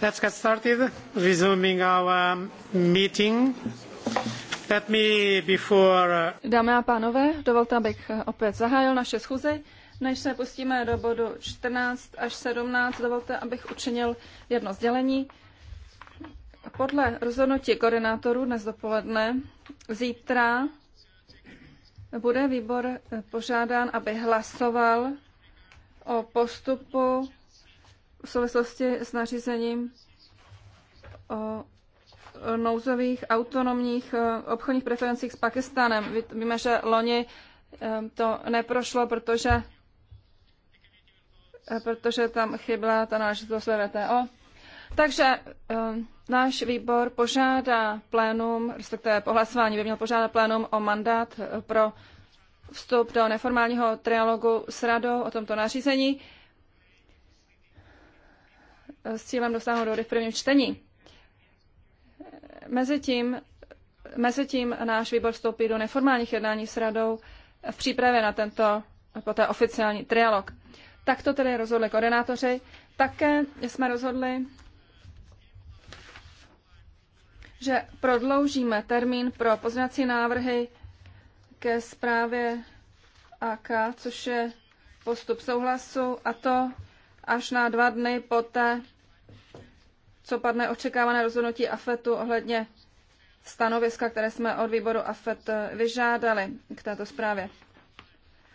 Let's get started, resuming our um, meeting. Let me before... Uh, Dámy a pánové, dovolte, abych uh, opět zahájil naše schůzi. Než se pustíme do bodu 14 až 17, dovolte, abych učinil jedno sdělení. Podle rozhodnutí koordinátorů dnes dopoledne, zítra bude výbor eh, požádán, aby hlasoval o postupu v souvislosti s nařízením o nouzových autonomních eh, obchodních preferencích s Pakistánem. Víme, že loni eh, to neprošlo, protože, eh, protože tam chyběla ta náležitost VTO. Takže náš výbor požádá plénum, respektive po hlasování by měl požádat plénum o mandát pro vstup do neformálního trialogu s radou o tomto nařízení Eh, s cílem dosáhnout dohody v prvním čtení. Eh, mezitím, mezitím náš výbor vstoupí do neformálních jednání s radou v přípravě na tento poté oficiální trialog. Tak to tedy rozhodli koordinátoři. Také jsme rozhodli, že prodloužíme termín pro pozměňovací návrhy ke zprávě AK, což je postup souhlasu, a to až na dva dny poté, co padne očekávané rozhodnutí AFETu ohledně stanoviska, které jsme od výboru AFET vyžádali k této zprávě.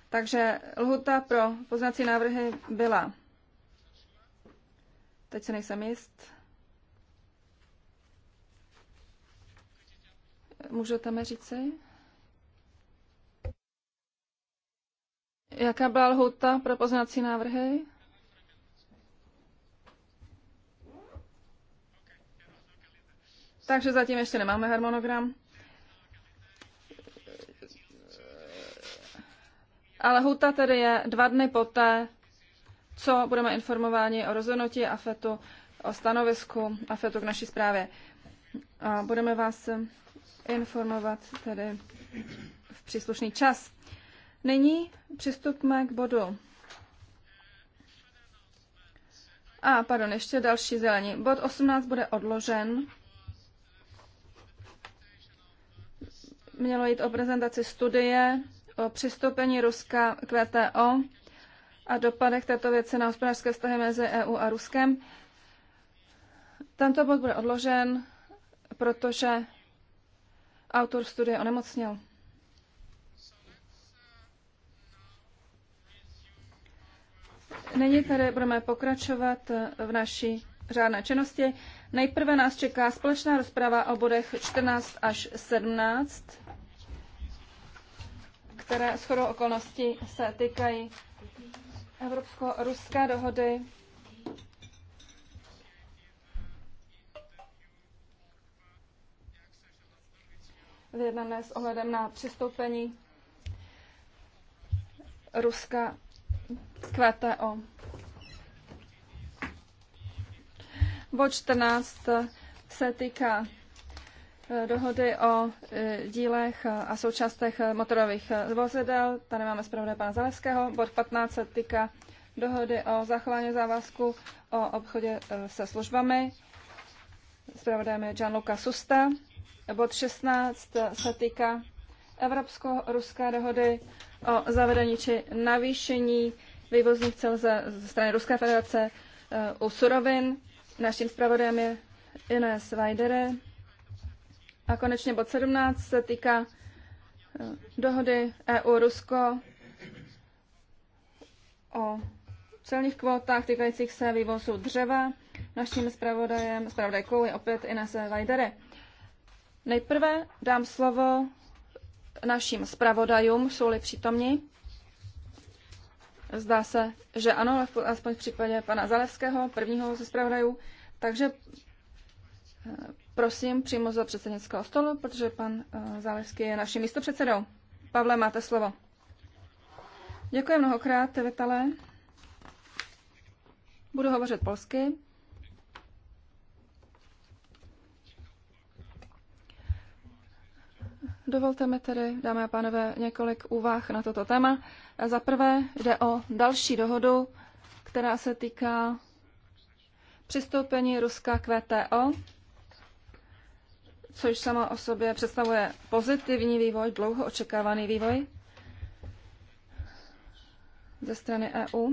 Takže lhuta pro poznací návrhy byla. Teď se nejsem jist. Můžete mi říci? Jaká byla lhuta pro poznací návrhy? Takže zatím ještě nemáme harmonogram. Ale huta tedy je dva dny poté, co budeme informováni o rozhodnutí AFETu, o stanovisku AFETu k naší zprávě. A budeme vás informovat tedy v příslušný čas. Nyní přistupme k bodu. A, pardon, ještě další zelení. Bod 18 bude odložen mělo jít o prezentaci studie o přistoupení Ruska k VTO a dopadech této věci na hospodářské vztahy mezi EU a Ruskem. Tento bod bude odložen, protože autor studie onemocnil. Nyní tady budeme pokračovat v naší řádné činnosti. Nejprve nás čeká společná rozprava o bodech 14 až 17 které shodou okolností se týkají Evropsko-ruské dohody. vyjednané s ohledem na přistoupení Ruska k VTO. Bod 14 se týká Eh, dohody o eh, dílech a součástech motorových vozidel. Tady máme zpravodaj pana Zaleského. Bod 15 se týká dohody o zachování závazku o obchodě eh, se službami. Zpravodajem je Gianluca Susta. Bod 16 se týká evropsko-ruské dohody o zavedení či navýšení vývozních cel ze, ze strany Ruské federace u surovin. Naším zpravodajem je Ines Weidere. A konečně bod 17 se týká eh, dohody EU-Rusko o celních kvótách týkajících se vývozu dřeva. Naším zpravodajem, zpravodajkou je opět Inese Vajdere. Nejprve dám slovo našim zpravodajům, jsou-li přítomní. Zdá se, že ano, aspoň v případě pana Zalevského, prvního ze zpravodajů. Takže eh, prosím přímo za předsednického stolu, protože pan eh, Zálevský je naším místopředsedou. Pavle, máte slovo. Děkuji mnohokrát, Vitale. Budu hovořit polsky. Dovolte mi tedy, dámy a pánové, několik úvah na toto téma. Za prvé jde o další dohodu, která se týká přistoupení Ruska k VTO což samo o sobě představuje pozitivní vývoj, dlouho očekávaný vývoj ze strany EU,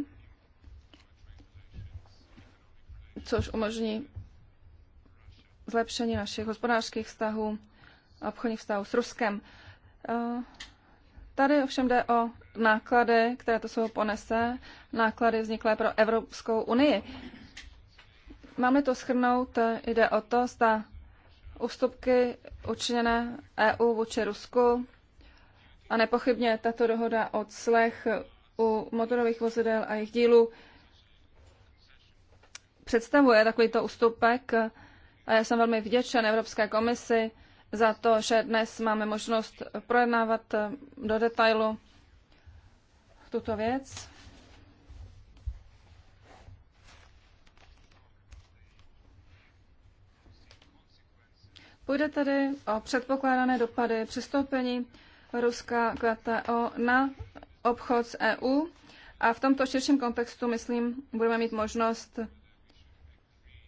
což umožní zlepšení našich hospodářských vztahů a obchodních vztahů s Ruskem. E, tady ovšem jde o náklady, které to jsou ponese, náklady vzniklé pro Evropskou unii. Máme to schrnout, e, jde o to, zda ústupky učiněné EU vůči Rusku a nepochybně tato dohoda o clech u motorových vozidel a jejich dílů představuje takovýto ústupek a já jsem velmi vděčen Evropské komisi za to, že dnes máme možnost projednávat do detailu tuto věc. Půjde tedy o předpokládané dopady přistoupení Ruska k VTO na obchod s EU a v tomto širším kontextu, myslím, budeme mít možnost,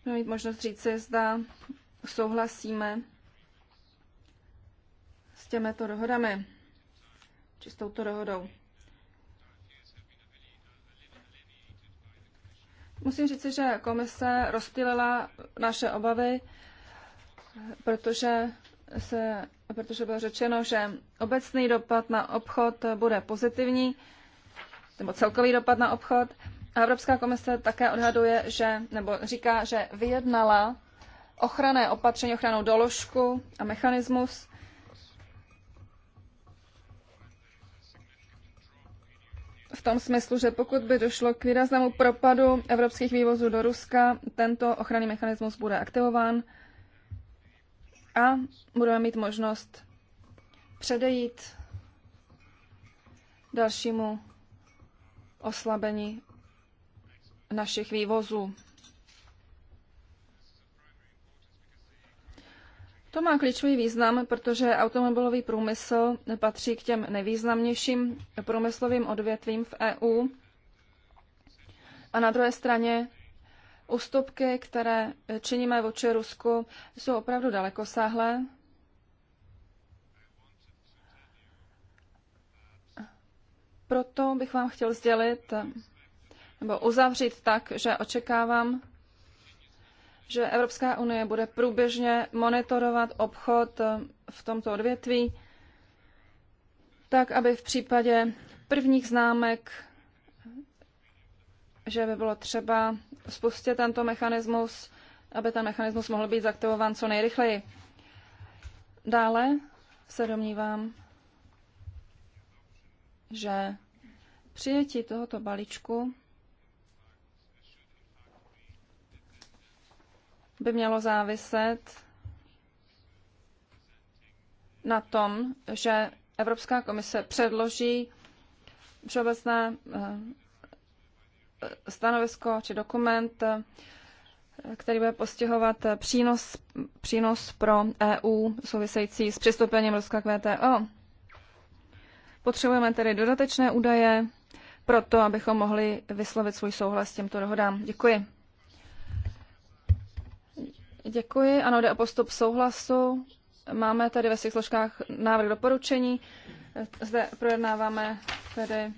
budeme mít možnost říci, zda souhlasíme s těmito dohodami, či s touto dohodou. Musím říci, že komise rozptýlila naše obavy protože, se, protože bylo řečeno, že obecný dopad na obchod bude pozitivní, nebo celkový dopad na obchod. A Evropská komise také odhaduje, že, nebo říká, že vyjednala ochranné opatření, ochranou doložku a mechanismus, v tom smyslu, že pokud by došlo k výraznému propadu evropských vývozů do Ruska, tento ochranný mechanismus bude aktivován a budeme mít možnost předejít dalšímu oslabení našich vývozů. To má klíčový význam, protože automobilový průmysl patří k těm nejvýznamnějším průmyslovým odvětvím v EU. A na druhé straně ústupky, které činíme vůči Rusku, jsou opravdu dalekosáhlé. Proto bych vám chtěl sdělit, nebo uzavřít tak, že očekávám, že Evropská unie bude průběžně monitorovat obchod v tomto odvětví, tak aby v případě prvních známek že by bylo třeba spustit tento mechanismus, aby ten mechanismus mohl být zaktivován co nejrychleji. Dále se domnívám, že přijetí tohoto balíčku by mělo záviset na tom, že Evropská komise předloží všeobecné eh, stanovisko či dokument, který bude postihovat přínos, přínos pro EU související s přistoupením Ruska k VTO. Potřebujeme tedy dodatečné údaje pro to, abychom mohli vyslovit svůj souhlas s těmto dohodám. Děkuji. Děkuji. Ano, jde o postup souhlasu. Máme tady ve svých složkách návrh doporučení. Zde projednáváme tedy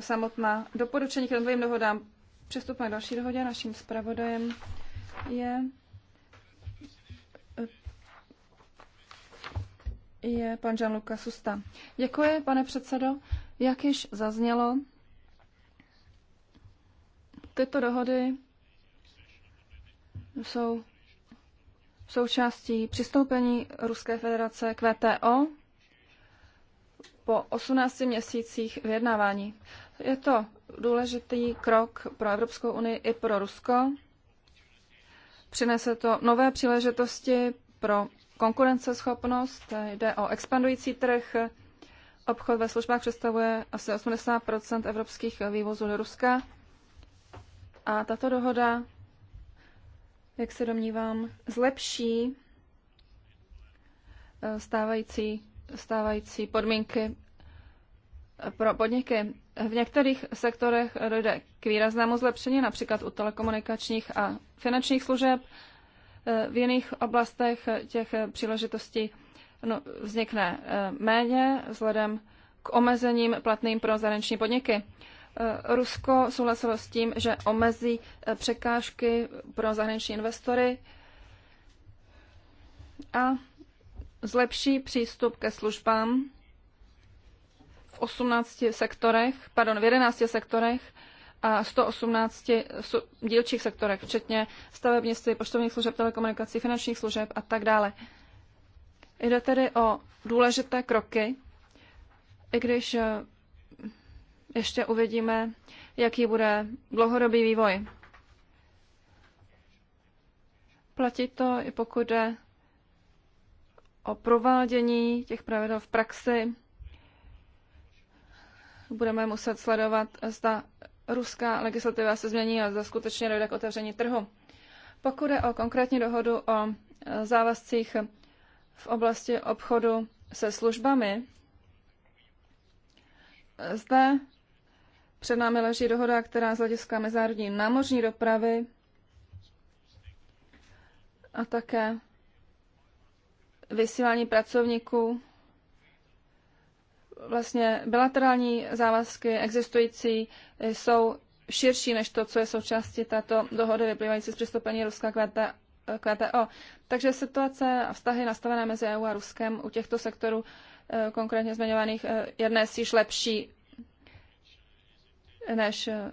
samotná doporučení k jednotlivým dohodám. přestupme k další dohodě. Naším zpravodajem je, je pan Gianluca Susta. Děkuji, pane předsedo. Jak již zaznělo, tyto dohody jsou součástí přistoupení Ruské federace k VTO po 18 měsících vyjednávání. Je to důležitý krok pro Evropskou unii i pro Rusko. Přinese to nové příležitosti pro konkurenceschopnost, jde o expandující trh. Obchod ve službách představuje asi 80 evropských vývozů do Ruska. A tato dohoda, jak se domnívám, zlepší eh, stávající, stávající podmínky pro podniky. V některých sektorech dojde k výraznému zlepšení, například u telekomunikačních a finančních služeb. V jiných oblastech těch příležitostí no, vznikne eh, méně vzhledem k omezením platným pro zahraniční podniky. Eh, Rusko souhlasilo s tím, že omezí eh, překážky pro zahraniční investory a zlepší přístup ke službám 18 sektorech, pardon, v 11 sektorech a 118 dílčích sektorech, včetně stavebnictví, poštovních služeb, telekomunikací, finančních služeb a tak dále. Jde tedy o důležité kroky, i když eh, ještě uvidíme, jaký bude dlouhodobý vývoj. Platí to i pokud jde o provádění těch pravidel v praxi budeme muset sledovat, zda ruská legislativa se změní a zda skutečně dojde k otevření trhu. Pokud je o konkrétní dohodu o eh, závazcích v oblasti obchodu se službami, eh, zde před námi leží dohoda, která z hlediska mezinárodní námořní dopravy a také vysílání pracovníků vlastně bilaterální závazky existující jsou širší než to, co je součástí této dohody vyplývající z přistoupení Ruska k, VT, k VTO. Takže situace a vztahy nastavené mezi EU a Ruskem u těchto sektorů e, konkrétně zmiňovaných e, je dnes již lepší než, e,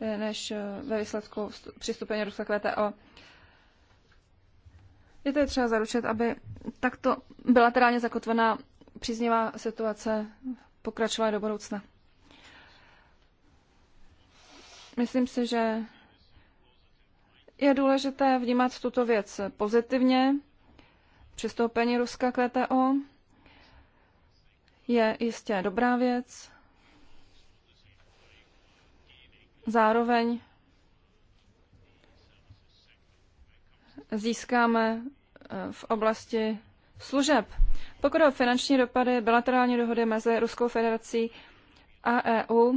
než ve výsledku přistoupení Ruska k VTO. Je tedy třeba zaručit, aby takto bilaterálně zakotvená příznivá situace pokračovala do budoucna. Myslím si, že je důležité vnímat tuto věc pozitivně. Přistoupení Ruska k VTO je jistě dobrá věc. Zároveň získáme eh, v oblasti služeb pokud o finanční dopady bilaterální dohody mezi Ruskou federací a EU,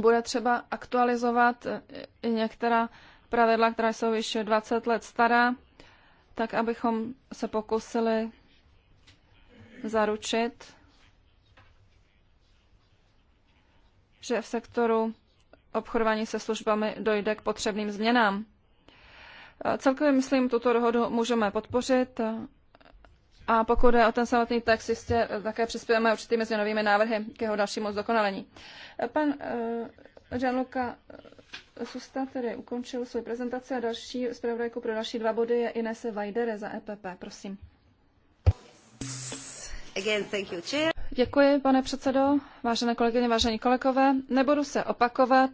bude třeba aktualizovat některá pravidla, která jsou již 20 let stará, tak abychom se pokusili zaručit, že v sektoru obchodování se službami dojde k potřebným změnám. Celkově, myslím, tuto dohodu můžeme podpořit. A pokud je o ten samotný text, jistě eh, také přispějeme určitými změnovými návrhy k jeho dalšímu zdokonalení. Eh, pan eh, Gianluca Susta tedy ukončil svou prezentaci a další zpravodajku pro další dva body je Inese Vajdere za EPP. Prosím. Again, thank you, chair. Děkuji, pane předsedo, vážené kolegyně, vážení kolegové. Nebudu se opakovat,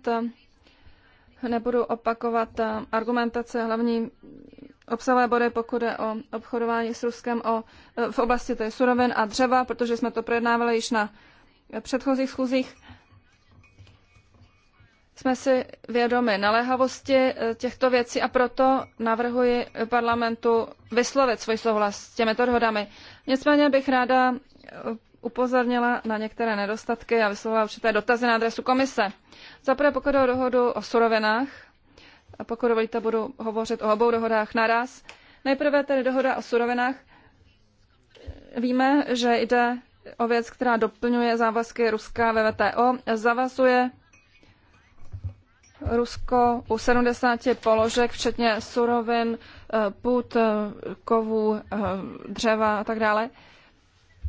nebudu opakovat argumentace hlavní obsahové body, pokud je o obchodování s Ruskem o, e, v oblasti té surovin a dřeva, protože jsme to projednávali již na předchozích schůzích. Jsme si vědomi naléhavosti e, těchto věcí a proto navrhuji parlamentu vyslovit svůj souhlas s těmito dohodami. Nicméně bych ráda e, upozornila na některé nedostatky a vyslovila určité dotazy na adresu komise. Zaprvé pokud o dohodu o surovinách, a pokud dovolíte, budu hovořit o obou dohodách naraz. Nejprve tedy dohoda o surovinách. Víme, že jde o věc, která doplňuje závazky Ruska ve VTO. Zavazuje Rusko u 70 položek, včetně surovin, eh, půd, eh, kovů, eh, dřeva a tak dále.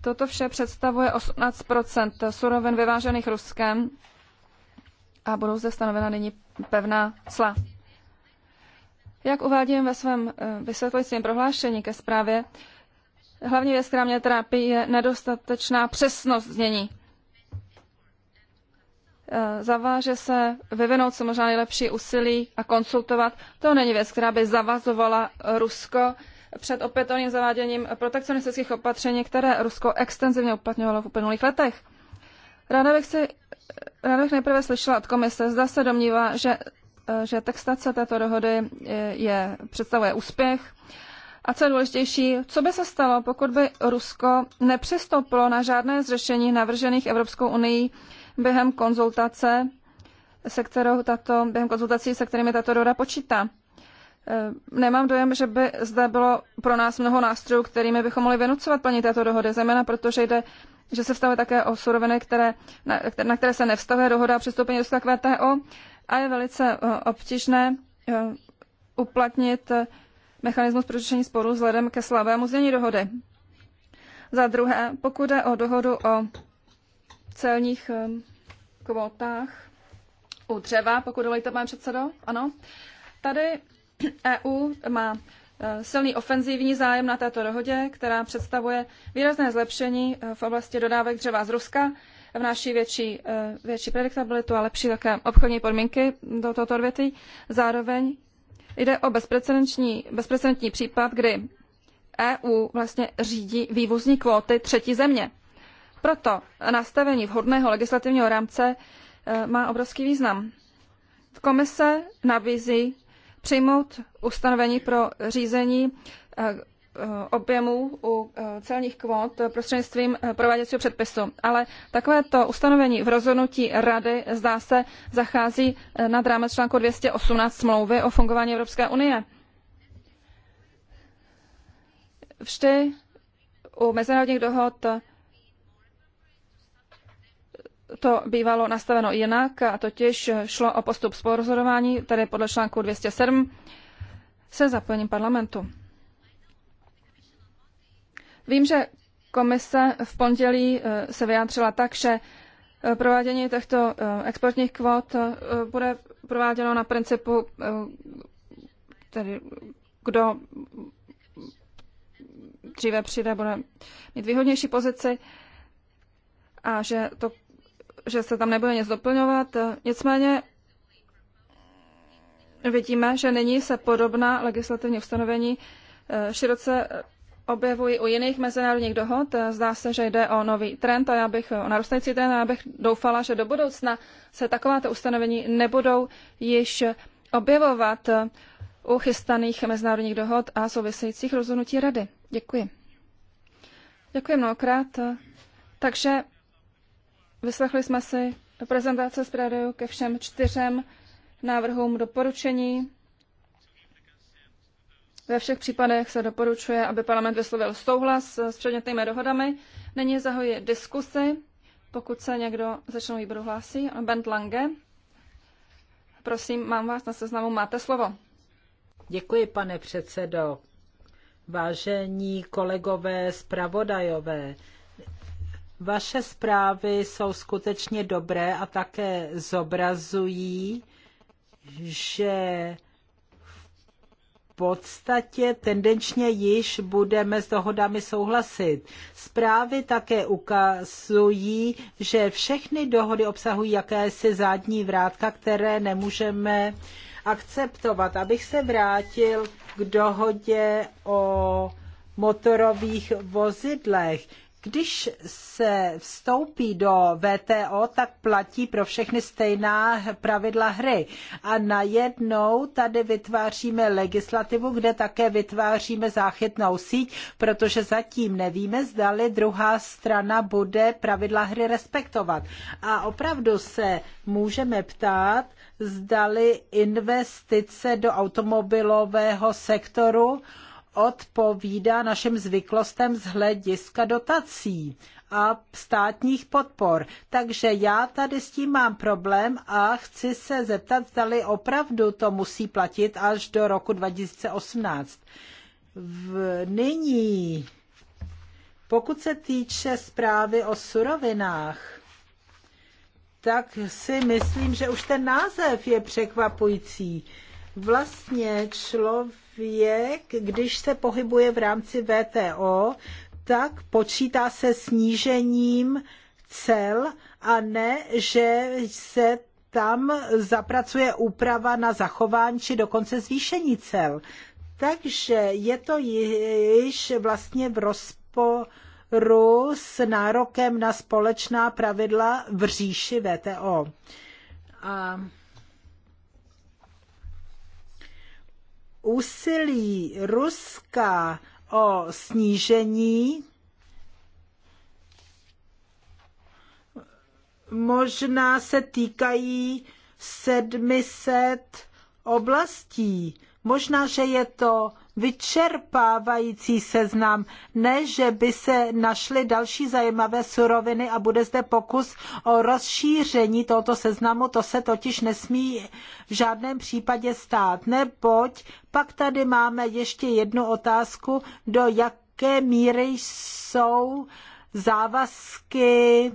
Toto vše představuje 18 surovin vyvážených Ruskem a budou zde stanovena nyní pevná cla. Jak uvádím ve svém eh, vysvětlujícím prohlášení ke zprávě, hlavní věc, která mě trápí, je nedostatečná přesnost znění. Eh, zaváže se vyvinout se možná nejlepší úsilí a konsultovat. To není věc, která by zavazovala Rusko před opětovným zaváděním protekcionistických opatření, které Rusko extenzivně uplatňovalo v uplynulých letech. Ráda bych, si, eh, ráda bych nejprve slyšela od komise, zda se domnívá, že Eh, že textace této dohody eh, je, představuje úspěch. A co je důležitější, co by se stalo, pokud by Rusko nepřistoupilo na žádné z řešení navržených Evropskou unii během konzultace, se kterou tato, během konzultací, se kterými tato dohoda počítá? Eh, nemám dojem, že by zde bylo pro nás mnoho nástrojů, kterými bychom mohli vynucovat plnit této dohody, zejména protože jde že se vztahuje také o suroviny, které, na, na které se nevztahuje dohoda o přistoupení Ruska k VTO a je velice eh, obtížné eh, uplatnit eh, mechanismus pro řešení sporu vzhledem ke slabému znění dohody. Za druhé, pokud jde o dohodu o celních kvótách u dřeva, pokud dovolíte, pane předsedo, ano, tady EU má silný ofenzivní zájem na této dohodě, která představuje výrazné zlepšení v oblasti dodávek dřeva z Ruska vnáší větší, eh, větší prediktabilitu a lepší také obchodní podmínky do tohoto odvětví. Zároveň jde o bezprecedentní, bezprecedentní případ, kdy EU vlastně řídí vývozní kvóty třetí země. Proto nastavení vhodného legislativního rámce eh, má obrovský význam. Komise nabízí přijmout ustanovení pro řízení eh, Eh, objemů u eh, celních kvót prostřednictvím eh, prováděcího předpisu. Ale takovéto ustanovení v rozhodnutí Rady zdá se zachází nad rámec článku 218 smlouvy o fungování Evropské unie. Vždy u mezinárodních dohod to bývalo nastaveno jinak, a totiž šlo o postup spolurozhodování, tedy podle článku 207, se zapojením parlamentu. Vím, že komise v pondělí eh, se vyjádřila tak, že eh, provádění těchto eh, exportních kvot bude prováděno na principu, tedy kdo dříve přijde, bude mít výhodnější pozici a že, to, že se tam nebude nic doplňovat. Nicméně vidíme, že nyní se podobná legislativní ustanovení široce objevují u jiných mezinárodních dohod. Zdá se, že jde o nový trend a já bych, o narůstající trend a já bych doufala, že do budoucna se takováto ustanovení nebudou již objevovat u chystaných mezinárodních dohod a souvisejících rozhodnutí Rady. Děkuji. Děkuji mnohokrát. Takže vyslechli jsme si prezentace zpravodajů ke všem čtyřem návrhům doporučení ve všech případech se doporučuje, aby parlament vyslovil souhlas s předmětnými dohodami. Nyní zahojí diskusy, pokud se někdo ze členů výboru hlásí. Bent Lange, prosím, mám vás na seznamu, máte slovo. Děkuji, pane předsedo. Vážení kolegové zpravodajové, vaše zprávy jsou skutečně dobré a také zobrazují, že podstatě tendenčně již budeme s dohodami souhlasit. Zprávy také ukazují, že všechny dohody obsahují jakési zadní vrátka, které nemůžeme akceptovat. Abych se vrátil k dohodě o motorových vozidlech. Když se vstoupí do VTO, tak platí pro všechny stejná pravidla hry. A najednou tady vytváříme legislativu, kde také vytváříme záchytnou síť, protože zatím nevíme, zdali druhá strana bude pravidla hry respektovat. A opravdu se můžeme ptát, zdali investice do automobilového sektoru, odpovídá našim zvyklostem z hlediska dotací a státních podpor. Takže já tady s tím mám problém a chci se zeptat, zdali opravdu to musí platit až do roku 2018. V nyní, pokud se týče zprávy o surovinách, tak si myslím, že už ten název je překvapující. Vlastně člověk věk, když se pohybuje v rámci VTO, tak počítá se snížením cel a ne, že se tam zapracuje úprava na zachování či dokonce zvýšení cel. Takže je to již vlastně v rozporu s nárokem na společná pravidla v říši VTO. A úsilí Ruska o snížení možná se týkají 700 oblastí. Možná, že je to vyčerpávající seznam, ne, že by se našly další zajímavé suroviny a bude zde pokus o rozšíření tohoto seznamu, to se totiž nesmí v žádném případě stát, neboť pak tady máme ještě jednu otázku, do jaké míry jsou závazky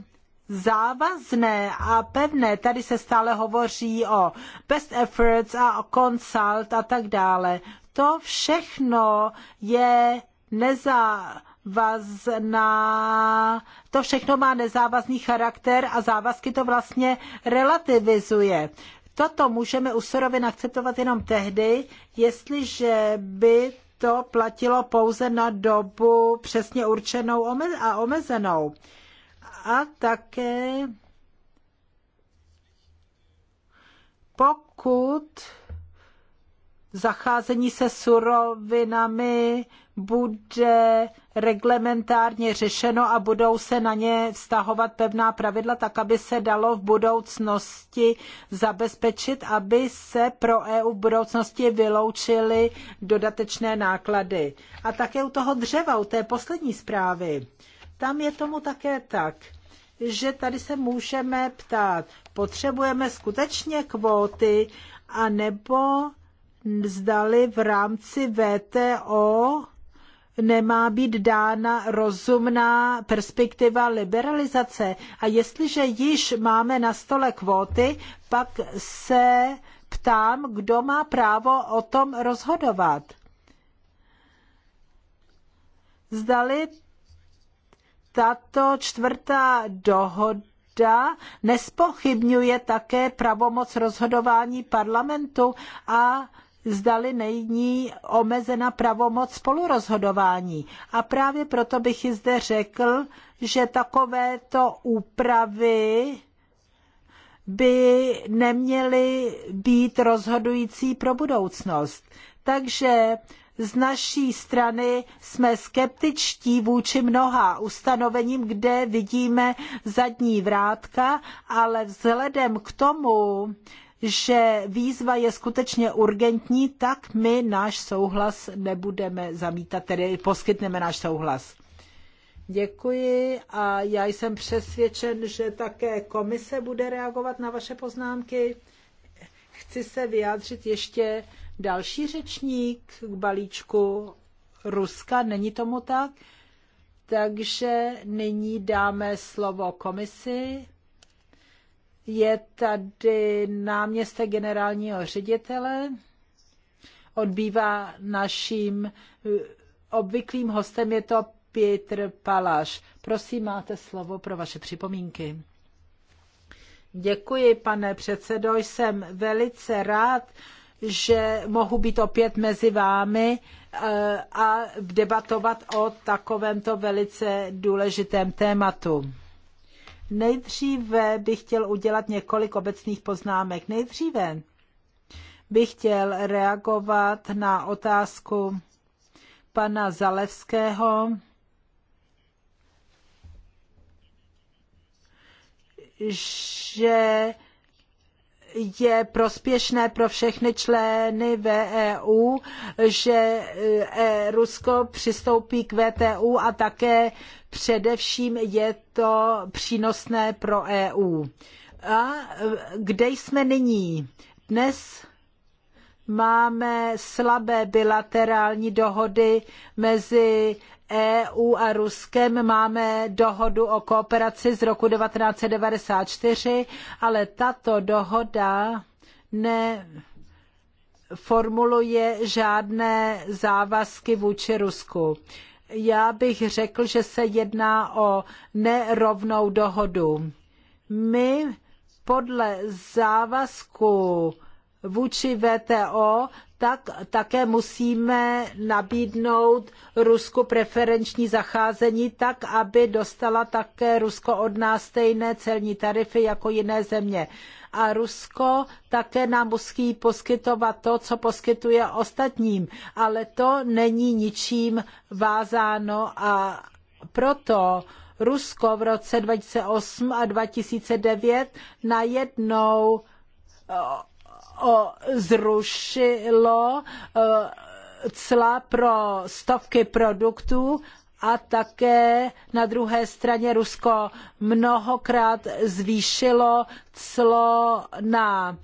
závazné a pevné, tady se stále hovoří o best efforts a o consult a tak dále. To všechno je nezávazná, to všechno má nezávazný charakter a závazky to vlastně relativizuje. Toto můžeme u surovin akceptovat jenom tehdy, jestliže by to platilo pouze na dobu přesně určenou a omezenou. A také pokud zacházení se surovinami bude reglementárně řešeno a budou se na ně vztahovat pevná pravidla, tak aby se dalo v budoucnosti zabezpečit, aby se pro EU v budoucnosti vyloučily dodatečné náklady. A také u toho dřeva, u té poslední zprávy, tam je tomu také tak že tady se můžeme ptát, potřebujeme skutečně kvóty, anebo zdali v rámci VTO nemá být dána rozumná perspektiva liberalizace. A jestliže již máme na stole kvóty, pak se ptám, kdo má právo o tom rozhodovat. Zdali tato čtvrtá dohoda nespochybňuje také pravomoc rozhodování parlamentu a zdali není omezena pravomoc spolurozhodování. A právě proto bych i zde řekl, že takovéto úpravy by neměly být rozhodující pro budoucnost. Takže z naší strany jsme skeptičtí vůči mnoha ustanovením, kde vidíme zadní vrátka, ale vzhledem k tomu, že výzva je skutečně urgentní, tak my náš souhlas nebudeme zamítat, tedy poskytneme náš souhlas. Děkuji a já jsem přesvědčen, že také komise bude reagovat na vaše poznámky. Chci se vyjádřit ještě další řečník k balíčku Ruska. Není tomu tak? Takže nyní dáme slovo komisi je tady náměstek generálního ředitele, odbývá naším eh, obvyklým hostem, je to Pětr Palaš. Prosím, máte slovo pro vaše připomínky. Děkuji, pane předsedo, jsem velice rád, že mohu být opět mezi vámi eh, a debatovat o takovémto velice důležitém tématu. Nejdříve bych chtěl udělat několik obecných poznámek. Nejdříve bych chtěl reagovat na otázku pana Zalevského, že je prospěšné pro všechny členy VEU, že e, Rusko přistoupí k VTU a také především je to přínosné pro EU. A e, kde jsme nyní? Dnes máme slabé bilaterální dohody mezi EU a Ruskem máme dohodu o kooperaci z roku 1994, ale tato dohoda neformuluje žádné závazky vůči Rusku. Já bych řekl, že se jedná o nerovnou dohodu. My podle závazku vůči VTO, tak také musíme nabídnout Rusku preferenční zacházení tak, aby dostala také Rusko od nás stejné celní tarify jako jiné země. A Rusko také nám musí poskytovat to, co poskytuje ostatním, ale to není ničím vázáno a proto Rusko v roce 2008 a 2009 najednou zrušilo cla pro stovky produktů a také na druhé straně Rusko mnohokrát zvýšilo clo na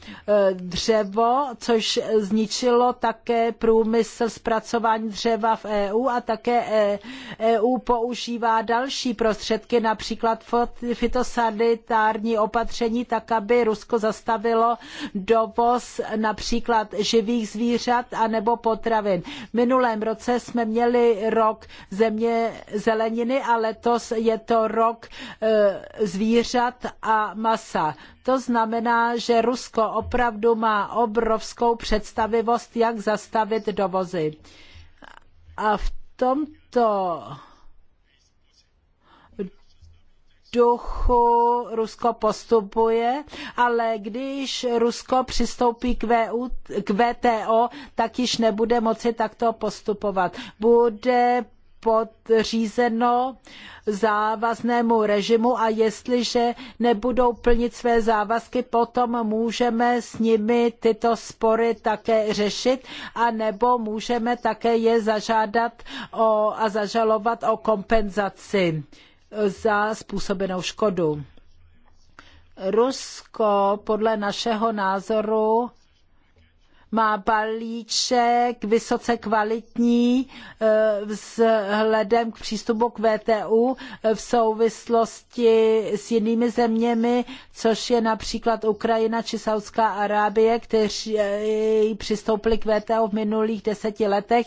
e, dřevo, což zničilo také průmysl zpracování dřeva v EU a také EU e používá další prostředky, například fitosanitární opatření, tak aby Rusko zastavilo dovoz například živých zvířat anebo potravin. V minulém roce jsme měli rok země zeleniny a letos je to rok e, zvířat a masa. To znamená, že Rusko opravdu má obrovskou představivost, jak zastavit dovozy. A v tomto duchu Rusko postupuje, ale když Rusko přistoupí k, VU, k VTO, tak již nebude moci takto postupovat. Bude podřízeno závaznému režimu a jestliže nebudou plnit své závazky, potom můžeme s nimi tyto spory také řešit a nebo můžeme také je zažádat o, a zažalovat o kompenzaci za způsobenou škodu. Rusko podle našeho názoru má balíček vysoce kvalitní vzhledem eh, k přístupu k VTU eh, v souvislosti s jinými zeměmi, což je například Ukrajina či Saudská Arábie, kteří eh, přistoupili k VTU v minulých deseti letech,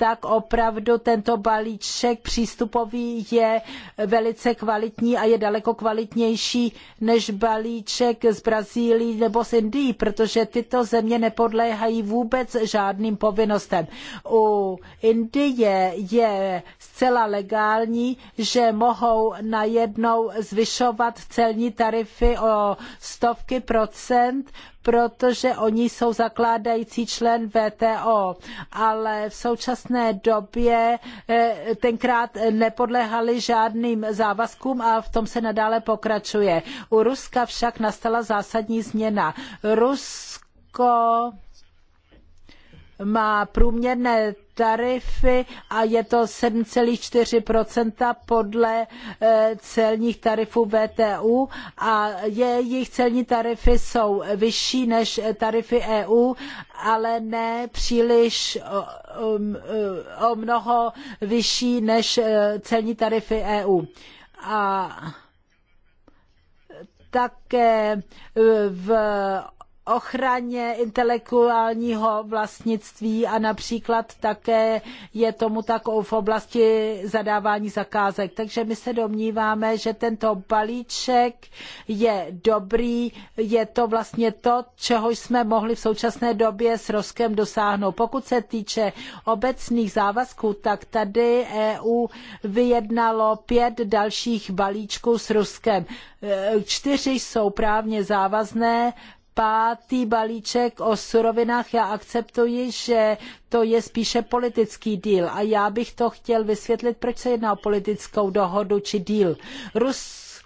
tak opravdu tento balíček přístupový je velice kvalitní a je daleko kvalitnější než balíček z Brazílii nebo z Indií, protože tyto země nepodléhají vůbec žádným povinnostem. U Indie je zcela legální, že mohou najednou zvyšovat celní tarify o stovky procent, protože oni jsou zakládající člen VTO, ale v současné době eh, tenkrát nepodléhali žádným závazkům a v tom se nadále pokračuje. U Ruska však nastala zásadní změna. Rusko má průměrné tarify a je to 7,4 podle eh, celních tarifů wto a jejich celní tarify jsou vyšší než tarify EU, ale ne příliš o, um, eh, mnoho vyšší než eh, celní tarify EU. A také v ochraně intelektuálního vlastnictví a například také je tomu tak v oblasti zadávání zakázek. Takže my se domníváme, že tento balíček je dobrý, je to vlastně to, čeho jsme mohli v současné době s Roskem dosáhnout. Pokud se týče obecných závazků, tak tady EU vyjednalo pět dalších balíčků s Ruskem. E, čtyři jsou právně závazné, pátý balíček o surovinách, já akceptuji, že to je spíše politický deal a já bych to chtěl vysvětlit, proč se jedná o politickou dohodu či deal Rus,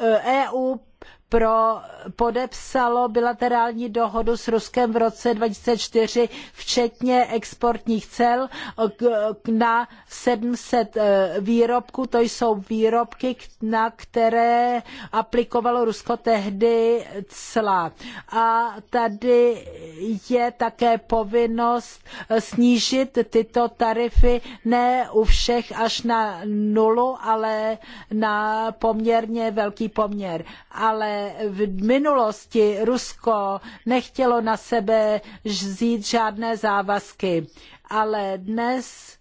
EU e pro, podepsalo bilaterální dohodu s Ruskem v roce 2004, včetně exportních cel na 700 e, výrobků. To jsou výrobky, na které aplikovalo Rusko tehdy cla. A tady je také povinnost e, snížit tyto tarify ne u všech až na nulu, ale na poměrně velký poměr. Ale v minulosti Rusko nechtělo na sebe vzít žádné závazky, ale dnes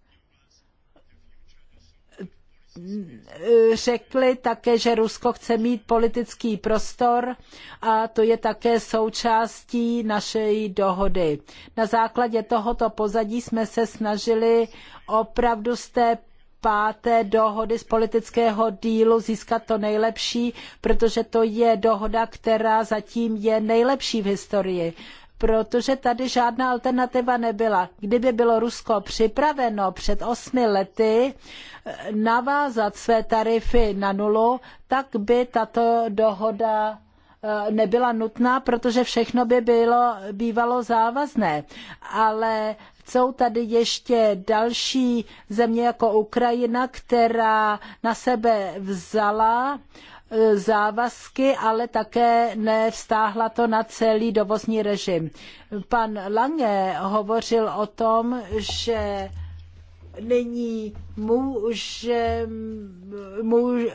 eh, řekli také, že Rusko chce mít politický prostor a to je také součástí naší dohody. Na základě tohoto pozadí jsme se snažili opravdu z té páté dohody z politického dílu získat to nejlepší, protože to je dohoda, která zatím je nejlepší v historii protože tady žádná alternativa nebyla. Kdyby bylo Rusko připraveno před osmi lety eh, navázat své tarify na nulu, tak by tato dohoda Eh, nebyla nutná, protože všechno by bylo, bývalo závazné. Ale jsou tady ještě další země jako Ukrajina, která na sebe vzala eh, závazky, ale také nevstáhla to na celý dovozní režim. Pan Lange hovořil o tom, že nyní může, může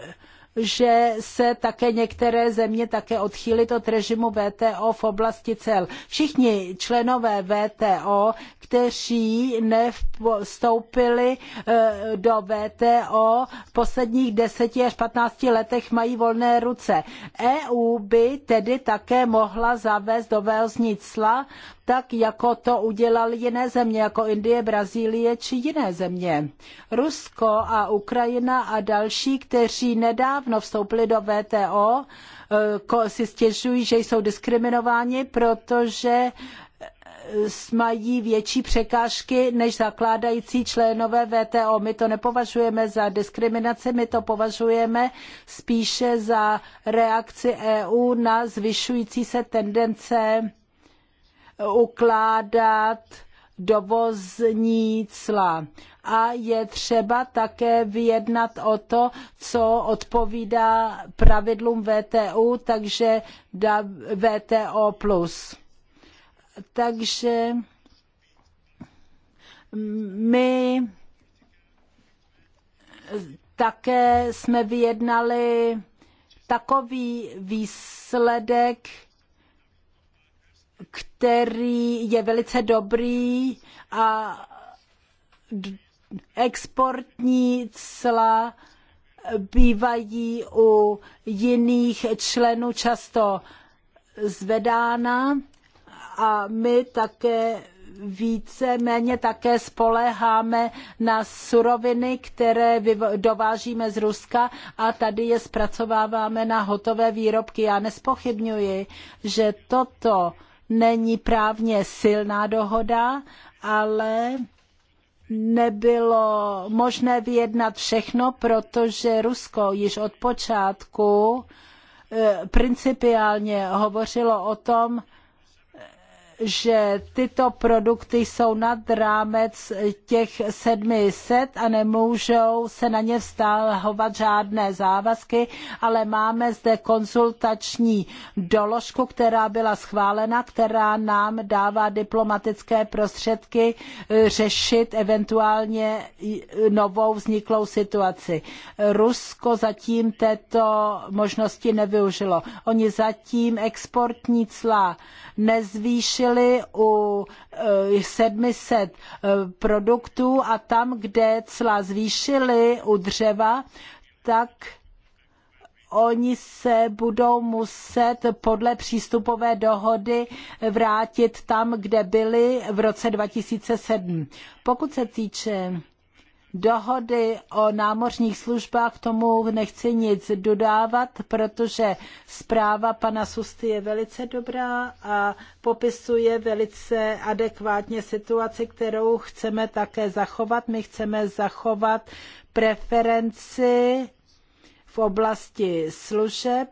že se také některé země také odchýlit od režimu VTO v oblasti cel. Všichni členové VTO, kteří nevstoupili eh, do VTO v posledních 10 až 15 letech mají volné ruce. EU by tedy také mohla zavést do cla, tak jako to udělali jiné země, jako Indie, Brazílie či jiné země. Rusko a Ukrajina a další, kteří nedávno nedávno vstoupili do VTO, eh, si stěžují, že jsou diskriminováni, protože eh, mají větší překážky než zakládající členové VTO. My to nepovažujeme za diskriminaci, my to považujeme spíše za reakci EU na zvyšující se tendence eh, ukládat dovozní cla a je třeba také vyjednat o to, co odpovídá pravidlům wto takže VTO+. Takže my také jsme vyjednali takový výsledek, který je velice dobrý a exportní cla bývají u jiných členů často zvedána a my také více méně také spoléháme na suroviny, které dovážíme z Ruska a tady je zpracováváme na hotové výrobky. Já nespochybňuji, že toto není právně silná dohoda, ale nebylo možné vyjednat všechno, protože Rusko již od počátku eh, principiálně hovořilo o tom, že tyto produkty jsou nad rámec těch 700 a nemůžou se na ně vztahovat žádné závazky, ale máme zde konzultační doložku, která byla schválena, která nám dává diplomatické prostředky řešit eventuálně novou vzniklou situaci. Rusko zatím této možnosti nevyužilo. Oni zatím exportní cla nezvýšili skončili u 700 eh, eh, produktů a tam, kde cla zvýšili u dřeva, tak oni se budou muset podle přístupové dohody vrátit tam, kde byli v roce 2007. Pokud se týče dohody o námořních službách, k tomu nechci nic dodávat, protože zpráva pana Susty je velice dobrá a popisuje velice adekvátně situaci, kterou chceme také zachovat. My chceme zachovat preferenci v oblasti služeb.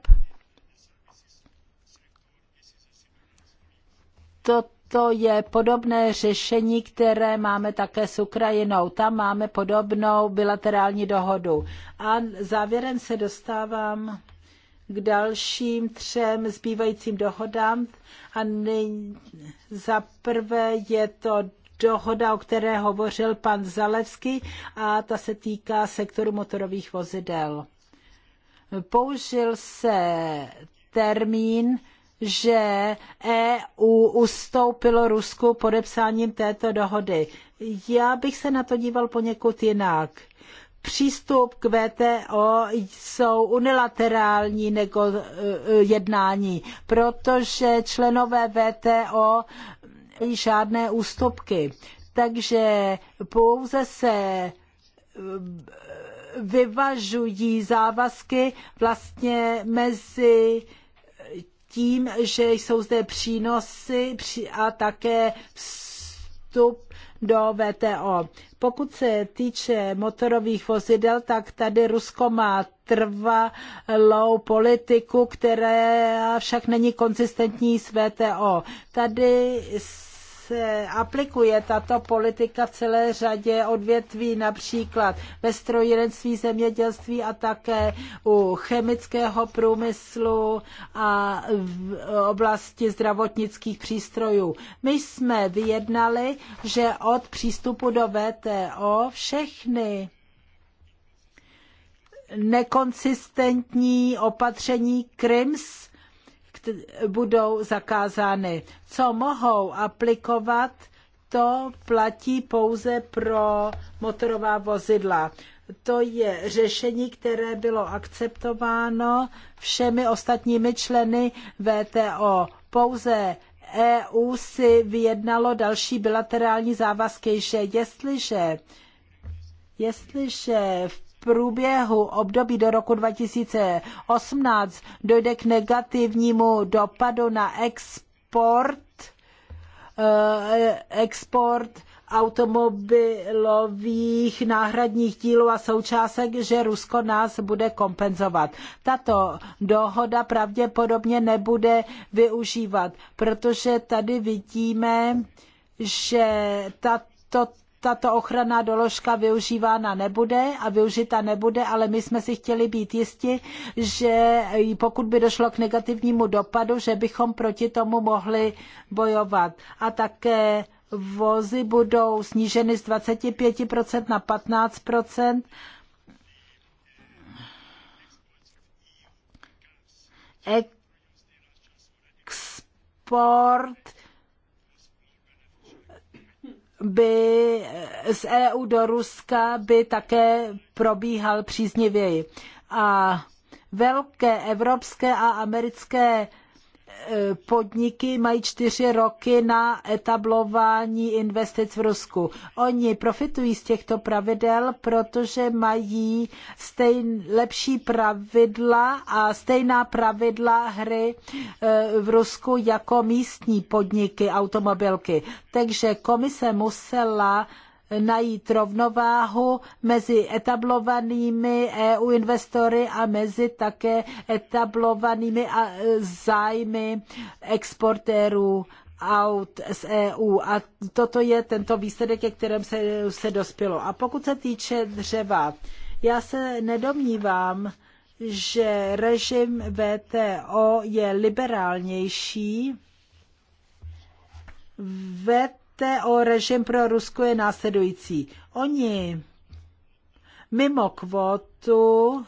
To to je podobné řešení, které máme také s Ukrajinou. Tam máme podobnou bilaterální dohodu. A závěrem se dostávám k dalším třem zbývajícím dohodám. A nej... za prvé je to dohoda, o které hovořil pan Zalevský a ta se týká sektoru motorových vozidel. Použil se termín že EU ustoupilo Rusku podepsáním této dohody. Já bych se na to díval poněkud jinak. Přístup k VTO jsou unilaterální nego, jednání, protože členové VTO žádné ústupky. Takže pouze se e, vyvažují závazky vlastně mezi tím, že jsou zde přínosy a také vstup do VTO. Pokud se týče motorových vozidel, tak tady Rusko má trvalou politiku, která však není konzistentní s VTO. Tady se aplikuje tato politika v celé řadě odvětví, například ve strojírenství, zemědělství a také u chemického průmyslu a v oblasti zdravotnických přístrojů. My jsme vyjednali, že od přístupu do VTO všechny nekonsistentní opatření KRIMS budou zakázány. Co mohou aplikovat, to platí pouze pro motorová vozidla. To je řešení, které bylo akceptováno všemi ostatními členy VTO. Pouze EU si vyjednalo další bilaterální závazky, že jestliže jestliže v průběhu období do roku 2018 dojde k negativnímu dopadu na export, eh, export automobilových náhradních dílů a součástek, že Rusko nás bude kompenzovat. Tato dohoda pravděpodobně nebude využívat, protože tady vidíme, že tato tato ochranná doložka využívána nebude a využita nebude, ale my jsme si chtěli být jisti, že pokud by došlo k negativnímu dopadu, že bychom proti tomu mohli bojovat. A také vozy budou sníženy z 25% na 15%. Export by z EU do Ruska by také probíhal příznivěji. A velké evropské a americké Eh, podniky mají čtyři roky na etablování investic v Rusku. Oni profitují z těchto pravidel, protože mají stejn, lepší pravidla a stejná pravidla hry eh, v Rusku jako místní podniky automobilky. Takže komise musela najít rovnováhu mezi etablovanými EU investory a mezi také etablovanými e, zájmy exportérů aut z EU. A toto je tento výsledek, ke kterém se, se dospělo. A pokud se týče dřeva, já se nedomnívám, že režim VTO je liberálnější. VTO o režim pro Rusko je následující. Oni mimo kvotu,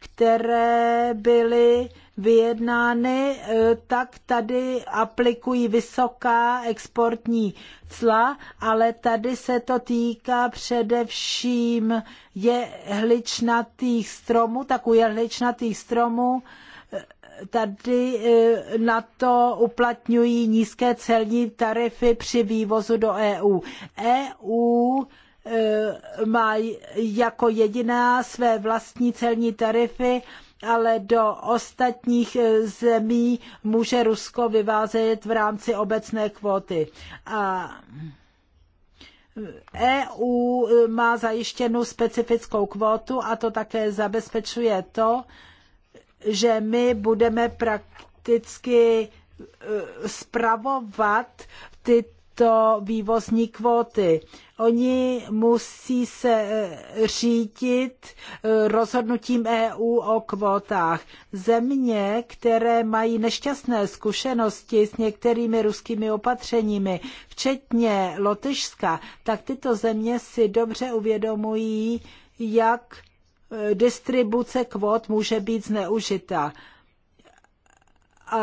které byly vyjednány, eh, tak tady aplikují vysoká exportní cla, ale tady se to týká především jehličnatých stromů, tak u jehličnatých stromů tady eh, na to uplatňují nízké celní tarify při vývozu do EU. EU eh, má jako jediná své vlastní celní tarify, ale do ostatních eh, zemí může Rusko vyvázet v rámci obecné kvóty. A EU má zajištěnu specifickou kvótu a to také zabezpečuje to, že my budeme prakticky eh, spravovat tyto vývozní kvóty. Oni musí se eh, řídit eh, rozhodnutím EU o kvótách. Země, které mají nešťastné zkušenosti s některými ruskými opatřeními, včetně Lotyšska, tak tyto země si dobře uvědomují, jak Eh, distribuce kvot může být zneužita. A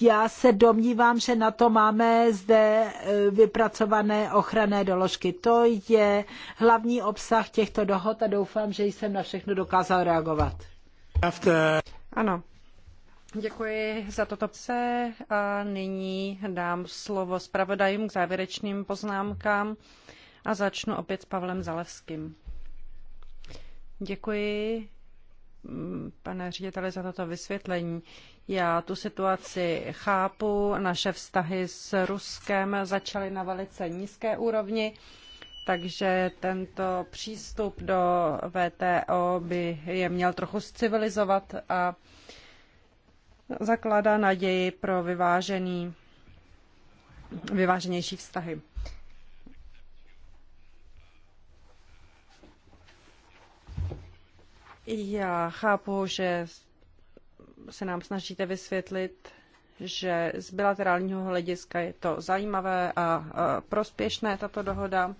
já se domnívám, že na to máme zde eh, vypracované ochranné doložky. To je hlavní obsah těchto dohod a doufám, že jsem na všechno dokázal reagovat. Ano. Děkuji za toto pse a nyní dám slovo zpravodajům k závěrečným poznámkám a začnu opět s Pavlem Zalevským. Děkuji, mm, pane řediteli, za toto vysvětlení. Já tu situaci chápu. Naše vztahy s Ruskem začaly na velice nízké úrovni, takže tento přístup do VTO by je měl trochu civilizovat a zakládá naději pro vyvážený, vyváženější vztahy. Já chápu, že se nám snažíte vysvětlit, že z bilaterálního hlediska je to zajímavé a prospěšné, tato dohoda.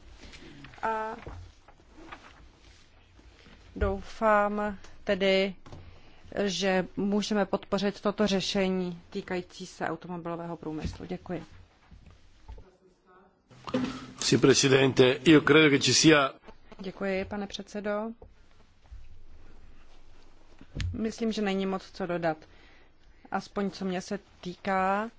A doufám tedy, že můžeme podpořit toto řešení týkající se automobilového průmyslu. Děkuji. Děkuji, pane předsedo. Myslím, že není moc co dodat. Aspoň co mě se týká.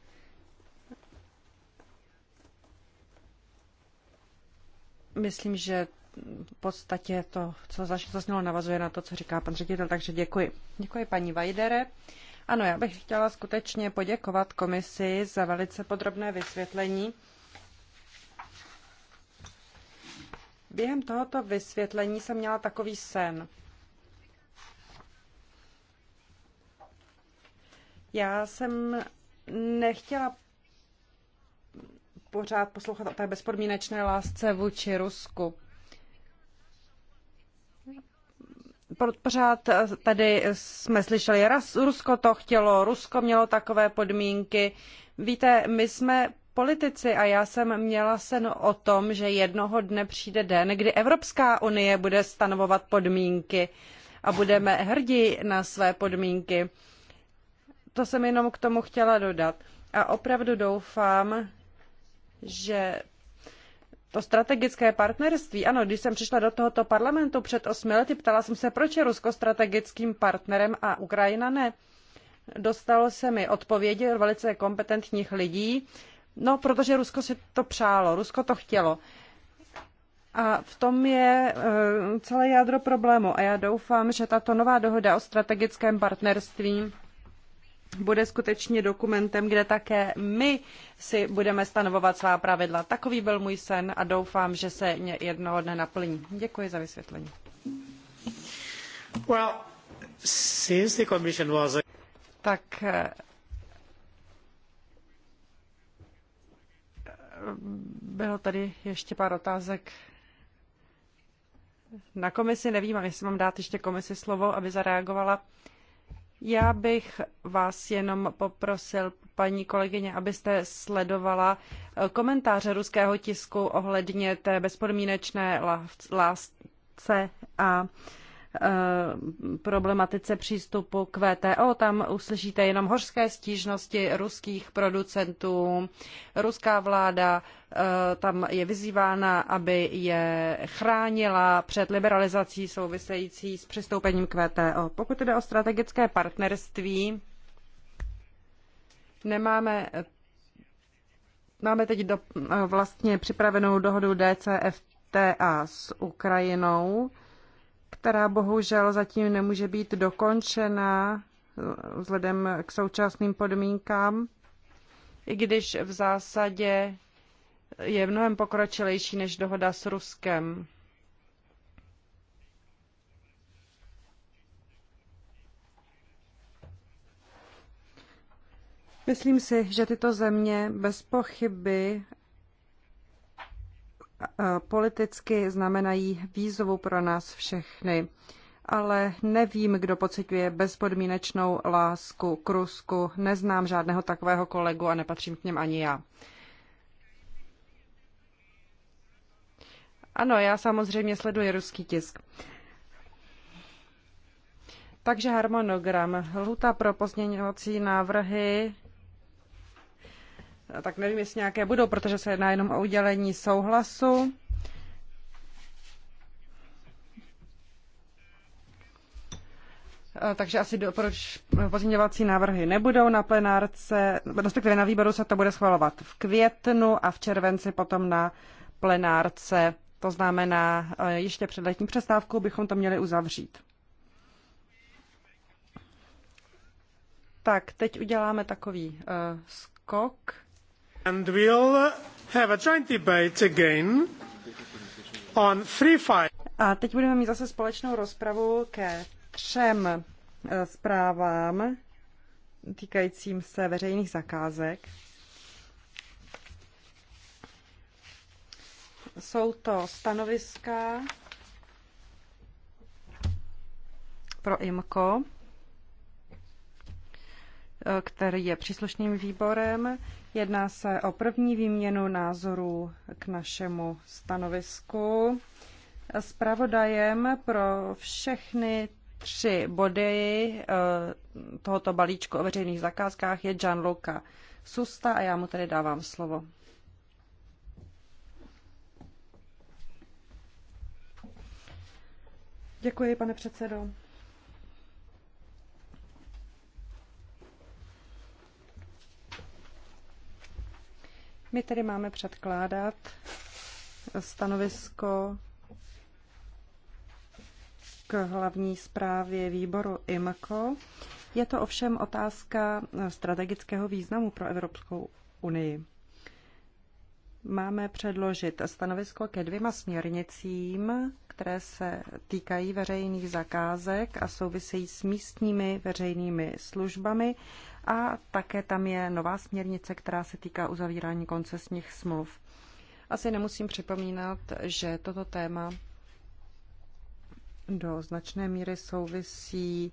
Myslím, že v podstatě to, co zaznělo, navazuje na to, co říká pan ředitel, takže děkuji. Děkuji paní Vajdere. Ano, já bych chtěla skutečně poděkovat komisi za velice podrobné vysvětlení. Během tohoto vysvětlení jsem měla takový sen. Já jsem nechtěla pořád poslouchat o té bezpodmínečné lásce vůči Rusku. Pořád tady jsme slyšeli, raz Rusko to chtělo, Rusko mělo takové podmínky. Víte, my jsme politici a já jsem měla sen o tom, že jednoho dne přijde den, kdy Evropská unie bude stanovovat podmínky a budeme hrdí na své podmínky to jsem jenom k tomu chtěla dodat. A opravdu doufám, že to strategické partnerství, ano, když jsem přišla do tohoto parlamentu před osmi lety, ptala jsem se, proč je Rusko strategickým partnerem a Ukrajina ne. Dostalo se mi odpovědi od velice kompetentních lidí, no, protože Rusko si to přálo, Rusko to chtělo. A v tom je eh, celé jádro problému a já doufám, že tato nová dohoda o strategickém partnerství bude skutečně dokumentem, kde také my si budeme stanovovat svá pravidla. Takový byl můj sen a doufám, že se jednoho dne naplní. Děkuji za vysvětlení. Well, since the commission was... Tak eh, bylo tady ještě pár otázek na komisi. Nevím, jestli mám dát ještě komisi slovo, aby zareagovala. Já bych vás jenom poprosil, paní kolegyně, abyste sledovala eh, komentáře ruského tisku ohledně té bezpodmínečné lásce a Eh, problematice přístupu k VTO. Tam uslyšíte jenom hořské stížnosti ruských producentů. Ruská vláda eh, tam je vyzývána, aby je chránila před liberalizací související s přistoupením k VTO. Pokud jde o strategické partnerství, nemáme Máme teď do, eh, vlastně připravenou dohodu DCFTA s Ukrajinou která bohužel zatím nemůže být dokončena vzhledem k současným podmínkám, i když v zásadě je mnohem pokročilejší než dohoda s Ruskem. Myslím si, že tyto země bez pochyby politicky znamenají výzvu pro nás všechny. Ale nevím, kdo pociťuje bezpodmínečnou lásku k Rusku. Neznám žádného takového kolegu a nepatřím k něm ani já. Ano, já samozřejmě sleduji ruský tisk. Takže harmonogram. Lhuta pro pozměňovací návrhy tak nevím, jestli nějaké budou, protože se jedná jenom o udělení souhlasu. Eh, takže asi proč pozměňovací návrhy nebudou na plenárce, respektive na výboru se to bude schvalovat v květnu a v červenci potom na plenárce. To znamená, eh, ještě před letní přestávkou bychom to měli uzavřít. Tak, teď uděláme takový uh, skok. And we'll have a joint debate again on free fire. A teď budeme mít zase společnou rozpravu ke třem e, zprávám týkajícím se veřejných zakázek. Jsou to stanoviska pro IMCO který je příslušným výborem. Jedná se o první výměnu názorů k našemu stanovisku. Spravodajem pro všechny tři body eh, tohoto balíčku o veřejných zakázkách je Gianluca Susta a já mu tedy dávám slovo. Děkuji, pane předsedo. My tedy máme předkládat stanovisko k hlavní zprávě výboru IMCO. Je to ovšem otázka strategického významu pro Evropskou unii. Máme předložit stanovisko ke dvěma směrnicím, které se týkají veřejných zakázek a souvisejí s místními veřejnými službami a také tam je nová směrnice, která se týká uzavírání koncesních smluv. Asi nemusím připomínat, že toto téma do značné míry souvisí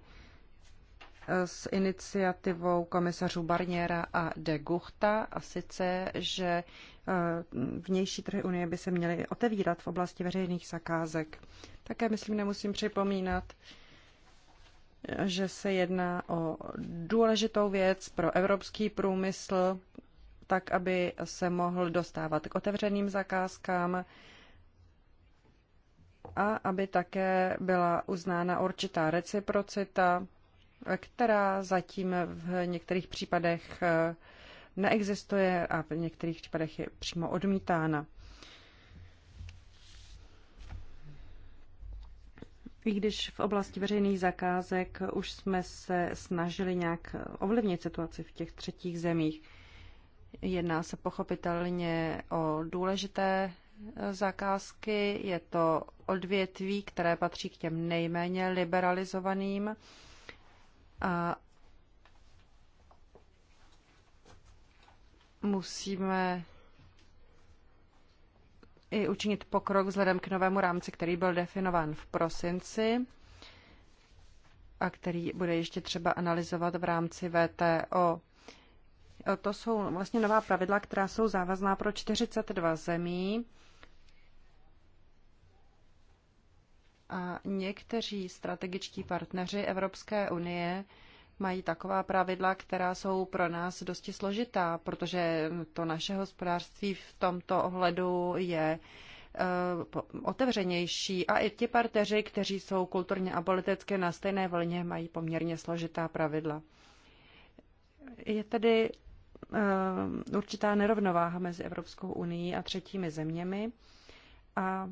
eh, s iniciativou komisařů Barniera a de Guchta, a sice, že eh, vnější trhy Unie by se měly otevírat v oblasti veřejných zakázek. Také, myslím, nemusím připomínat, že se jedná o důležitou věc pro evropský průmysl, tak aby se mohl dostávat k otevřeným zakázkám a aby také byla uznána určitá reciprocita, která zatím v některých případech neexistuje a v některých případech je přímo odmítána. I když v oblasti veřejných zakázek už jsme se snažili nějak ovlivnit situaci v těch třetích zemích, jedná se pochopitelně o důležité e, zakázky, je to odvětví, které patří k těm nejméně liberalizovaným. A musíme i učinit pokrok vzhledem k novému rámci, který byl definován v prosinci a který bude ještě třeba analyzovat v rámci VTO. E, to jsou vlastně nová pravidla, která jsou závazná pro 42 zemí. A někteří strategičtí partneři Evropské unie mají taková pravidla, která jsou pro nás dosti složitá, protože to naše hospodářství v tomto ohledu je eh, otevřenější a i ti parteři, kteří jsou kulturně a politicky na stejné vlně, mají poměrně složitá pravidla. Je tedy eh, určitá nerovnováha mezi Evropskou unii a třetími zeměmi a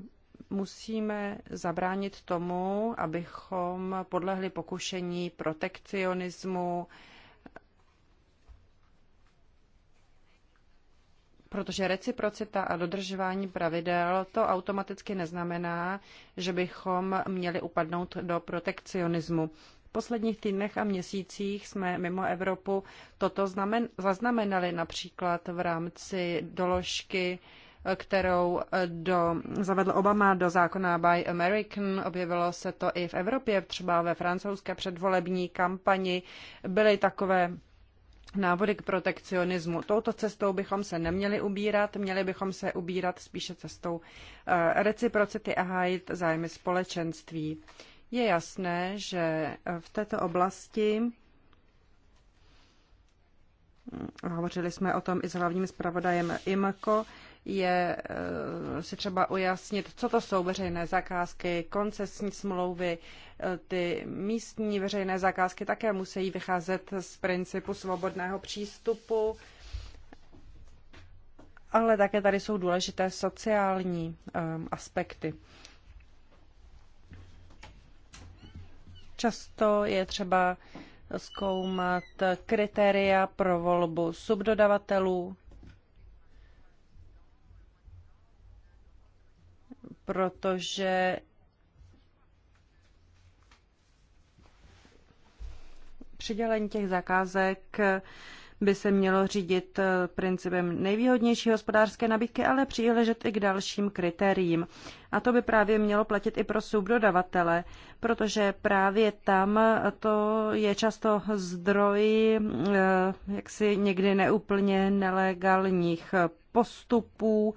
musíme zabránit tomu, abychom podlehli pokušení protekcionismu, protože reciprocita a dodržování pravidel to automaticky neznamená, že bychom měli upadnout do protekcionismu. V posledních týdnech a měsících jsme mimo Evropu toto zaznamenali například v rámci doložky kterou eh, do, zavedl Obama do zákona Buy American. Objevilo se to i v Evropě, třeba ve francouzské předvolební kampani. Byly takové návody k protekcionismu. Touto cestou bychom se neměli ubírat, měli bychom se ubírat spíše cestou eh, reciprocity a hájit zájmy společenství. Je jasné, že eh, v této oblasti hm, hovořili jsme o tom i s hlavním zpravodajem IMCO, je eh, si třeba ujasnit, co to jsou veřejné zakázky, koncesní smlouvy, eh, ty místní veřejné zakázky také musí vycházet z principu svobodného přístupu, ale také tady jsou důležité sociální eh, aspekty. Často je třeba zkoumat kritéria pro volbu subdodavatelů, protože přidělení těch zakázek by se mělo řídit eh, principem nejvýhodnější hospodářské nabídky, ale přiležet i k dalším kritériím. A to by právě mělo platit i pro subdodavatele, protože právě tam to je často zdroj eh, jaksi někdy neúplně nelegálních postupů,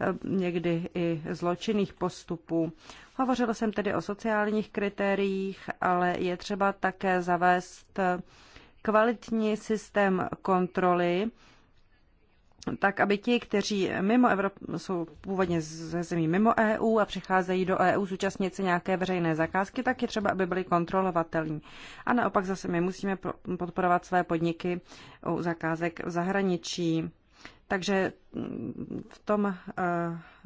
Eh, někdy i zločinných postupů. Hovořila jsem tedy o sociálních kritériích, ale je třeba také zavést eh, kvalitní systém kontroly, tak aby ti, kteří mimo Evrop- jsou původně ze zemí mimo EU a přicházejí do EU zúčastnit se nějaké veřejné zakázky, tak je třeba, aby byli kontrolovatelní. A naopak zase my musíme podporovat své podniky u zakázek v zahraničí. Takže mm, v tom eh,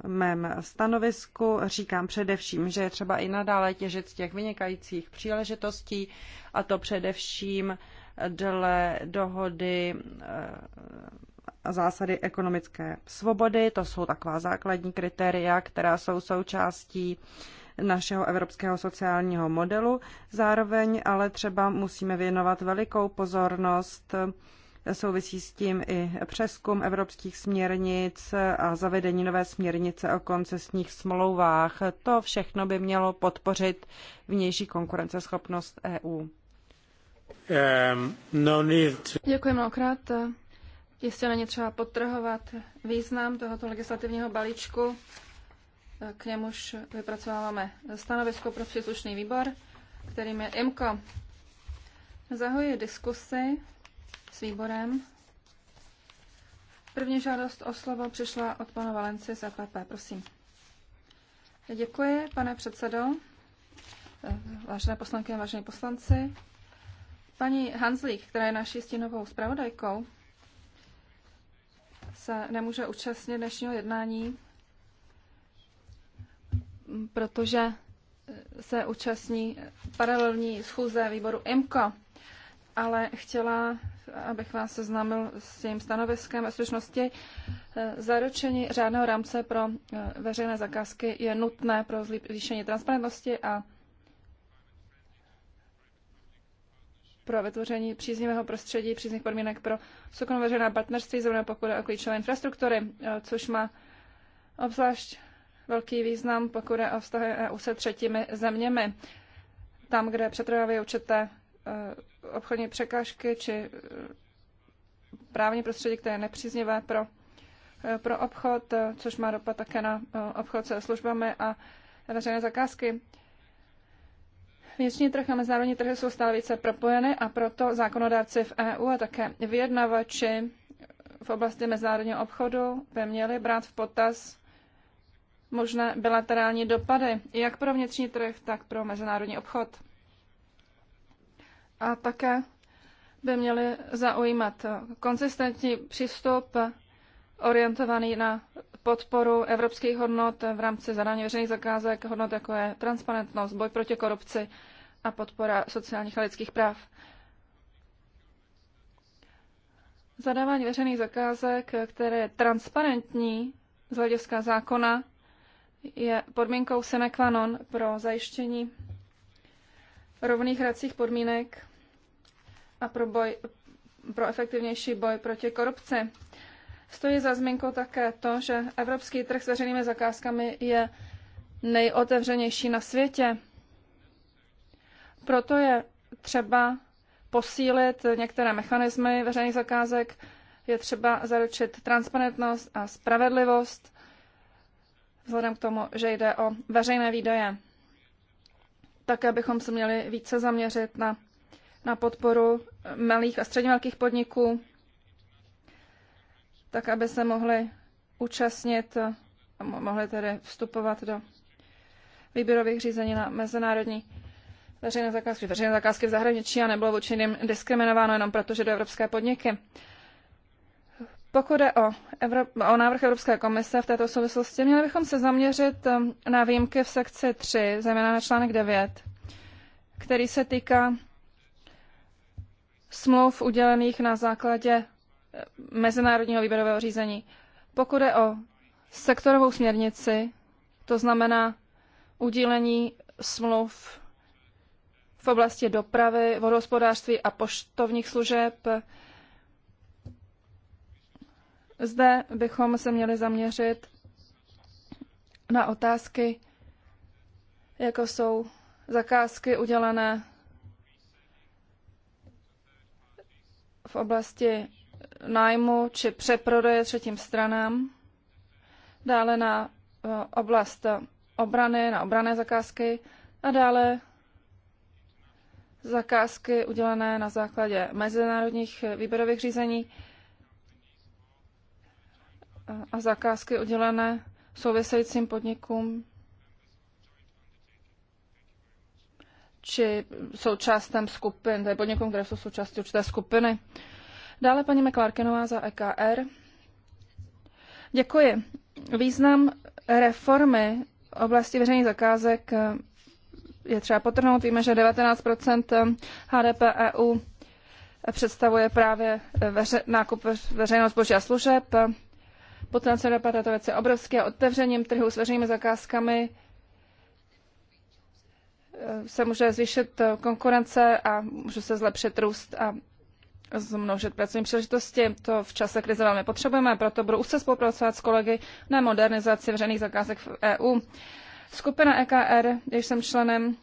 mém stanovisku říkám především, že je třeba i nadále těžit z těch vynikajících příležitostí, a to především dle dohody eh, zásady ekonomické svobody. To jsou taková základní kritéria, která jsou součástí našeho evropského sociálního modelu. Zároveň ale třeba musíme věnovat velikou pozornost Souvisí s tím i přeskum evropských směrnic a zavedení nové směrnice o koncesních smlouvách. To všechno by mělo podpořit vnější konkurenceschopnost EU. Um, ehm, no need. Děkuji mnohokrát. Jistě není třeba podtrhovat význam tohoto legislativního balíčku. K němuž vypracováváme stanovisko pro příslušný výbor, kterým je IMKO. Zahojuji diskusy s výborem. První žádost o slovo přišla od pana Valence z APP. E Prosím. Děkuji, pane předsedo. Vážené poslankyně, vážení poslanci. Paní Hanzlík, která je naší stínovou zpravodajkou, se nemůže účastnit dnešního jednání, protože se účastní paralelní schůze výboru IMCO, ale chtěla abych vás seznámil s tím stanoviskem ve slušnosti eh, Zaručení řádného rámce pro eh, veřejné zakázky je nutné pro zvýšení transparentnosti a pro vytvoření příznivého prostředí, příznivých podmínek pro soukromo veřejné partnerství, zrovna pokud je o klíčové infrastruktury, eh, což má obzvlášť velký význam, pokud je o vztahy EU se třetími zeměmi, tam, kde přetrvávají určité Eh, obchodní překážky či eh, právní prostředí, které je nepříznivé pro, eh, pro obchod, což má dopad také na obchod se službami a veřejné zakázky. Vnitřní trh a mezinárodní trhy jsou stále více propojeny a proto zákonodárci v EU a také vyjednavači v oblasti mezinárodního obchodu by měli brát v potaz možné bilaterální dopady jak pro vnitřní trh, tak pro mezinárodní obchod a také by měly zaujímat konzistentní přístup orientovaný na podporu evropských hodnot v rámci zadání veřejných zakázek, hodnot jako je transparentnost, boj proti korupci a podpora sociálních a lidských práv. Zadávání veřejných zakázek, které je transparentní z hlediska zákona, je podmínkou sine qua non pro zajištění rovných hracích podmínek a pro, boj, pro efektivnější boj proti korupci. Stojí za zmínku také to, že evropský trh s veřejnými zakázkami je nejotevřenější na světě. Proto je třeba posílit některé mechanismy veřejných zakázek, je třeba zaručit transparentnost a spravedlivost, vzhledem k tomu, že jde o veřejné výdaje. Také bychom se měli více zaměřit na na podporu malých a středně velkých podniků, tak aby se mohli účastnit, mohli tedy vstupovat do výběrových řízení na mezinárodní veřejné zakázky, veřejné zakázky v zahraničí a nebylo vůči jiným diskriminováno jenom proto, že do evropské podniky. Pokud je o, Evro- o návrh Evropské komise v této souvislosti, měli bychom se zaměřit um, na výjimky v sekci 3, zejména na článek 9, který se týká smluv udělených na základě eh, mezinárodního výběrového řízení. Pokud je o sektorovou směrnici, to znamená udílení smluv v oblasti dopravy, vodohospodářství a poštovních služeb, zde bychom se měli zaměřit na otázky, jako jsou zakázky udělené v oblasti nájmu či přeprodeje třetím stranám, dále na eh, oblast obrany, na obrané zakázky a dále zakázky udělené na základě mezinárodních výběrových řízení a zakázky udělené souvisejícím podnikům či součástem skupin, nebo někom, kde jsou součástí určité skupiny. Dále paní Meklárkenová za EKR. Děkuji. Význam reformy oblasti veřejných zakázek je třeba potrhnout. Víme, že 19 HDP EU představuje právě veře, nákup veřejného zboží a služeb. Potenciál dopad této věci je obrovský a otevřením trhu s veřejnými zakázkami se může zvýšit konkurence a může se zlepšit růst a zmnožit pracovní příležitosti. To v čase krize velmi potřebujeme, proto budu úzce spolupracovat s kolegy na modernizaci veřejných zakázek v EU. Skupina EKR, když jsem členem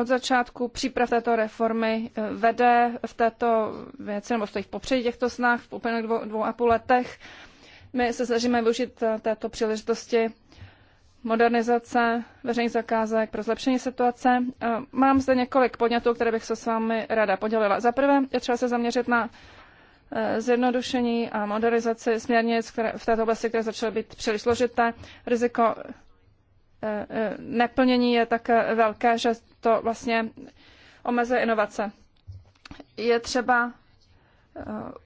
od začátku příprav této reformy eh, vede v této věci, nebo stojí v popředí těchto snah v úplně dvou, dvou a půl letech. My se snažíme využít eh, této příležitosti modernizace veřejných zakázek pro zlepšení situace. E, mám zde několik podnětů, které bych se s vámi ráda podělila. Za prvé je třeba se zaměřit na e, zjednodušení a modernizaci směrnic které, v této oblasti, které začaly být příliš složité. Riziko e, neplnění je tak velké, že to vlastně omezuje inovace. Je třeba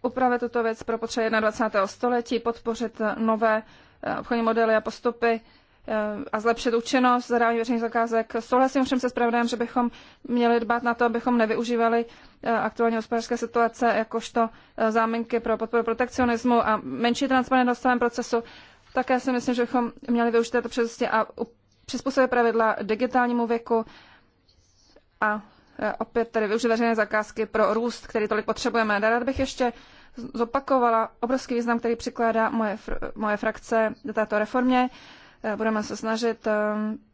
upravit tuto věc pro potřeby 21. století, podpořit nové obchodní modely a postupy a zlepšit účinnost zadávání veřejných zakázek. Souhlasím všem se zpravodajem, že bychom měli dbát na to, abychom nevyužívali eh, aktuální hospodářské situace jakožto eh, záminky pro podporu protekcionismu a menší transparentnost v celém procesu. Také si myslím, že bychom měli využít této příležitosti a přizpůsobit pravidla digitálnímu věku a eh, opět tedy využít veřejné zakázky pro růst, který tolik potřebujeme. Rád bych ještě zopakovala obrovský význam, který přikládá moje, moje frakce do této reformě. Eh, budeme se snažit eh,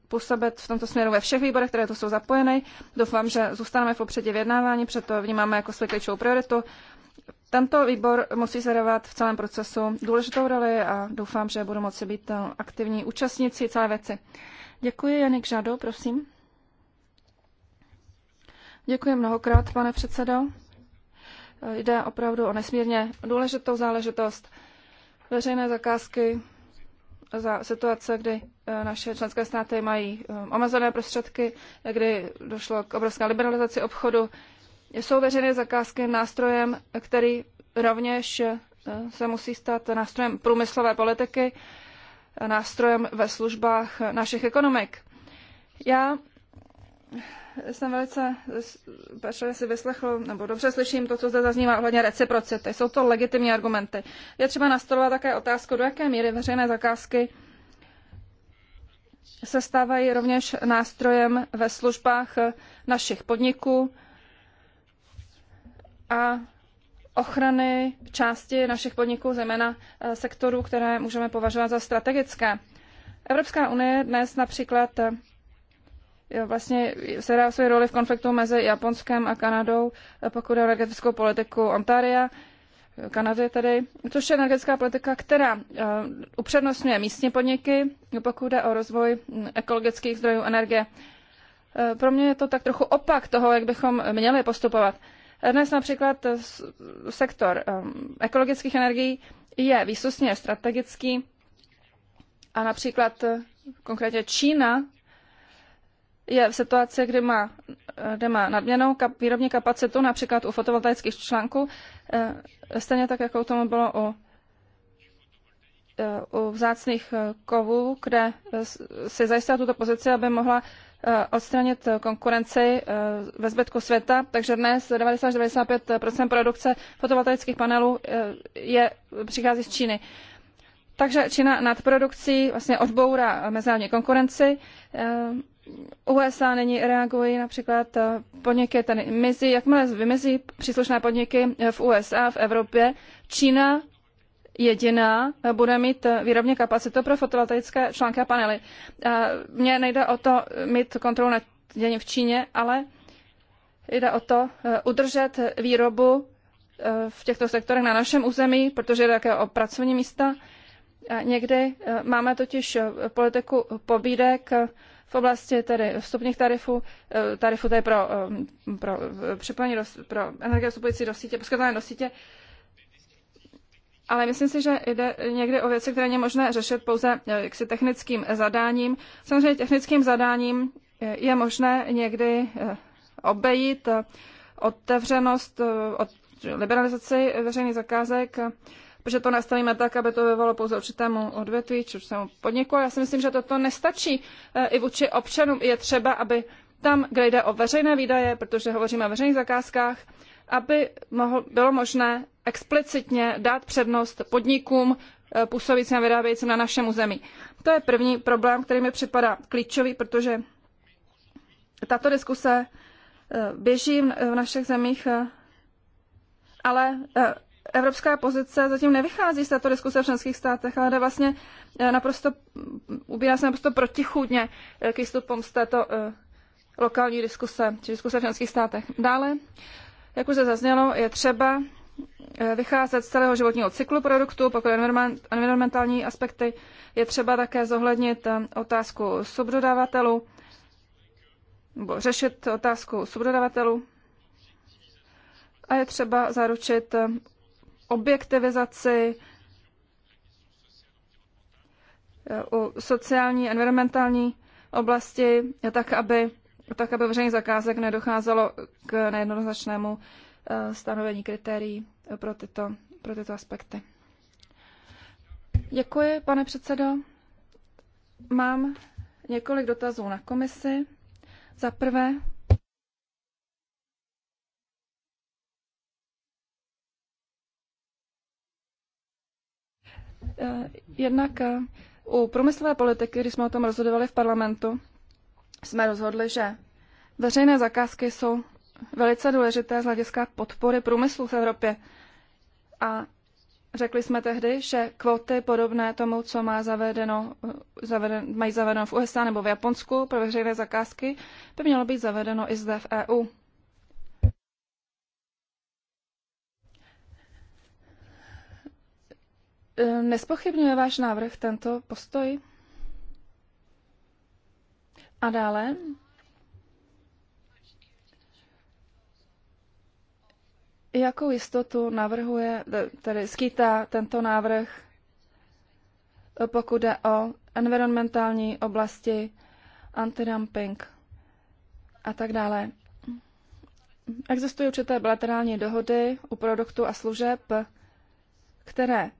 působit v tomto směru ve všech výborech, které to jsou zapojeny. Doufám, že zůstaneme v popředí vyjednávání, proto vnímáme jako svůj klíčovou prioritu. Tento výbor musí zahrávat v celém procesu důležitou roli a doufám, že budu moci být eh, aktivní účastníci celé věci. Děkuji, Janik Žado, prosím. Děkuji mnohokrát, pane předsedo. Jde opravdu o nesmírně důležitou záležitost. Veřejné zakázky za situace, kdy eh, naše členské státy mají eh, omezené prostředky, kdy došlo k obrovské liberalizaci obchodu. Jsou veřejné zakázky nástrojem, který rovněž eh, se musí stát nástrojem průmyslové politiky, nástrojem ve službách našich ekonomik. Já jsem velice pečlivě si vyslechl, nebo dobře slyším to, co zde zaznívá ohledně reciprocity. Jsou to legitimní argumenty. Je třeba nastolovat také otázku, do jaké míry veřejné zakázky se stávají rovněž nástrojem ve službách našich podniků a ochrany části našich podniků, zejména eh, sektorů, které můžeme považovat za strategické. Evropská unie dnes například vlastně se hrál svoji roli v konfliktu mezi Japonskem a Kanadou, eh, pokud je o energetickou politiku Ontaria, eh, Kanady tedy, což je energetická politika, která eh, upřednostňuje místní podniky, pokud jde o rozvoj hm, ekologických zdrojů energie. Pro mě je to tak trochu opak toho, jak bychom měli postupovat. Dnes například sektor ekologických energií je výsostně strategický a například konkrétně Čína je v situaci, kdy má, eh, kdy má nadměrnou kap, výrobní kapacitu, například u fotovoltaických článků, eh, stejně tak, jako tomu bylo u, eh, u vzácných kovů, kde si zajistila tuto pozici, aby mohla odstranit konkurenci ve zbytku světa, takže dnes 90-95 produkce fotovoltaických panelů je, přichází z Číny. Takže Čína nadprodukcí vlastně odbourá mezinárodní konkurenci. Eh, USA není reagují, například eh, podniky ten mizí, jakmile vymizí příslušné podniky eh, v USA, v Evropě, Čína jediná bude mít výrobní kapacitu pro fotovoltaické články a panely. Mně nejde o to mít kontrolu nad děním v Číně, ale jde o to udržet výrobu v těchto sektorech na našem území, protože jde také o pracovní místa Někdy e, máme totiž e, politiku pobídek e, v oblasti tedy vstupních tarifů, tarifů tedy pro, pro připojení pro energie vstupující do sítě, poskytované do sítě, ale myslím si, že jde někdy o věci, které není možné řešit pouze jaksi technickým zadáním. Samozřejmě technickým zadáním je možné někdy obejít otevřenost, liberalizaci veřejných zakázek, protože to nastavíme tak, aby to vyvolalo pouze určitému odvětví či určitému podniku. Já si myslím, že toto nestačí eh, i vůči občanům. Je třeba, aby tam, kde jde o veřejné výdaje, protože hovoříme o veřejných zakázkách, aby mohl, bylo možné explicitně dát přednost podnikům eh, působícím a vyrábějícím na našem území. To je první problém, který mi připadá klíčový, protože tato diskuse eh, běží v našich zemích, ale evropská pozice zatím nevychází z této diskuse v členských státech, ale jde vlastně eh, naprosto, ubírá se naprosto protichůdně eh, k výstupům z této eh, lokální diskuse, či diskuse v členských státech. Dále, jak už se zaznělo, je třeba vycházet z celého životního cyklu produktu, pokud environmentální aspekty, je třeba také zohlednit otázku subdodavatelů, nebo řešit otázku subdodavatelů a je třeba zaručit objektivizaci eh, u sociální, environmentální oblasti, tak aby, tak aby veřejný zakázek nedocházelo k nejednoznačnému eh, stanovení kritérií pro tyto, pro tyto aspekty. Děkuji, pane předsedo. Mám několik dotazů na komisi. Za prvé, Eh, jednak eh, u průmyslové politiky, když jsme o tom rozhodovali v parlamentu, jsme rozhodli, že veřejné zakázky jsou velice důležité z hlediska podpory průmyslu v Evropě. A řekli jsme tehdy, že kvóty podobné tomu, co má zavedeno, eh, zaveden, mají zavedeno v USA nebo v Japonsku pro veřejné zakázky, by mělo být zavedeno i zde v EU. Eh, nespochybňuje váš návrh tento postoj? A dále? Jakou jistotu navrhuje, tedy skýtá tento návrh, eh, pokud jde o environmentální oblasti, antidumping a tak dále? Existují určité bilaterální dohody u produktů a služeb, které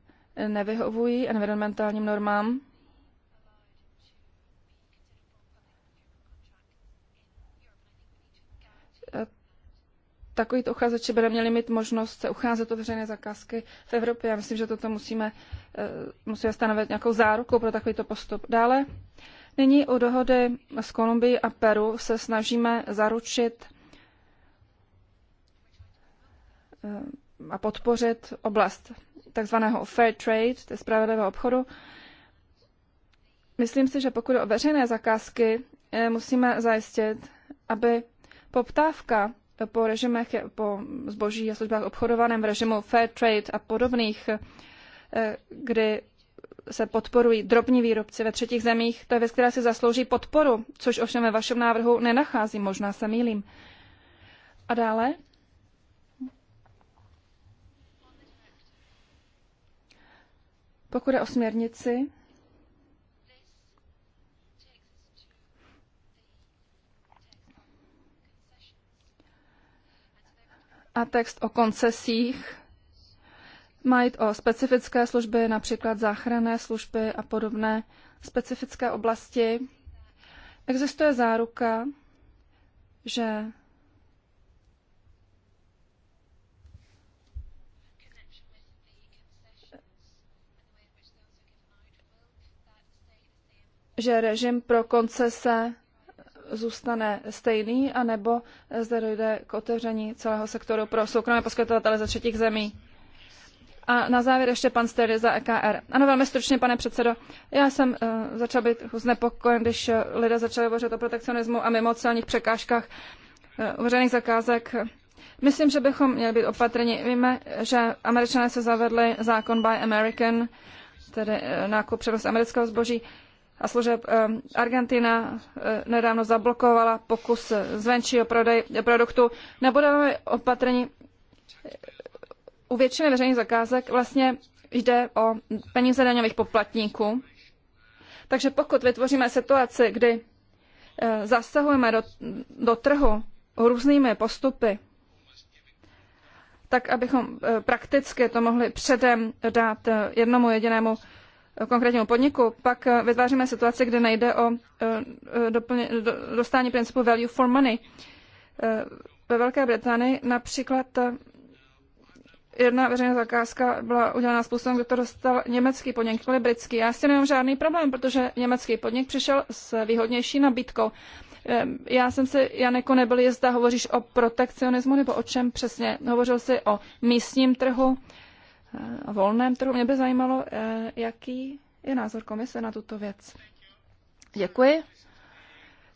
nevyhovují environmentálním normám. Takovýto uchazeči by neměli mít možnost se ucházet o veřejné zakázky v Evropě. Já myslím, že toto musíme, eh, musíme stanovit nějakou záruku pro takovýto postup. Dále nyní u dohody s Kolumbií a Peru se snažíme zaručit eh, a podpořit oblast takzvaného fair trade, té spravedlivého obchodu, myslím si, že pokud o veřejné zakázky, eh, musíme zajistit, aby poptávka po režimech, po zboží a službách obchodovaném v režimu fair trade a podobných, eh, kdy se podporují drobní výrobci ve třetích zemích, to je věc, která si zaslouží podporu, což ovšem ve vašem návrhu nenachází, možná se mýlím. A dále Pokud je o směrnici, a text o koncesích mají o specifické služby, například záchranné služby a podobné specifické oblasti. Existuje záruka, že že režim pro koncese zůstane stejný, anebo zde dojde k otevření celého sektoru pro soukromé poskytovatele ze třetích zemí. A na závěr ještě pan Stery za EKR. Ano, velmi stručně, pane předsedo. Já jsem uh, začal být znepokojen, když eh, lidé začali hovořit o protekcionismu a mimo celních překážkách uh, zakázek. Myslím, že bychom měli být opatrní. Víme, že američané se zavedli zákon Buy American, tedy nákup přenos amerického zboží. Uh, a služeb eh, Argentina eh, nedávno zablokovala pokus zvenčí o prodej produktu. Nebudeme opatrní eh, u většiny veřejných zakázek vlastně jde o peníze daňových poplatníků. Takže pokud vytvoříme situaci, kdy zasahujeme do, do trhu různými postupy, tak abychom prakticky to mohli předem dát jednomu jedinému Eh, konkrétnímu podniku, pak eh, vytváříme situaci, kde nejde o eh, doplně, dostání principu value for money. Ve Velké Británii například jedna veřejná zakázka byla udělána způsobem, kde to dostal německý podnik, ale britský. Já s tím nemám žádný problém, protože německý podnik přišel s výhodnější nabídkou. Já jsem si, Janeko, nebyl jistá, hovoříš o protekcionismu nebo o čem přesně? Hovořil jsi o místním trhu, volném trhu. Mě by zajímalo, eh, jaký je názor komise na tuto věc. Děkuji.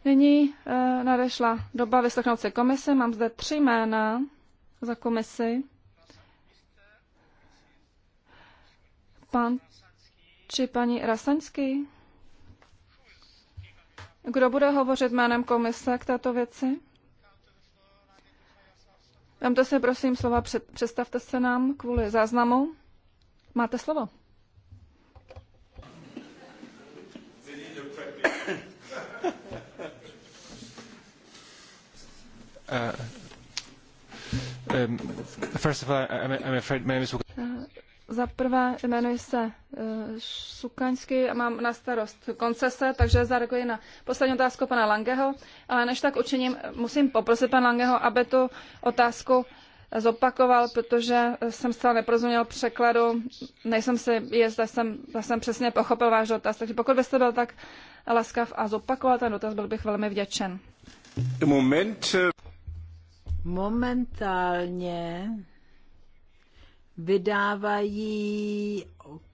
Nyní eh, nadešla doba vyslechnout se komise. Mám zde tři jména za komisi. Pan či paní Rasaňský? Kdo bude hovořit jménem komise k této věci? Vemte si prosím slova, před, představte se nám kvůli záznamu. Máte slovo. Uh, um, first of all, I'm, I'm afraid my name is za prvé jmenuji se Sukaňský eh, a mám na starost koncese, takže zareaguji na poslední otázku pana Langeho. Ale než tak učiním, musím poprosit pana Langeho, aby tu otázku zopakoval, protože jsem zcela neprozuměl překladu. Nejsem si jist, jsem, jsem přesně pochopil váš dotaz. Takže pokud byste byl tak laskav a zopakoval ten dotaz, byl bych velmi vděčen. Moment. Momentálně vydávají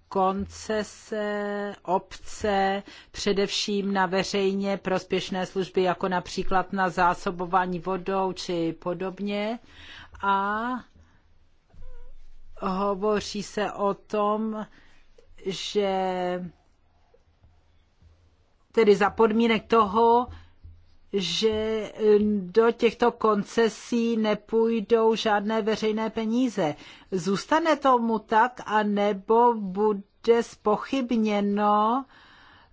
koncese obce především na veřejně prospěšné služby, jako například na zásobování vodou či podobně. A hovoří se o tom, že tedy za podmínek toho, že do těchto koncesí nepůjdou žádné veřejné peníze. Zůstane tomu tak, anebo bude spochybněno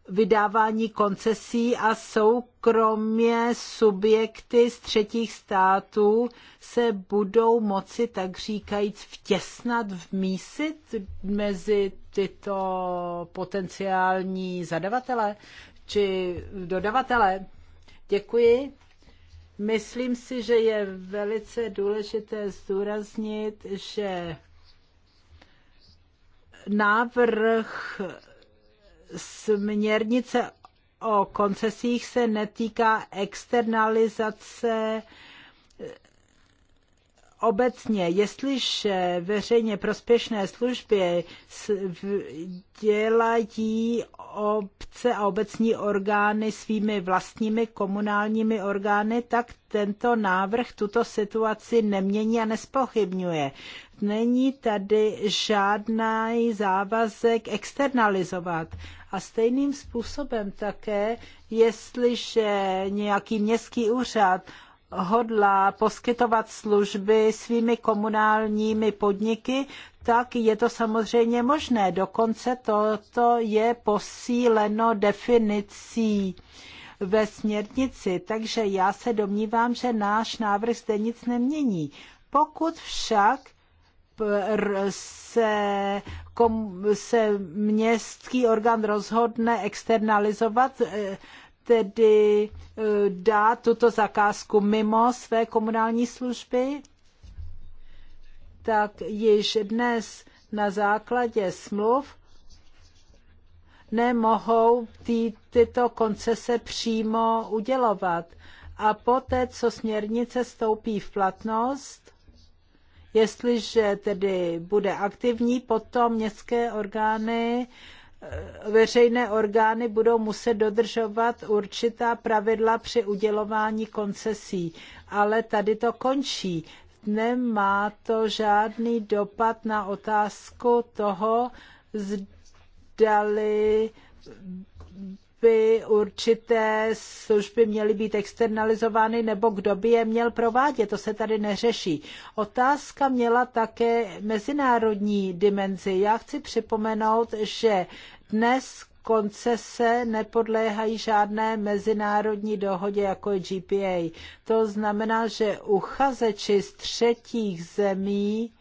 vydávání koncesí a soukromě subjekty z třetích států se budou moci, tak říkajíc, vtěsnat, vmísit mezi tyto potenciální zadavatele či dodavatele. Děkuji. Myslím si, že je velice důležité zdůraznit, že návrh směrnice o koncesích se netýká externalizace obecně, jestliže veřejně prospěšné služby dělají obce a obecní orgány svými vlastními komunálními orgány, tak tento návrh tuto situaci nemění a nespochybňuje. Není tady žádný závazek externalizovat. A stejným způsobem také, jestliže nějaký městský úřad hodlá poskytovat služby svými komunálními podniky, tak je to samozřejmě možné. Dokonce toto je posíleno definicí ve směrnici, takže já se domnívám, že náš návrh zde nic nemění. Pokud však se, kom, se městský orgán rozhodne externalizovat, eh, tedy eh, dát tuto zakázku mimo své komunální služby, tak již dnes na základě smluv nemohou ty, tyto koncese přímo udělovat. A poté, co směrnice stoupí v platnost, jestliže tedy bude aktivní, potom městské orgány uh, veřejné orgány budou muset dodržovat určitá pravidla při udělování koncesí, ale tady to končí. Nemá to žádný dopad na otázku toho, zdali by určité služby měly být externalizovány nebo kdo by je měl provádět. To se tady neřeší. Otázka měla také mezinárodní dimenzi. Já chci připomenout, že dnes koncese nepodléhají žádné mezinárodní dohodě, jako je GPA. To znamená, že uchazeči z třetích zemí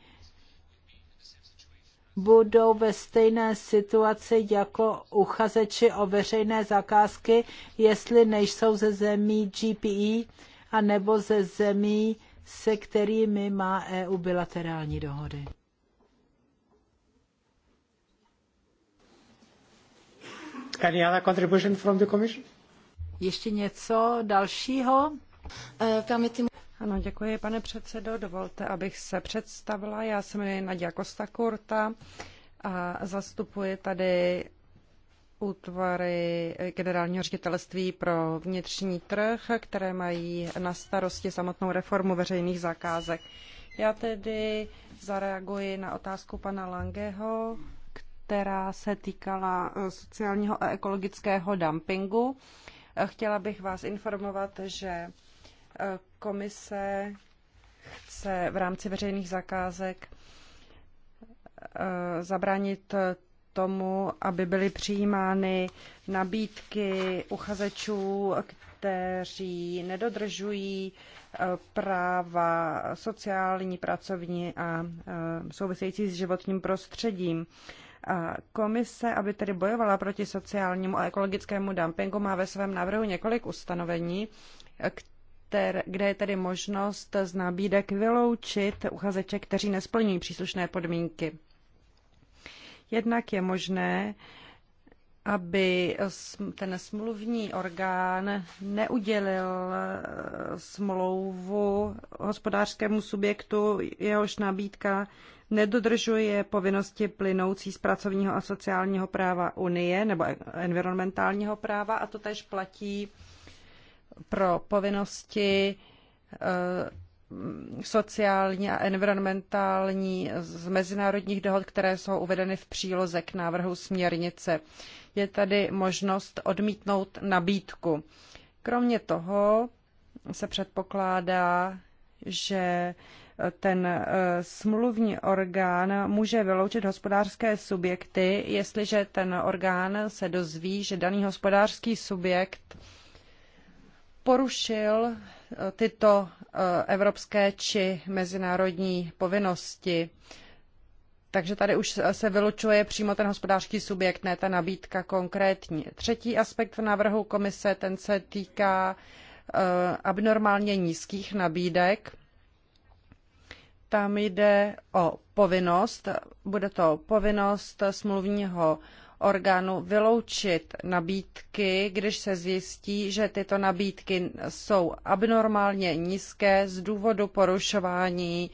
budou ve stejné situaci jako uchazeči o veřejné zakázky, jestli nejsou ze zemí GPE a nebo ze zemí, se kterými má EU bilaterální dohody. Any other contribution from the Commission? Ještě něco dalšího? Uh, ano, děkuji, pane předsedo. Dovolte, abych se představila. Já jsem Nadia Kostakurta a zastupuji tady útvary generálního ředitelství pro vnitřní trh, které mají na starosti samotnou reformu veřejných zakázek. Já tedy zareaguji na otázku pana Langeho, která se týkala eh, sociálního a ekologického dumpingu. Chtěla bych vás informovat, že E, komise chce v rámci veřejných zakázek e, zabránit tomu, aby byly přijímány nabídky uchazečů, kteří nedodržují e, práva sociální, pracovní a související s životním prostředím. A komise, aby tedy bojovala proti sociálnímu a ekologickému dumpingu, má ve svém návrhu několik ustanovení, kde je tedy možnost z nabídek vyloučit uchazeče, kteří nesplňují příslušné podmínky. Jednak je možné, aby ten smluvní orgán neudělil eh, smlouvu hospodářskému subjektu, jehož nabídka nedodržuje povinnosti plynoucí z pracovního a sociálního práva Unie nebo e- environmentálního práva a to tež platí pro povinnosti eh, sociální a environmentální z mezinárodních dohod, které jsou uvedeny v příloze k návrhu směrnice. Je tady možnost odmítnout nabídku. Kromě toho se předpokládá, že ten eh, smluvní orgán může vyloučit hospodářské subjekty, jestliže ten orgán se dozví, že daný hospodářský subjekt porušil eh, tyto eh, evropské či mezinárodní povinnosti. Takže tady už se vylučuje přímo ten hospodářský subjekt, ne ta nabídka konkrétní. Třetí aspekt v návrhu komise, ten se týká eh, abnormálně nízkých nabídek. Tam jde o povinnost, bude to povinnost smluvního orgánu vyloučit nabídky, když se zjistí, že tyto nabídky jsou abnormálně nízké z důvodu porušování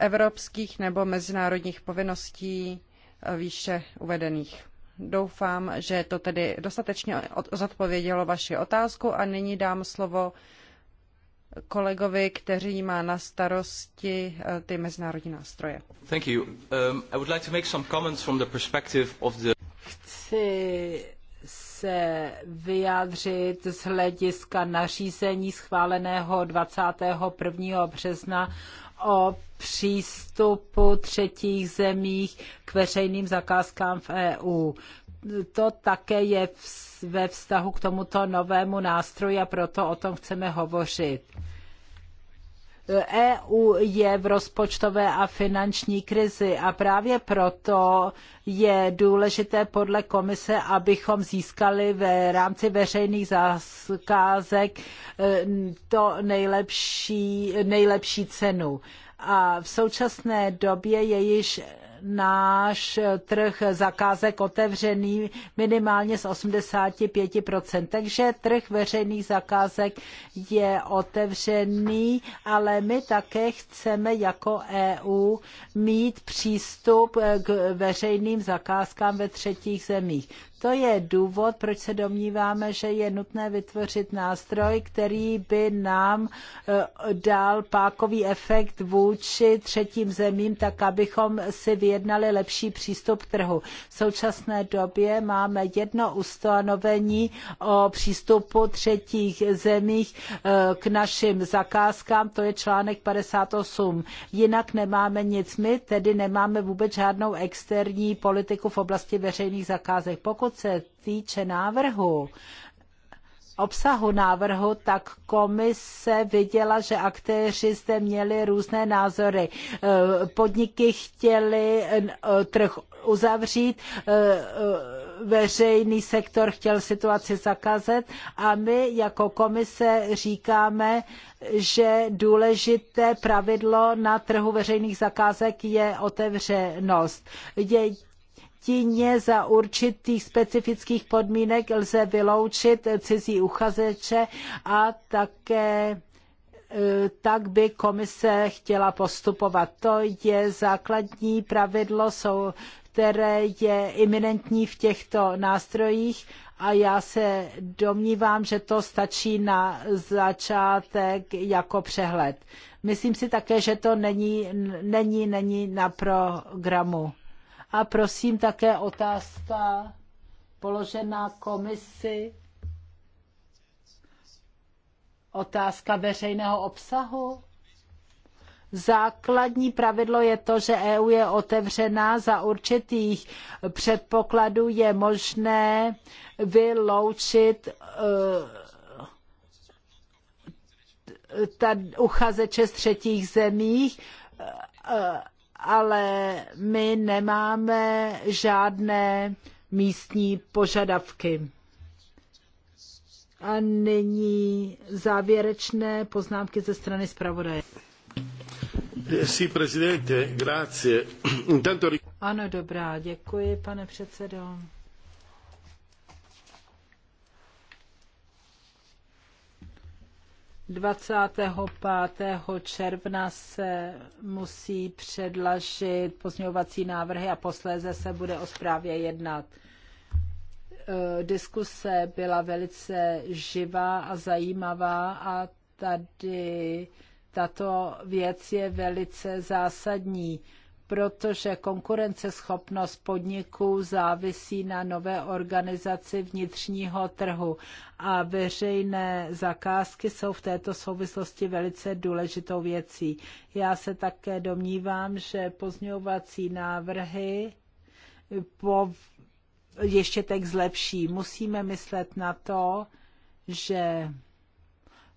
evropských nebo mezinárodních povinností eh, výše uvedených. Doufám, že to tedy dostatečně zodpovědělo vaši otázku a nyní dám slovo kolegovi, který má na starosti eh, ty mezinárodní nástroje. Thank you. Um, I would like to make some comments from the perspective of the Chci se vyjádřit z hlediska nařízení schváleného 21. března o přístupu třetích zemích k veřejným zakázkám v EU. To také je ve vztahu k tomuto novému nástroji a proto o tom chceme hovořit. EU je v rozpočtové a finanční krizi a právě proto je důležité podle komise, abychom získali v rámci veřejných zakázek e, to nejlepší, nejlepší cenu. A v současné době je již náš trh zakázek otevřený minimálně z 85%. Takže trh veřejných zakázek je otevřený, ale my také chceme jako EU mít přístup k veřejným zakázkám ve třetích zemích. To je důvod, proč se domníváme, že je nutné vytvořit nástroj, který by nám eh, dal pákový efekt vůči třetím zemím, tak abychom si vyjednali lepší přístup k trhu. V současné době máme jedno ustanovení o přístupu třetích zemích eh, k našim zakázkám, to je článek 58. Jinak nemáme nic my, tedy nemáme vůbec žádnou externí politiku v oblasti veřejných zakázek. Pokud pokud se týče návrhu, obsahu návrhu, tak komise viděla, že aktéři zde měli různé názory. E, podniky chtěli e, trh uzavřít, e, veřejný sektor chtěl situaci zakázat a my jako komise říkáme, že důležité pravidlo na trhu veřejných zakázek je otevřenost. Je listině za určitých specifických podmínek lze vyloučit cizí uchazeče a také e, tak by komise chtěla postupovat. To je základní pravidlo, které je iminentní v těchto nástrojích a já se domnívám, že to stačí na začátek jako přehled. Myslím si také, že to není, není, není na programu. A prosím také otázka položená komisi. Otázka veřejného obsahu. Základní pravidlo je to, že EU je otevřená za určitých předpokladů je možné vyloučit eh, ta uchazeče z třetích zemích eh, ale my nemáme žádné místní požadavky. A nyní závěrečné poznámky ze strany zpravodaje. Eh, grazie. Ano, dobrá, děkuji, pane předsedo. 25. června se musí předlažit pozměňovací návrhy a posléze se bude o zprávě jednat. E, diskuse byla velice živá a zajímavá a tady tato věc je velice zásadní protože konkurenceschopnost podniků závisí na nové organizaci vnitřního trhu a veřejné zakázky jsou v této souvislosti velice důležitou věcí. Já se také domnívám, že pozňovací návrhy po ještě tak zlepší. Musíme myslet na to, že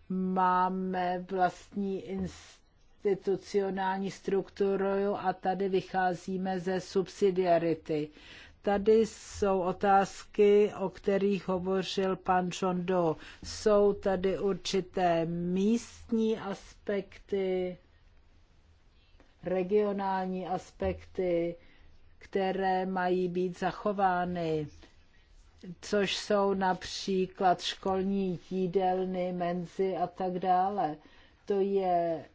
máme vlastní instituce, institucionální strukturu a tady vycházíme ze subsidiarity. Tady jsou otázky, o kterých hovořil pan John Doe. Jsou tady určité místní aspekty, regionální aspekty, které mají být zachovány, což jsou například školní jídelny, menzy a tak dále. To je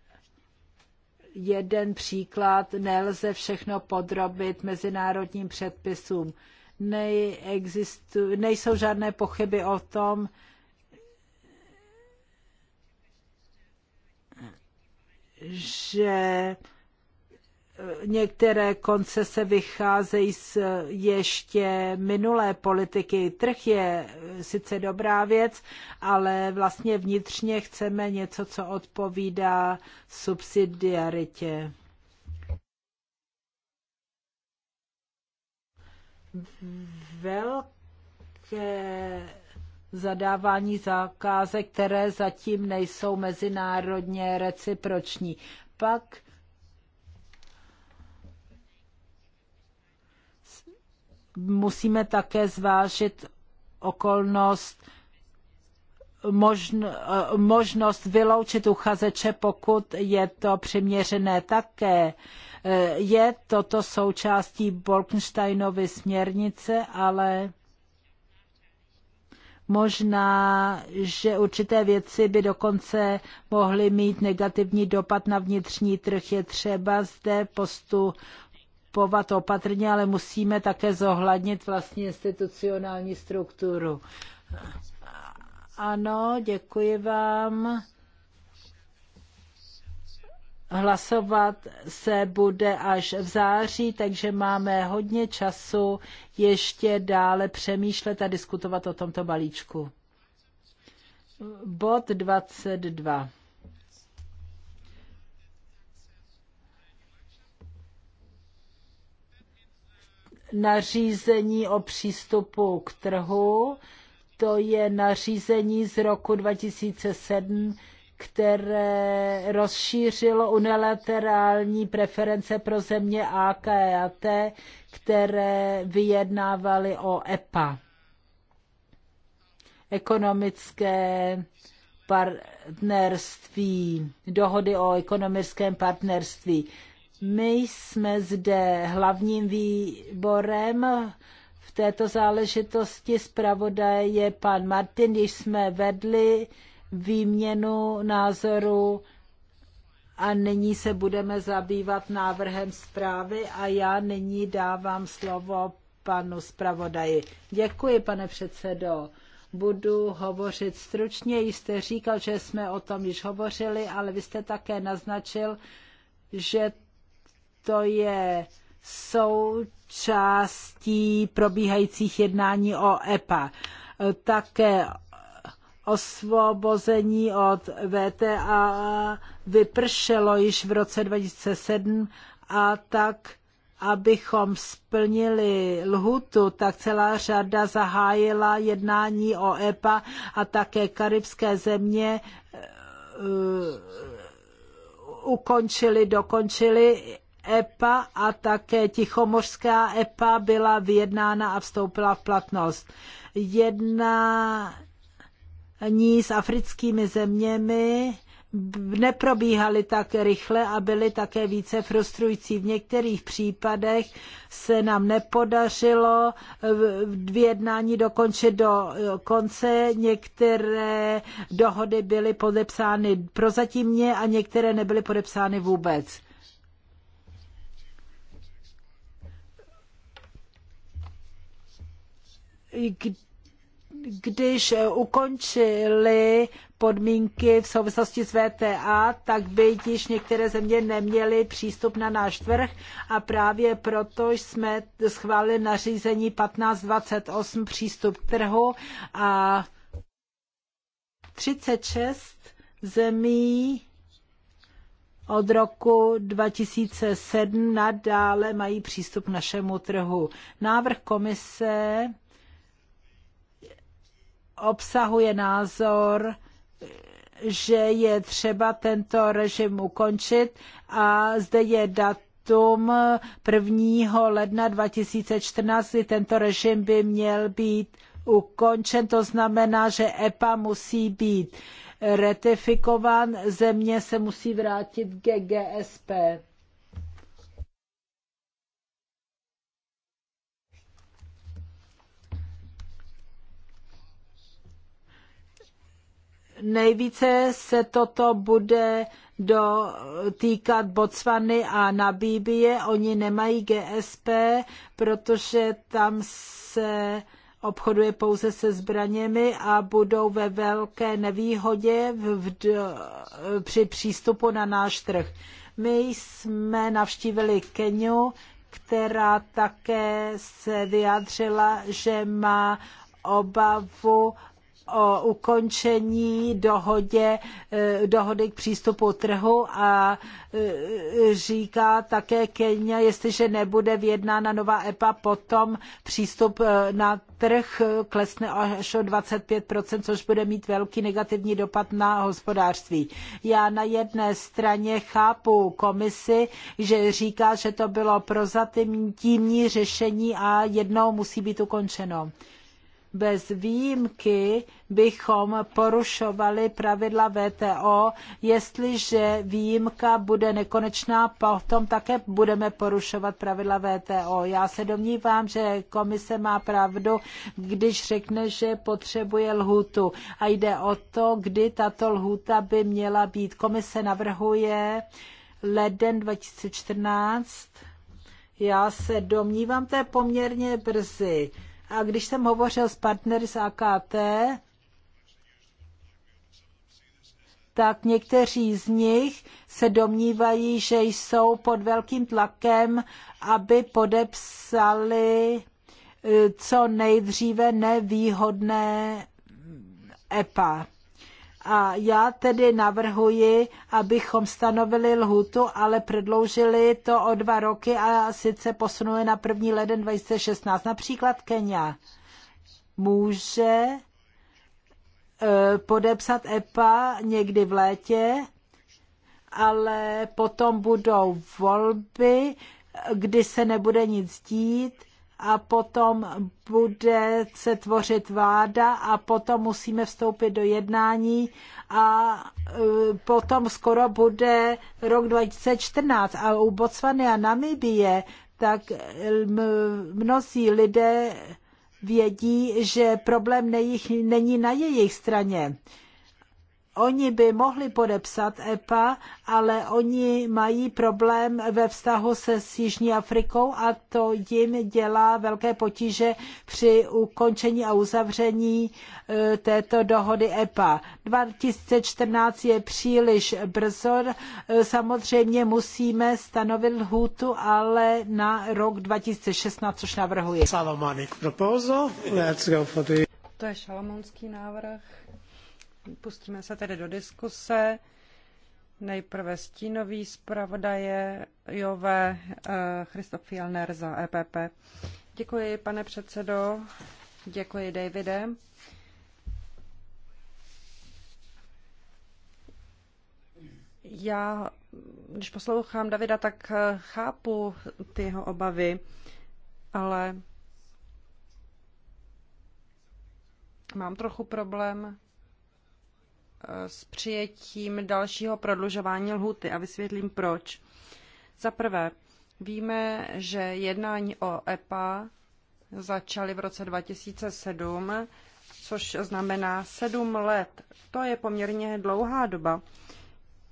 jeden příklad, nelze všechno podrobit mezinárodním předpisům. Neexistu, nejsou žádné pochyby o tom, že některé koncese vycházejí z ještě minulé politiky. Trh je sice dobrá věc, ale vlastně vnitřně chceme něco, co odpovídá subsidiaritě. Velké zadávání zakázek, které zatím nejsou mezinárodně reciproční. Pak musíme také zvážit okolnost eh, možnost vyloučit uchazeče, pokud je to přiměřené také. Eh, je toto součástí Bolkensteinovy směrnice, ale možná, že určité věci by dokonce mohly mít negativní dopad na vnitřní trh. Je třeba zde postu postupovat opatrně, ale musíme také zohlednit vlastní institucionální strukturu. Ano, děkuji vám. Hlasovat se bude až v září, takže máme hodně času ještě dále přemýšlet a diskutovat o tomto balíčku. Bod 22. nařízení o přístupu k trhu. To je nařízení z roku 2007, které rozšířilo unilaterální preference pro země AKT, které vyjednávaly o EPA. Ekonomické partnerství, dohody o ekonomickém partnerství. My jsme zde hlavním výborem v této záležitosti. Zpravodaj je pan Martin, když jsme vedli výměnu názoru a nyní se budeme zabývat návrhem zprávy a já nyní dávám slovo panu zpravodaji. Děkuji, pane předsedo. Budu hovořit stručně, jste říkal, že jsme o tom již hovořili, ale vy jste také naznačil, že to je součástí probíhajících jednání o EPA. Také osvobození od VTA vypršelo již v roce 2007 a tak, abychom splnili lhutu, tak celá řada zahájila jednání o EPA a také karibské země eh, ukončili, dokončili EPA a také Tichomořská EPA byla vyjednána a vstoupila v platnost. Jedna ní s africkými zeměmi neprobíhaly tak rychle a byly také více frustrující. V některých případech se nám nepodařilo vyjednání dokončit do konce. Některé dohody byly podepsány prozatímně a některé nebyly podepsány vůbec když ukončili podmínky v souvislosti s VTA, tak by již některé země neměly přístup na náš trh a právě proto jsme schválili nařízení 1528 přístup k trhu a 36 zemí od roku 2007 nadále mají přístup k našemu trhu. Návrh komise obsahuje názor, že je třeba tento režim ukončit a zde je dat datum 1. ledna 2014, kdy tento režim by měl být ukončen. To znamená, že EPA musí být ratifikován, země se musí vrátit k GSP. Nejvíce se toto bude týkat Botswany a Nabíbie. Oni nemají GSP, protože tam se obchoduje pouze se zbraněmi a budou ve velké nevýhodě v, v, při přístupu na náš trh. My jsme navštívili Keniu, která také se vyjádřila, že má obavu o ukončení dohodě, eh, dohody k přístupu trhu a eh, říká také Kenya, jestliže nebude vyjednána nová EPA, potom přístup eh, na trh klesne až o 25%, což bude mít velký negativní dopad na hospodářství. Já na jedné straně chápu komisi, že říká, že to bylo prozatímní řešení a jednou musí být ukončeno bez výjimky bychom porušovali pravidla VTO. Jestliže výjimka bude nekonečná, potom také budeme porušovat pravidla VTO. Já se domnívám, že komise má pravdu, když řekne, že potřebuje lhutu. A jde o to, kdy tato lhuta by měla být. Komise navrhuje leden 2014. Já se domnívám, to je poměrně brzy. A když jsem hovořil s partnery z AKT, tak někteří z nich se domnívají, že jsou pod velkým tlakem, aby podepsali eh, co nejdříve nevýhodné EPA. A já tedy navrhuji, abychom stanovili lhutu, ale prodloužili to o dva roky a sice posunuli na 1. leden 2016. Například Kenia může eh, podepsat EPA někdy v létě, ale potom budou volby, kdy se nebude nic dít a potom bude se tvořit vláda a potom musíme vstoupit do jednání a e, potom skoro bude rok 2014 a u Botswany a Namibie tak e, mnozí lidé vědí, že problém není na jejich straně. Oni by mohli podepsat EPA, ale oni mají problém ve vztahu se s Jižní Afrikou a to jim dělá velké potíže při ukončení a uzavření e, této dohody EPA. 2014 je příliš brzo, e, samozřejmě musíme stanovit lhůtu, ale na rok 2016, což navrhuji. Let's go To je šalamonský návrh. Pustíme se tedy do diskuse. Nejprve stínový zpravodaje Jové eh, Christoph Fielner za EPP. Děkuji, pane předsedo. Děkuji, Davide. Já, když poslouchám Davida, tak eh, chápu ty jeho obavy, ale mám trochu problém Eh, s přijetím dalšího prodlužování lhuty a vysvětlím proč. Za prvé, víme, že jednání o EPA začaly v roce 2007, což znamená sedm let. To je poměrně dlouhá doba.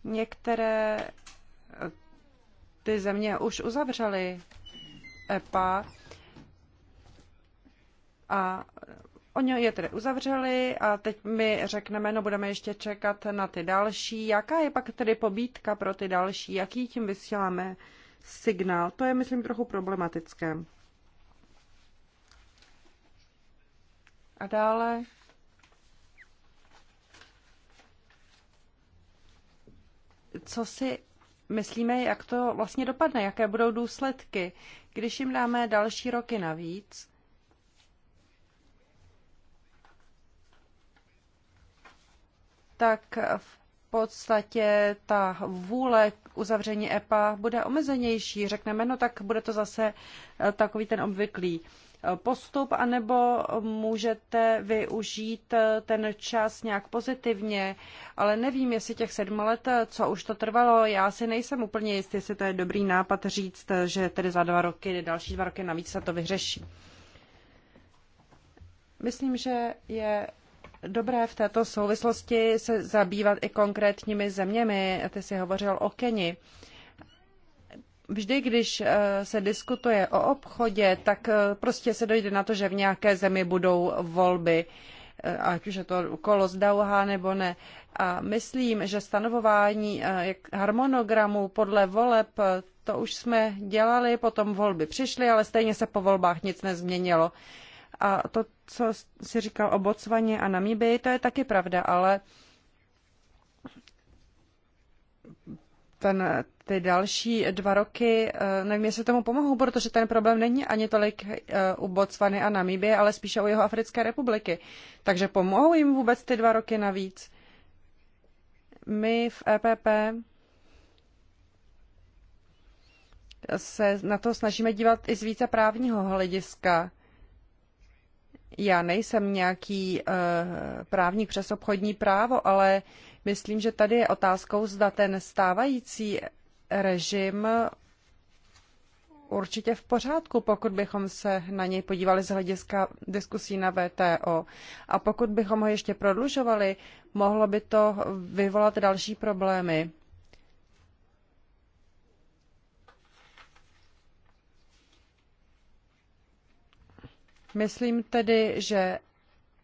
Některé eh, ty země už uzavřely EPA a Oni je tedy uzavřeli a teď my řekneme, no budeme ještě čekat na ty další. Jaká je pak tedy pobídka pro ty další? Jaký tím vysíláme signál? To je, myslím, trochu problematické. A dále co si myslíme, jak to vlastně dopadne, jaké budou důsledky, když jim dáme další roky navíc, tak v podstatě ta vůle k uzavření EPA bude omezenější. Řekneme, no tak bude to zase eh, takový ten obvyklý eh, postup, anebo můžete využít eh, ten čas nějak pozitivně, ale nevím, jestli těch sedm let, co už to trvalo, já si nejsem úplně jistý, jestli to je dobrý nápad říct, že tedy za dva roky, další dva roky navíc se to vyřeší. Myslím, že je dobré v této souvislosti se zabývat i konkrétními zeměmi. Ty si hovořil o Keni. Vždy, když eh, se diskutuje o obchodě, tak eh, prostě se dojde na to, že v nějaké zemi budou volby eh, ať už je to kolo z Dauha nebo ne. A myslím, že stanovování harmonogramu podle voleb, to už jsme dělali, potom volby přišly, ale stejně se po volbách nic nezměnilo. A to, co si říkal o Botswaně a Namibii, to je taky pravda, ale ten, ty další dva roky, eh, nevím, jestli tomu pomohou, protože ten problém není ani tolik eh, u Botswany a Namibie, ale spíše u jeho Africké republiky. Takže pomohou jim vůbec ty dva roky navíc? My v EPP se na to snažíme dívat i z více právního hlediska já nejsem nějaký eh, právník přes obchodní právo, ale myslím, že tady je otázkou, zda ten stávající režim určitě v pořádku, pokud bychom se na něj podívali z hlediska diskusí na VTO. A pokud bychom ho ještě prodlužovali, mohlo by to vyvolat další problémy. Myslím tedy, že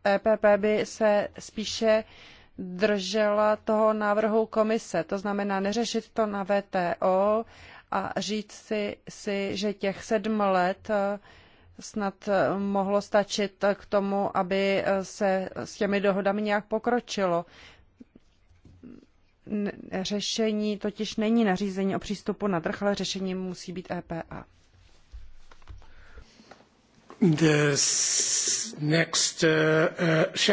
EPP by se spíše držela toho návrhu komise, to znamená neřešit to na VTO a říct si, si že těch sedm let eh, snad eh, mohlo stačit eh, k tomu, aby se s těmi dohodami nějak pokročilo. Řešení totiž není nařízení o přístupu na trh, ale řešením musí být EPA next, uh,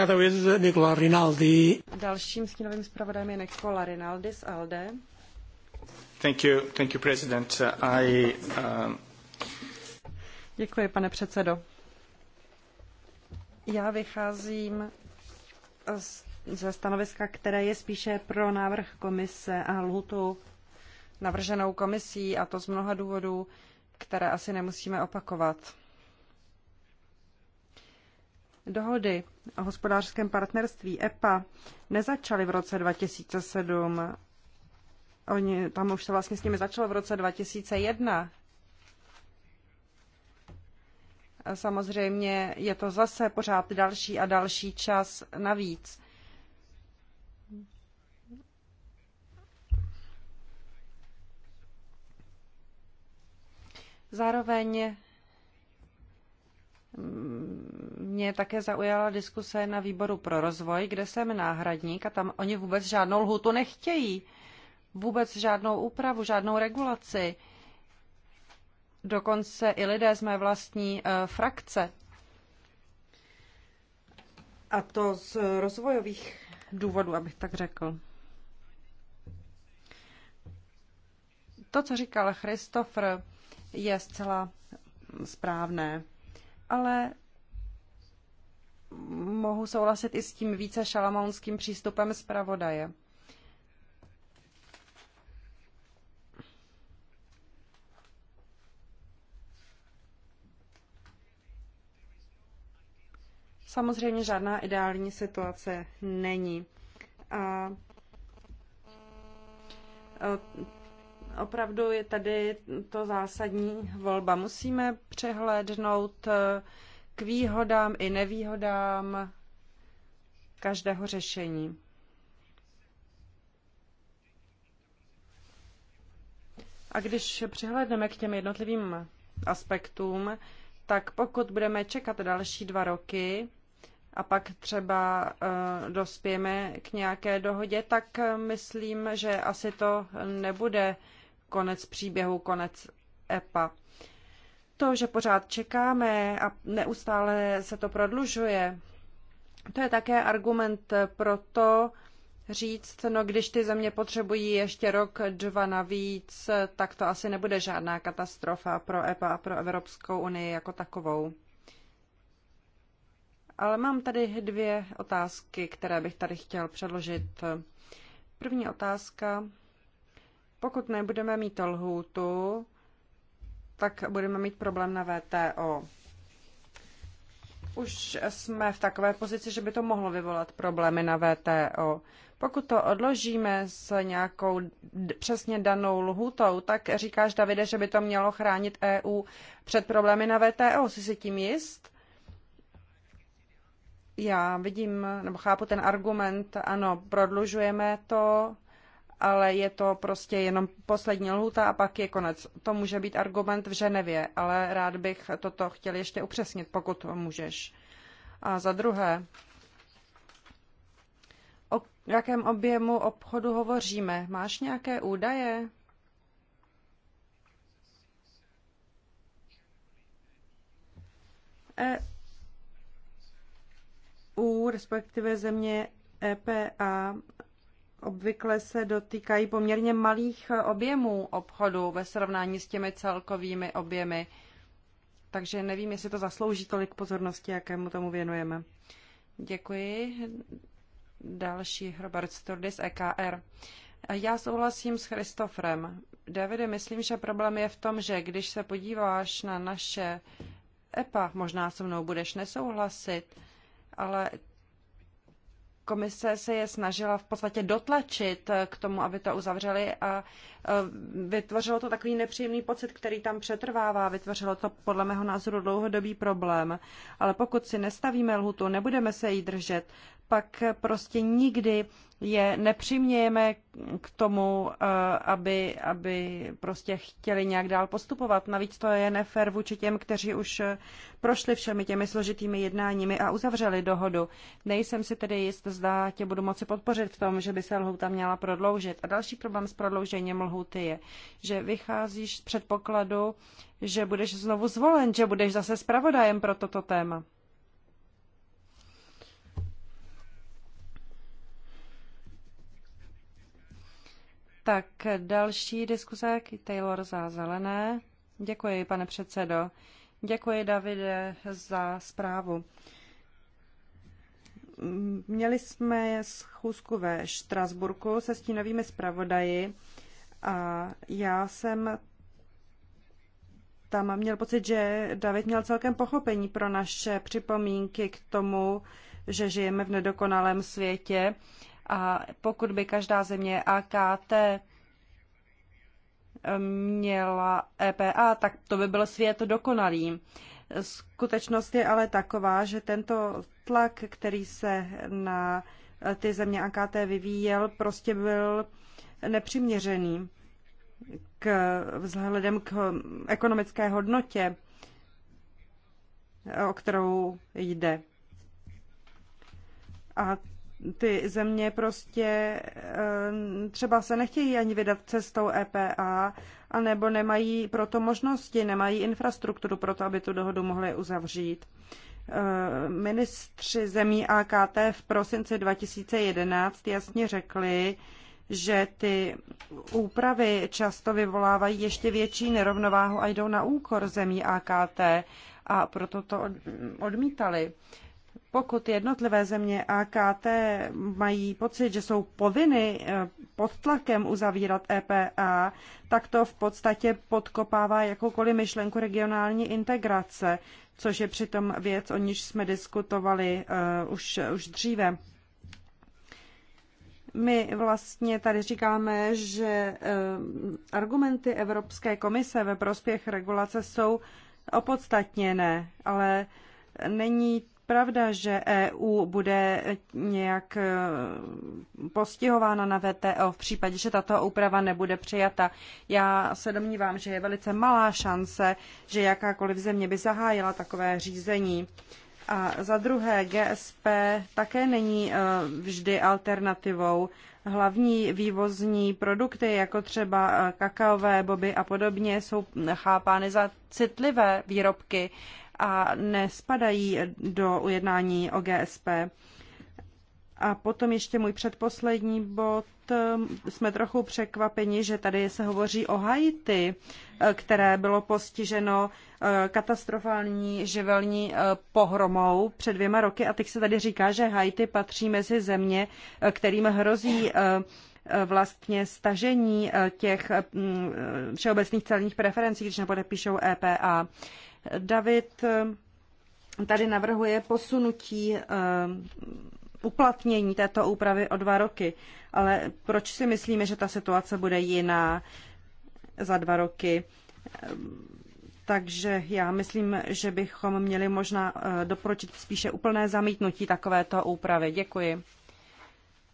uh, is Nicola Rinaldi. Dalším stínovým zpravodajem je Nicola Rinaldi z ALDE. Thank you, thank you, President. I, um... Děkuji, pane předsedo. Já vycházím uh, z, ze stanoviska, které je spíše pro návrh komise a lhutu navrženou komisí, a to z mnoha důvodů, které asi nemusíme opakovat. Dohody o hospodářském partnerství EPA nezačaly v roce 2007. Oni, tam už se vlastně s nimi začalo v roce 2001. A samozřejmě je to zase pořád další a další čas navíc. Zároveň mě také zaujala diskuse na výboru pro rozvoj, kde jsem náhradník a tam oni vůbec žádnou lhutu nechtějí. Vůbec žádnou úpravu, žádnou regulaci. Dokonce i lidé z mé vlastní e, frakce. A to z rozvojových důvodů, abych tak řekl. To, co říkal Christopher, je zcela správné ale mohu souhlasit i s tím více šalamounským přístupem zpravodaje. Samozřejmě žádná ideální situace není. A opravdu je tady to zásadní volba. Musíme přehlédnout eh, k výhodám i nevýhodám každého řešení. A když přihlédneme k těm jednotlivým aspektům, tak pokud budeme čekat další dva roky a pak třeba uh, dospějeme k nějaké dohodě, tak eh, myslím, že asi to nebude uh, konec příběhu, konec EPA. To, že pořád čekáme a neustále se to prodlužuje, to je také argument pro to, říct, no když ty země potřebují ještě rok, dva navíc, tak to asi nebude žádná katastrofa pro EPA a pro Evropskou unii jako takovou. Ale mám tady dvě otázky, které bych tady chtěl předložit. První otázka pokud nebudeme mít lhůtu, tak budeme mít problém na VTO. Už jsme v takové pozici, že by to mohlo vyvolat problémy na VTO. Pokud to odložíme s nějakou přesně danou lhutou, tak říkáš, Davide, že by to mělo chránit EU před problémy na VTO. Jsi si tím jist? Já vidím, nebo chápu ten argument, ano, prodlužujeme to, ale je to prostě jenom poslední lhuta a pak je konec. To může být argument v Ženevě, ale rád bych toto chtěl ještě upřesnit, pokud můžeš. A za druhé, o jakém objemu obchodu hovoříme? Máš nějaké údaje? EU, respektive země EPA, obvykle se dotýkají poměrně malých eh, objemů obchodu ve srovnání s těmi celkovými objemy. Takže nevím, jestli to zaslouží tolik pozornosti, jakému tomu věnujeme. Děkuji. Další Robert Sturdis, EKR. Já souhlasím s Christofrem. Davide, myslím, že problém je v tom, že když se podíváš na naše EPA, možná se mnou budeš nesouhlasit, ale komise se je snažila v podstatě dotlačit eh, k tomu, aby to uzavřeli a eh, vytvořilo to takový nepříjemný pocit, který tam přetrvává. Vytvořilo to podle mého názoru dlouhodobý problém. Ale pokud si nestavíme lhutu, nebudeme se jí držet, pak prostě nikdy je nepřimějeme k tomu, eh, aby, aby prostě chtěli nějak dál postupovat. Navíc to je nefér vůči těm, kteří už eh, prošli všemi těmi složitými jednáními a uzavřeli dohodu. Nejsem si tedy jist, zda tě budu moci podpořit v tom, že by se lhouta měla prodloužit. A další problém s prodloužením lhouty je, že vycházíš z předpokladu, že budeš znovu zvolen, že budeš zase zpravodajem pro toto téma. Tak další diskuze, Taylor za zelené. Děkuji, pane předsedo. Děkuji, Davide, za zprávu. Měli jsme schůzku ve Štrasburku se stínovými zpravodaji a já jsem tam měl pocit, že David měl celkem pochopení pro naše připomínky k tomu, že žijeme v nedokonalém světě a pokud by každá země AKT eh, měla EPA, tak to by byl svět dokonalý. Skutečnost je ale taková, že tento tlak, který se na eh, ty země AKT vyvíjel, prostě byl nepřiměřený k, vzhledem k ekonomické hodnotě, eh, o kterou jde. A ty země prostě třeba se nechtějí ani vydat cestou EPA, anebo nemají proto možnosti, nemají infrastrukturu pro to, aby tu dohodu mohli uzavřít. Ministři zemí AKT v prosinci 2011 jasně řekli, že ty úpravy často vyvolávají ještě větší nerovnováhu a jdou na úkor zemí AKT a proto to odmítali. Pokud jednotlivé země AKT mají pocit, že jsou povinny eh, pod tlakem uzavírat EPA, tak to v podstatě podkopává jakoukoliv myšlenku regionální integrace, což je přitom věc, o níž jsme diskutovali uh, už, už dříve my vlastně tady říkáme, že eh, argumenty Evropské komise ve prospěch regulace jsou opodstatněné, ale není pravda, že EU bude nějak eh, postihována na VTO v případě, že tato úprava nebude přijata. Já se domnívám, že je velice malá šance, že jakákoliv země by zahájila takové řízení. A za druhé, GSP také není eh, vždy alternativou. Hlavní vývozní produkty, jako třeba eh, kakaové boby a podobně, jsou chápány za citlivé výrobky a nespadají do ujednání o GSP. A potom ještě můj předposlední bod. Jsme trochu překvapeni, že tady se hovoří o Haiti, které bylo postiženo eh, katastrofální živelní eh, pohromou před dvěma roky. A teď se tady říká, že Haiti patří mezi země, eh, kterým hrozí vlastně stažení těch mm, všeobecných celních preferencí, když nepodepíšou EPA. David eh, tady navrhuje posunutí eh, uplatnění této úpravy o dva roky. Ale proč si myslíme, že ta situace bude jiná za dva roky? Eh, takže já myslím, že bychom měli možná doporučit spíše úplné zamítnutí takovéto úpravy. Děkuji.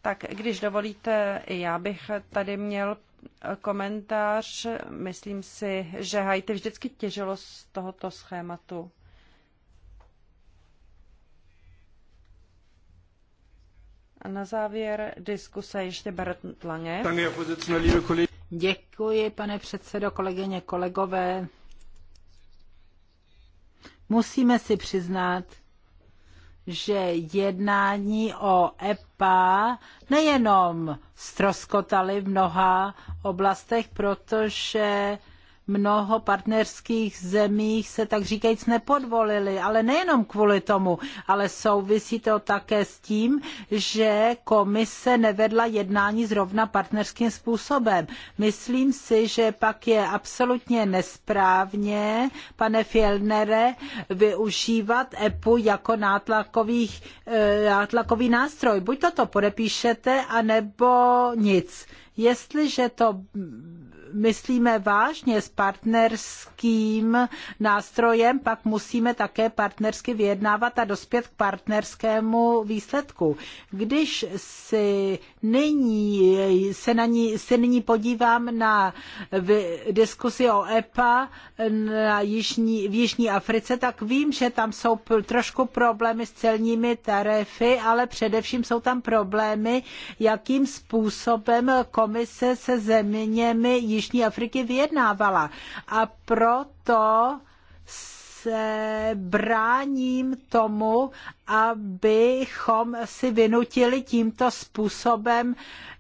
Tak když dovolíte, já bych tady měl komentář. Myslím si, že Haiti vždycky těžilo z tohoto schématu. A na závěr diskuse ještě Bert Lange. Děkuji, pane předsedo, kolegyně, kolegové. Musíme si přiznat, že jednání o EPA nejenom ztroskotaly v mnoha oblastech, protože mnoho partnerských zemích se tak říkajíc nepodvolili, ale nejenom kvůli tomu, ale souvisí to také s tím, že komise nevedla jednání zrovna partnerským způsobem. Myslím si, že pak je absolutně nesprávně, pane Fjellnere, využívat EPU jako nátlakových, eh, nátlakový nástroj. Buď toto podepíšete, anebo nic. Jestliže to myslíme vážně s partnerským nástrojem, pak musíme také partnersky vyjednávat a dospět k partnerskému výsledku. Když si nyní, se, na ní, se nyní podívám na v, diskusi o EPA na jižní, v Jižní Africe, tak vím, že tam jsou trošku problémy s celními tarify, ale především jsou tam problémy, jakým způsobem komise se zeměmi již Jižní Afriky vyjednávala. A proto se bráním tomu, abychom si vynutili tímto způsobem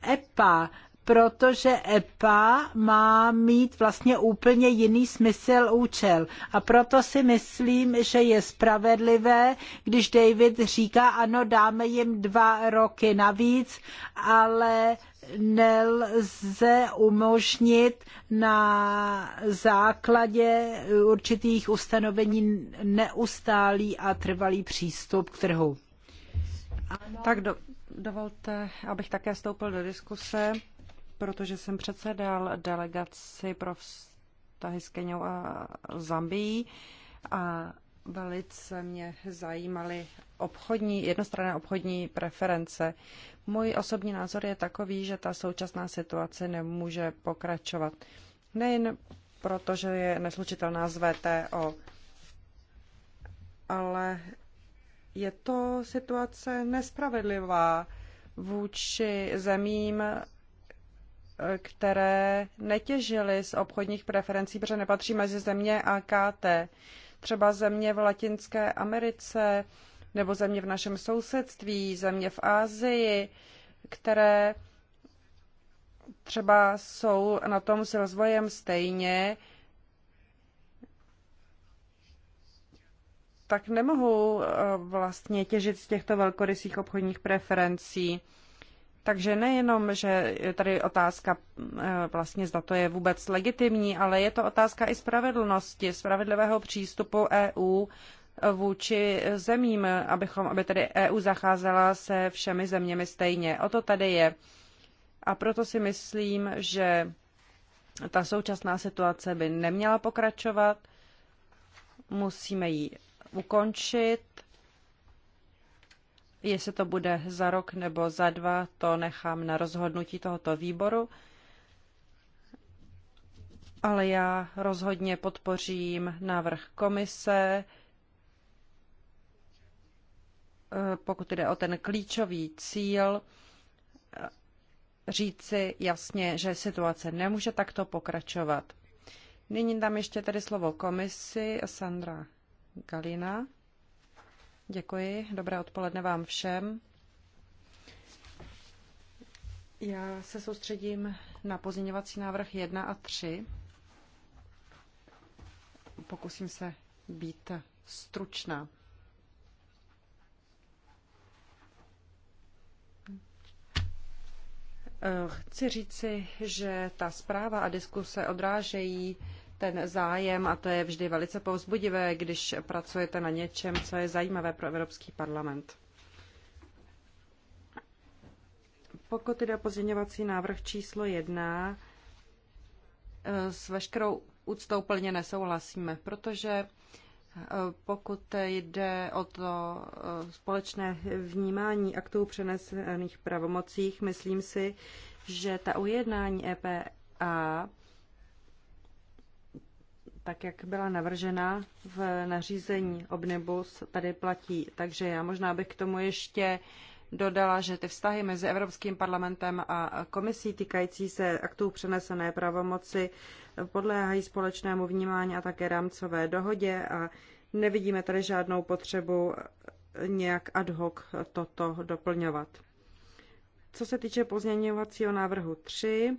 EPA protože EPA má mít vlastně úplně jiný smysl účel. A proto si myslím, že je spravedlivé, když David říká, ano, dáme jim dva roky navíc, ale nelze umožnit na základě určitých ustanovení neustálý a trvalý přístup k trhu. Tak do, dovolte, abych také vstoupil do diskuse, protože jsem předsedal delegaci pro vztahy s Keňou a Zambií a Velice mě zajímaly obchodní, jednostranné obchodní preference. Můj osobní názor je takový, že ta současná situace nemůže pokračovat. Nejen proto, že je neslučitelná s VTO, ale je to situace nespravedlivá vůči zemím, které netěžily z obchodních preferencí, protože nepatří mezi země AKT třeba země v Latinské Americe nebo země v našem sousedství, země v Ázii, které třeba jsou na tom s rozvojem stejně, tak nemohou eh, vlastně těžit z těchto velkorysých obchodních preferencí. Takže nejenom, že je tady otázka eh, vlastně, zda to je vůbec legitimní, ale je to otázka i spravedlnosti, spravedlivého přístupu EU eh, vůči zemím, abychom, aby tedy EU zacházela se všemi zeměmi stejně. O to tady je. A proto si myslím, že ta současná situace by neměla pokračovat. Musíme ji ukončit Jestli to bude za rok nebo za dva, to nechám na rozhodnutí tohoto výboru. Ale já rozhodně podpořím návrh komise, eh, pokud jde o ten klíčový cíl, eh, říci jasně, že situace nemůže takto pokračovat. Nyní dám ještě tedy slovo komisi Sandra Galina. Děkuji, dobré odpoledne vám všem. Já se soustředím na pozměňovací návrh 1 a 3. Pokusím se být stručná. Eh, chci říci, že ta zpráva a diskuse odrážejí ten zájem a to je vždy velice povzbudivé, když pracujete na něčem, co je zajímavé pro Evropský parlament. Pokud jde o pozměňovací návrh číslo jedna, eh, s veškerou úctou plně nesouhlasíme, protože eh, pokud jde o to eh, společné vnímání aktů přenesených pravomocích, myslím si, že ta ujednání EPA tak jak byla navržena v nařízení Omnibus, tady platí. Takže já možná bych k tomu ještě dodala, že ty vztahy mezi Evropským parlamentem a komisí týkající se aktů přenesené pravomoci podléhají společnému vnímání a také rámcové dohodě a nevidíme tady žádnou potřebu nějak ad hoc toto doplňovat. Co se týče pozměňovacího návrhu 3,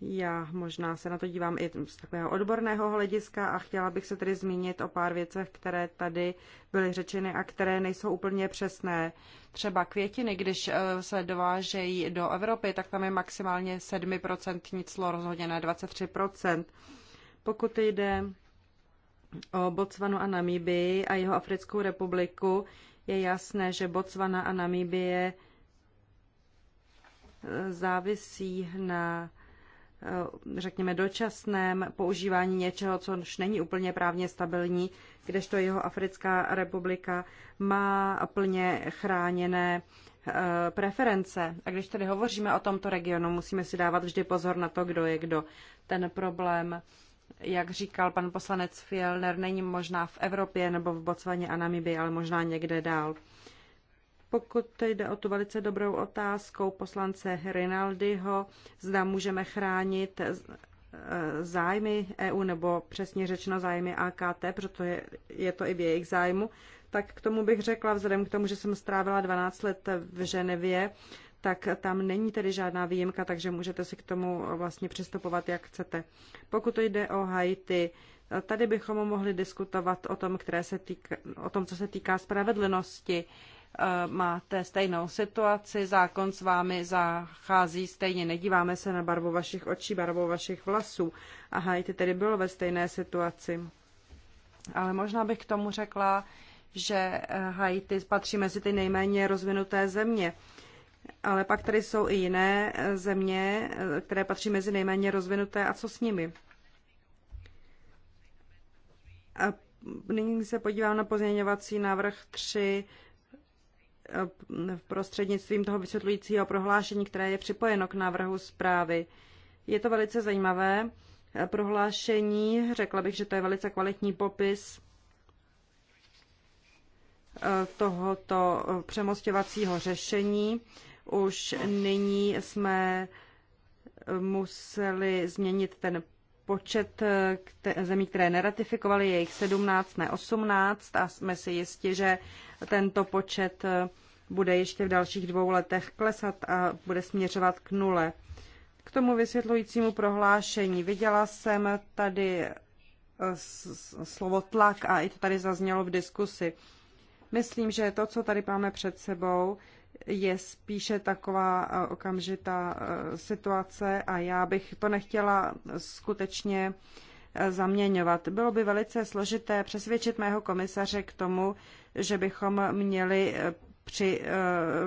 já možná se na to dívám i z takového odborného hlediska a chtěla bych se tedy zmínit o pár věcech, které tady byly řečeny a které nejsou úplně přesné. Třeba květiny, když eh, se dovážejí do Evropy, tak tam je maximálně 7% clo, rozhodně ne 23%. Pokud jde o Botswanu a Namíbii a jeho Africkou republiku, je jasné, že Botswana a Namíbie eh, závisí na Eh, řekněme, dočasném používání něčeho, co už není úplně právně stabilní, kdežto jeho Africká republika má plně chráněné eh, preference. A když tedy hovoříme o tomto regionu, musíme si dávat vždy pozor na to, kdo je kdo. Ten problém, jak říkal pan poslanec Fielner, není možná v Evropě nebo v Botswaně a Namibii, ale možná někde dál. Pokud jde o tu velice dobrou otázkou poslance Rinaldiho, zda můžeme chránit eh, zájmy EU, nebo přesně řečeno zájmy AKT, protože je to i v jejich zájmu, tak k tomu bych řekla, vzhledem k tomu, že jsem strávila 12 let v Ženevě, tak tam není tedy žádná výjimka, takže můžete si k tomu vlastně přistupovat, jak chcete. Pokud to jde o Haiti, tady bychom mohli diskutovat o tom, které se týka, o tom co se týká spravedlnosti. Eh, máte stejnou situaci, zákon s vámi zachází stejně, nedíváme se na barvu vašich očí, barvu vašich vlasů. A Haiti tedy bylo ve stejné situaci. Ale možná bych k tomu řekla, že eh, Haiti patří mezi ty nejméně rozvinuté země. Ale pak tady jsou i jiné eh, země, které patří mezi nejméně rozvinuté. A co s nimi? A nyní se podívám na pozměňovací návrh 3 v eh, prostřednictvím toho vysvětlujícího prohlášení, které je připojeno k návrhu zprávy. Je to velice zajímavé eh, prohlášení, řekla bych, že to je velice kvalitní popis eh, tohoto přemostěvacího řešení. Už nyní jsme museli změnit ten počet zemí, které neratifikovaly, je jich 17, ne 18 a jsme si jisti, že tento počet eh, bude ještě v dalších dvou letech klesat a bude směřovat k nule. K tomu vysvětlujícímu prohlášení. Viděla jsem tady eh, slovo tlak a i to tady zaznělo v diskusi. Myslím, že to, co tady máme před sebou, je spíše taková eh, okamžitá situace a já bych to nechtěla skutečně zaměňovat. Bylo by velice složité přesvědčit mého komisaře k tomu, že bychom měli eh, při eh,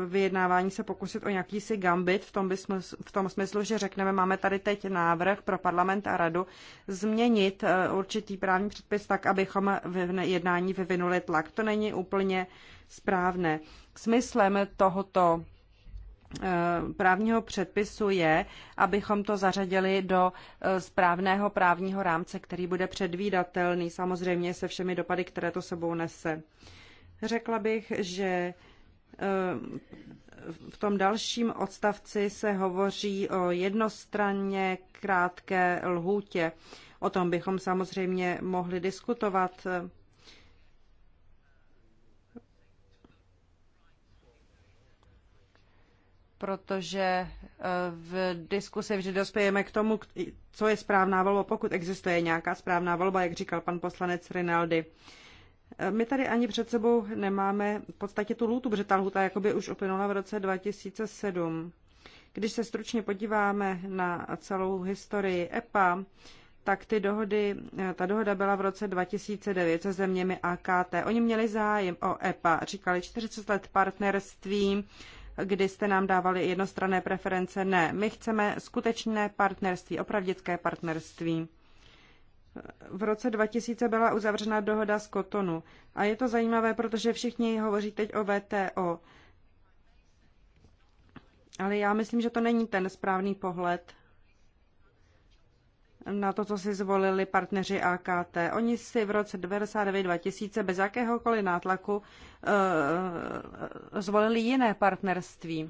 vyjednávání se pokusit o si gambit v tom, bysmu, v tom smyslu, že řekneme, máme tady teď návrh pro parlament a radu změnit eh, určitý právní předpis tak, abychom v jednání vyvinuli tlak. To není úplně správné. Smyslem tohoto Eh, právního předpisu je, abychom to zařadili do eh, správného právního rámce, který bude předvídatelný, samozřejmě se všemi dopady, které to sebou nese. Řekla bych, že eh, v tom dalším odstavci se hovoří o jednostranně krátké lhůtě. O tom bychom samozřejmě mohli diskutovat. protože eh, v diskusi vždy dospějeme k tomu, co je správná volba, pokud existuje nějaká správná volba, jak říkal pan poslanec Rinaldi. Eh, my tady ani před sebou nemáme v podstatě tu lůtu, protože ta lhuta jakoby už uplynula v roce 2007. Když se stručně podíváme na celou historii EPA, tak ty dohody, eh, ta dohoda byla v roce 2009 se zeměmi AKT. Oni měli zájem o EPA, říkali 40 let partnerství, kdy jste nám dávali jednostranné preference. Ne, my chceme skutečné partnerství, opravdické partnerství. V roce 2000 byla uzavřena dohoda z Kotonu. A je to zajímavé, protože všichni hovoří teď o VTO. Ale já myslím, že to není ten správný pohled na to, co si zvolili partneři AKT. Oni si v roce 1999 2000 bez jakéhokoliv nátlaku eh, zvolili jiné partnerství.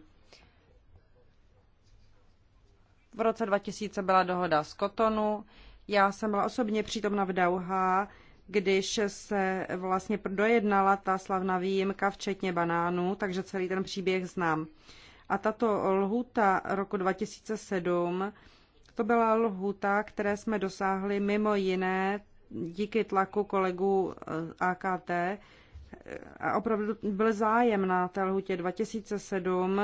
V roce 2000 byla dohoda z Kotonu. Já jsem byla osobně přítomna v Dauha, když se vlastně dojednala ta slavná výjimka, včetně banánů, takže celý ten příběh znám. A tato lhuta roku 2007 to byla lhuta, které jsme dosáhli mimo jiné díky tlaku kolegů eh, AKT. A opravdu byl zájem na té lhutě 2007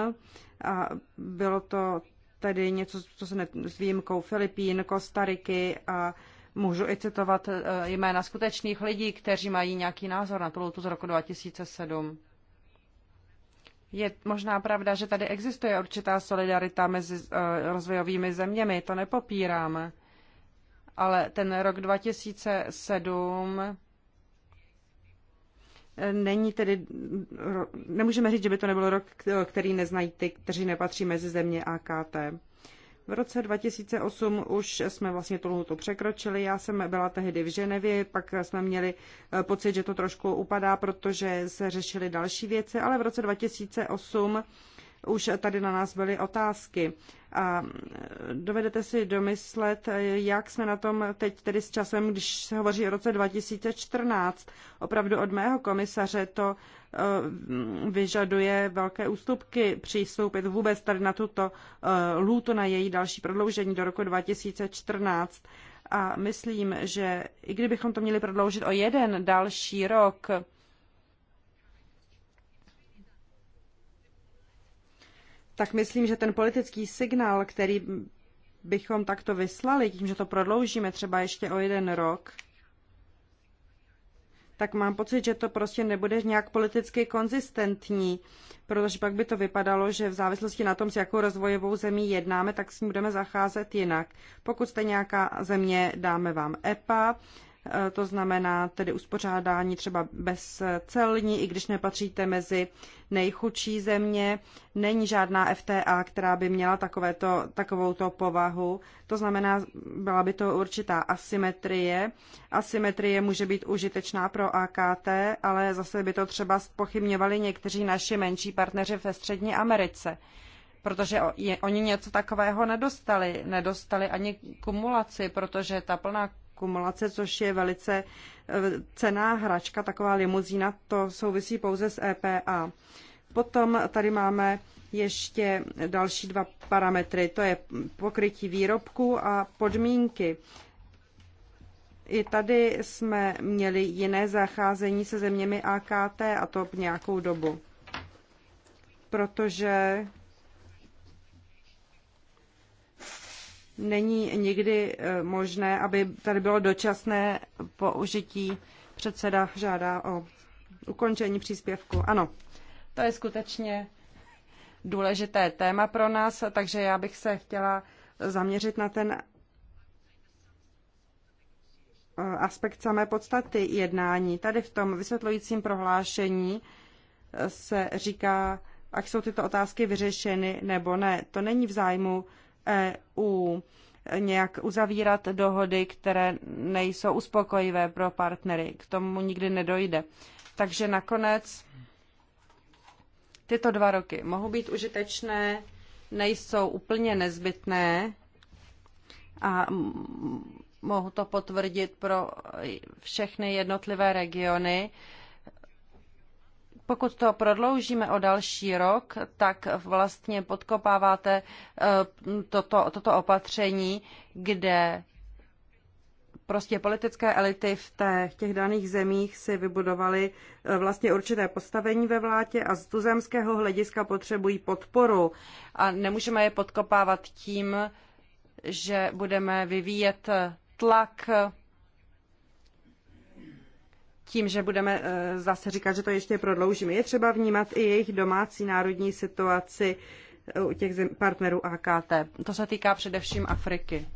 a bylo to tedy něco, co se ne, s výjimkou Filipín, Kostariky a můžu i citovat eh, jména skutečných lidí, kteří mají nějaký názor na tu lhutu z roku 2007. Je možná pravda, že tady existuje určitá solidarita mezi eh, rozvojovými zeměmi, to nepopírám. Ale ten rok 2007 eh, není tedy, nemůžeme říct, že by to nebyl rok, který neznají ty, kteří nepatří mezi země AKT. V roce 2008 už jsme vlastně tu lhutu překročili. Já jsem byla tehdy v Ženevě, pak jsme měli eh, pocit, že to trošku upadá, protože se řešily další věci, ale v roce 2008 už tady na nás byly otázky. A eh, dovedete si domyslet, eh, jak jsme na tom teď tedy s časem, když se hovoří o roce 2014. Opravdu od mého komisaře to Eh, vyžaduje velké ústupky přistoupit vůbec tady na tuto eh, lůtu na její další prodloužení do roku 2014. A myslím, že i kdybychom to měli prodloužit o jeden další rok, tak myslím, že ten politický signál, který bychom takto vyslali, tím, že to prodloužíme třeba ještě o jeden rok, tak mám pocit, že to prostě nebude nějak politicky konzistentní, protože pak by to vypadalo, že v závislosti na tom, s jakou rozvojovou zemí jednáme, tak s ní budeme zacházet jinak. Pokud jste nějaká země, dáme vám EPA, Eh, to znamená tedy uspořádání třeba bez celní, i když nepatříte mezi nejchudší země. Není žádná FTA, která by měla takovéto, takovouto povahu. To znamená, byla by to určitá asymetrie. Asymetrie může být užitečná pro AKT, ale zase by to třeba spochybňovali někteří naši menší partneři ve Střední Americe protože oni něco takového nedostali. Nedostali ani kumulaci, protože ta plná kumulace, což je velice eh, cená hračka, taková limuzína, to souvisí pouze s EPA. Potom tady máme ještě další dva parametry, to je pokrytí výrobku a podmínky. I tady jsme měli jiné zacházení se zeměmi AKT a to nějakou dobu, protože není nikdy eh, možné, aby tady bylo dočasné použití. Předseda žádá o ukončení příspěvku. Ano, to je skutečně důležité téma pro nás, takže já bych se chtěla zaměřit na ten eh, aspekt samé podstaty jednání. Tady v tom vysvětlujícím prohlášení eh, se říká, ať jsou tyto otázky vyřešeny nebo ne. To není v zájmu EU nějak uzavírat dohody, které nejsou uspokojivé pro partnery. K tomu nikdy nedojde. Takže nakonec tyto dva roky mohou být užitečné, nejsou úplně nezbytné a mohu to potvrdit pro všechny jednotlivé regiony pokud to prodloužíme o další rok, tak vlastně podkopáváte eh, toto, toto opatření, kde prostě politické elity v, té, v těch daných zemích si vybudovaly eh, vlastně určité postavení ve vládě a z tuzemského hlediska potřebují podporu a nemůžeme je podkopávat tím, že budeme vyvíjet tlak tím, že budeme eh, zase říkat, že to ještě prodloužíme. Je třeba vnímat i jejich domácí národní situaci eh, u těch partnerů AKT. To se týká především Afriky.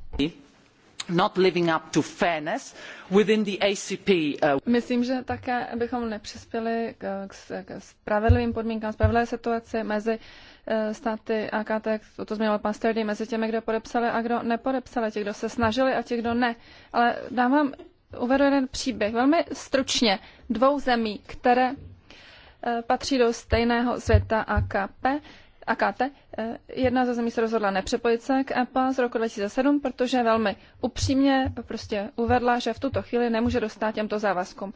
Not living up to fairness within the ACP. Eh. Myslím, že také bychom nepřispěli k, k, k spravedlivým podmínkám, spravedlivé situaci mezi státy AKT, to, to zmínil pan Sturdy, mezi těmi, kdo podepsali a kdo nepodepsali, těch, kdo se snažili a těch, kdo ne. Ale dávám uvedu jeden příběh. Velmi stručně dvou zemí, které eh, patří do stejného světa AKP, AKT. Eh, jedna ze zemí se rozhodla nepřipojit se k EPA z roku 2007, protože velmi upřímně prostě uvedla, že v tuto chvíli nemůže dostat těmto závazkům.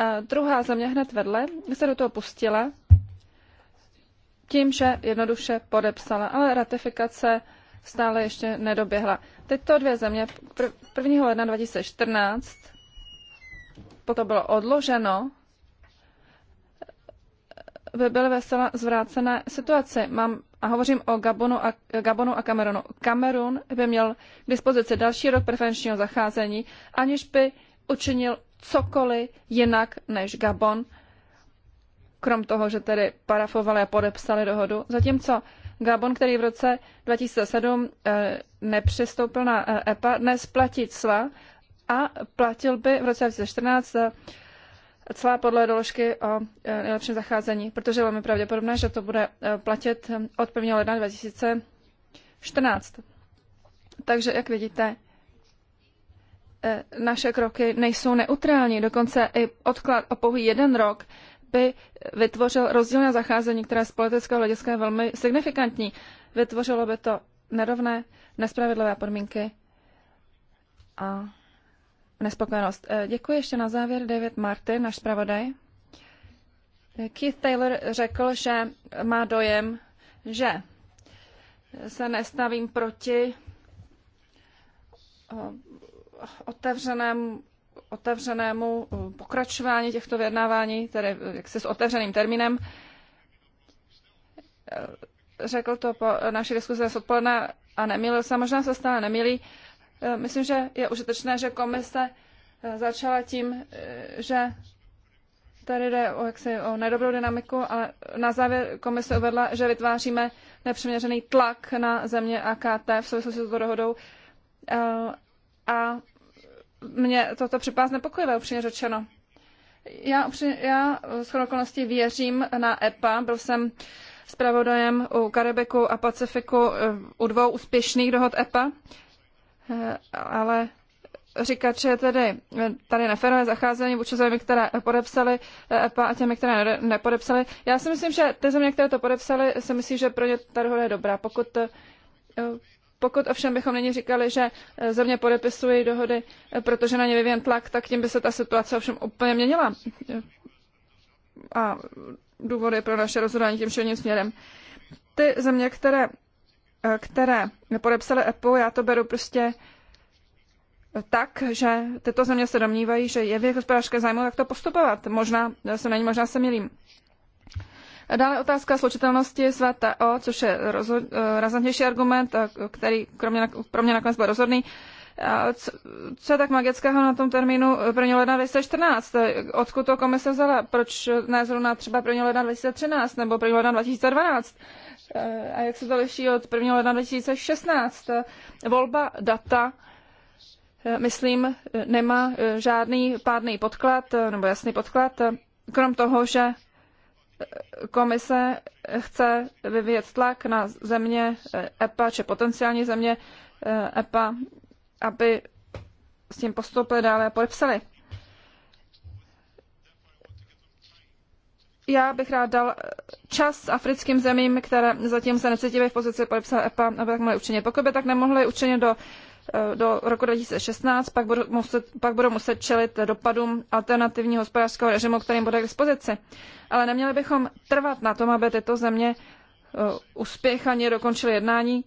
Eh, druhá země hned vedle se do toho pustila tím, že jednoduše podepsala, ale ratifikace stále ještě nedoběhla tyto dvě země 1. ledna 2014, potom bylo odloženo, by byly ve zvrácené situaci. Mám a hovořím o Gabonu a, Gabonu a Kamerunu. Kamerun by měl k dispozici další rok preferenčního zacházení, aniž by učinil cokoliv jinak než Gabon, krom toho, že tedy parafovali a podepsali dohodu. Zatímco Gabon, který v roce 2007 eh, nepřistoupil na EPA, eh, e dnes platí cla a platil by v roce 2014 eh, cla podle doložky o nejlepším zacházení, protože je velmi pravděpodobné, že to bude platit hm, od 1. ledna 2014. Takže, jak vidíte, naše kroky nejsou neutrální, dokonce i odklad o pouhý jeden rok by vytvořil rozdílné zacházení, které z politického hlediska je velmi signifikantní. Vytvořilo by to nerovné, nespravedlivé podmínky a nespokojenost. Eh, děkuji ještě na závěr David Martin, náš zpravodaj. Eh, Keith Taylor řekl, že má dojem, že se nestavím proti eh, otevřenému otevřenému eh, pokračování těchto vyjednávání, tedy eh, jaksi s otevřeným termínem. Eh, řekl to po naší diskuzi z odpoledne a nemýlil se, možná se stále nemýlí. Myslím, že je užitečné, že komise začala tím, že tady jde o, jaksi, o nedobrou dynamiku, ale na závěr komise uvedla, že vytváříme nepřiměřený tlak na země AKT v souvislosti s dohodou a mě toto připadá znepokojivé, upřímně řečeno. Já, já eh, s okolností věřím na EPA. Byl jsem zpravodajem u Karibiku a Pacifiku eh, u dvou úspěšných dohod EPA, eh, ale říkat, že tedy tady neferové zacházení vůči zemi, které podepsali EPA e a těmi, které nepodepsali. Já si myslím, že ty země, které to podepsali, si myslí, že pro ně ta dohoda je dobrá. Pokud pokud ovšem bychom nyní říkali, že eh, země podepisují dohody, eh, protože na ně vyvíjen tlak, tak tím by se ta situace ovšem úplně měnila. Eh, a důvody pro naše rozhodování tím širným směrem. Ty země, které, které nepodepsaly EPO, já to beru prostě tak, že tyto země se domnívají, že je v jejich hospodářské zájmu takto postupovat. Možná se není, možná se milím. Dále otázka slučitelnosti s VTO, což je rozhod, eh, razantnější argument, eh, který kromě, pro mě nakonec byl rozhodný. A co, co je tak magického na tom termínu 1. ledna 2014? Odkud to komise vzala? Proč ne zrovna třeba 1. ledna 2013 nebo 1. ledna 2012? Eh, a jak se to liší od 1. ledna 2016? Volba data, myslím, nemá žádný pádný podklad nebo jasný podklad, krom toho, že komise chce vyvíjet tlak na země eh, EPA, či potenciální země eh, EPA, aby s tím postoupili dále a podepsali. Já bych rád dal čas africkým zemím, které zatím se necítily v pozici podepsat EPA, aby tak mohly učinit. Pokud by tak nemohly učinit do Eh, do roku 2016, pak budou muset, pak budou muset čelit dopadům alternativního hospodářského režimu, kterým bude k dispozici. Ale neměli bychom trvat na tom, aby tyto země eh, uspěchaně dokončily jednání,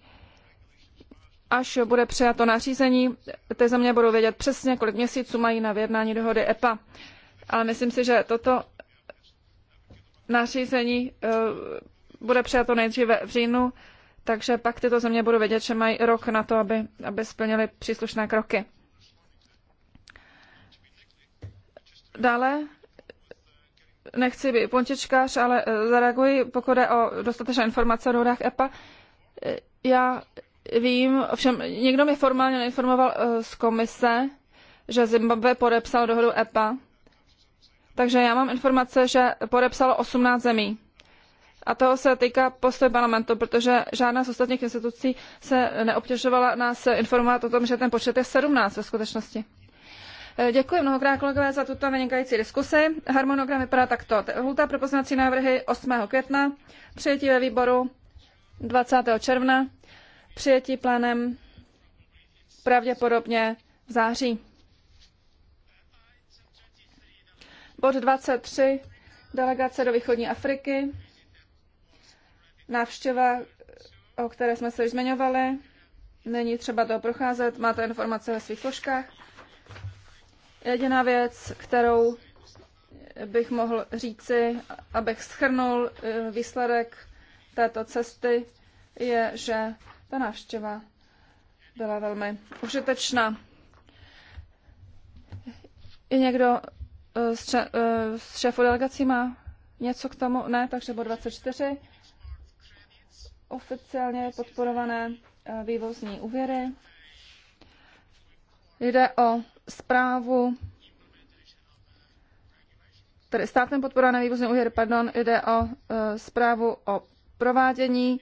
až bude přijato nařízení. Ty země budou vědět přesně, kolik měsíců mají na vyjednání dohody EPA. Ale myslím si, že toto nařízení eh, bude přijato nejdříve v říjnu takže pak tyto země budou vědět, že mají rok na to, aby, aby splnili příslušné kroky. Dále nechci být pontičkář, ale eh, zareaguji, pokud je o dostatečné informace o dohodách EPA. Eh, já vím, ovšem někdo mě formálně neinformoval eh, z komise, že Zimbabwe podepsal dohodu EPA. Takže já mám informace, že podepsalo 18 zemí. A toho se týká postoj parlamentu, protože žádná z ostatních institucí se neobtěžovala nás informovat o tom, že ten počet je 17 ve skutečnosti. E, děkuji mnohokrát, kolegové, za tuto vynikající diskusi. Harmonogram vypadá takto. Lhuta pro poznací návrhy 8. května, přijetí ve výboru 20. června, přijetí plénem pravděpodobně v září. Bod 23. Delegace do východní Afriky. Návštěva, o které jsme se už zmiňovali, není třeba to procházet, máte informace ve svých složkách. Jediná věc, kterou bych mohl říci, abych schrnul eh, výsledek této cesty, je, že ta návštěva byla velmi užitečná. I někdo eh, z, če- eh, z šéfu delegací má něco k tomu? Ne, takže bod 24 oficiálně podporované eh, vývozní úvěry. Jde o zprávu, tedy státem podporované vývozní úvěry, pardon, jde o eh, zprávu o provádění.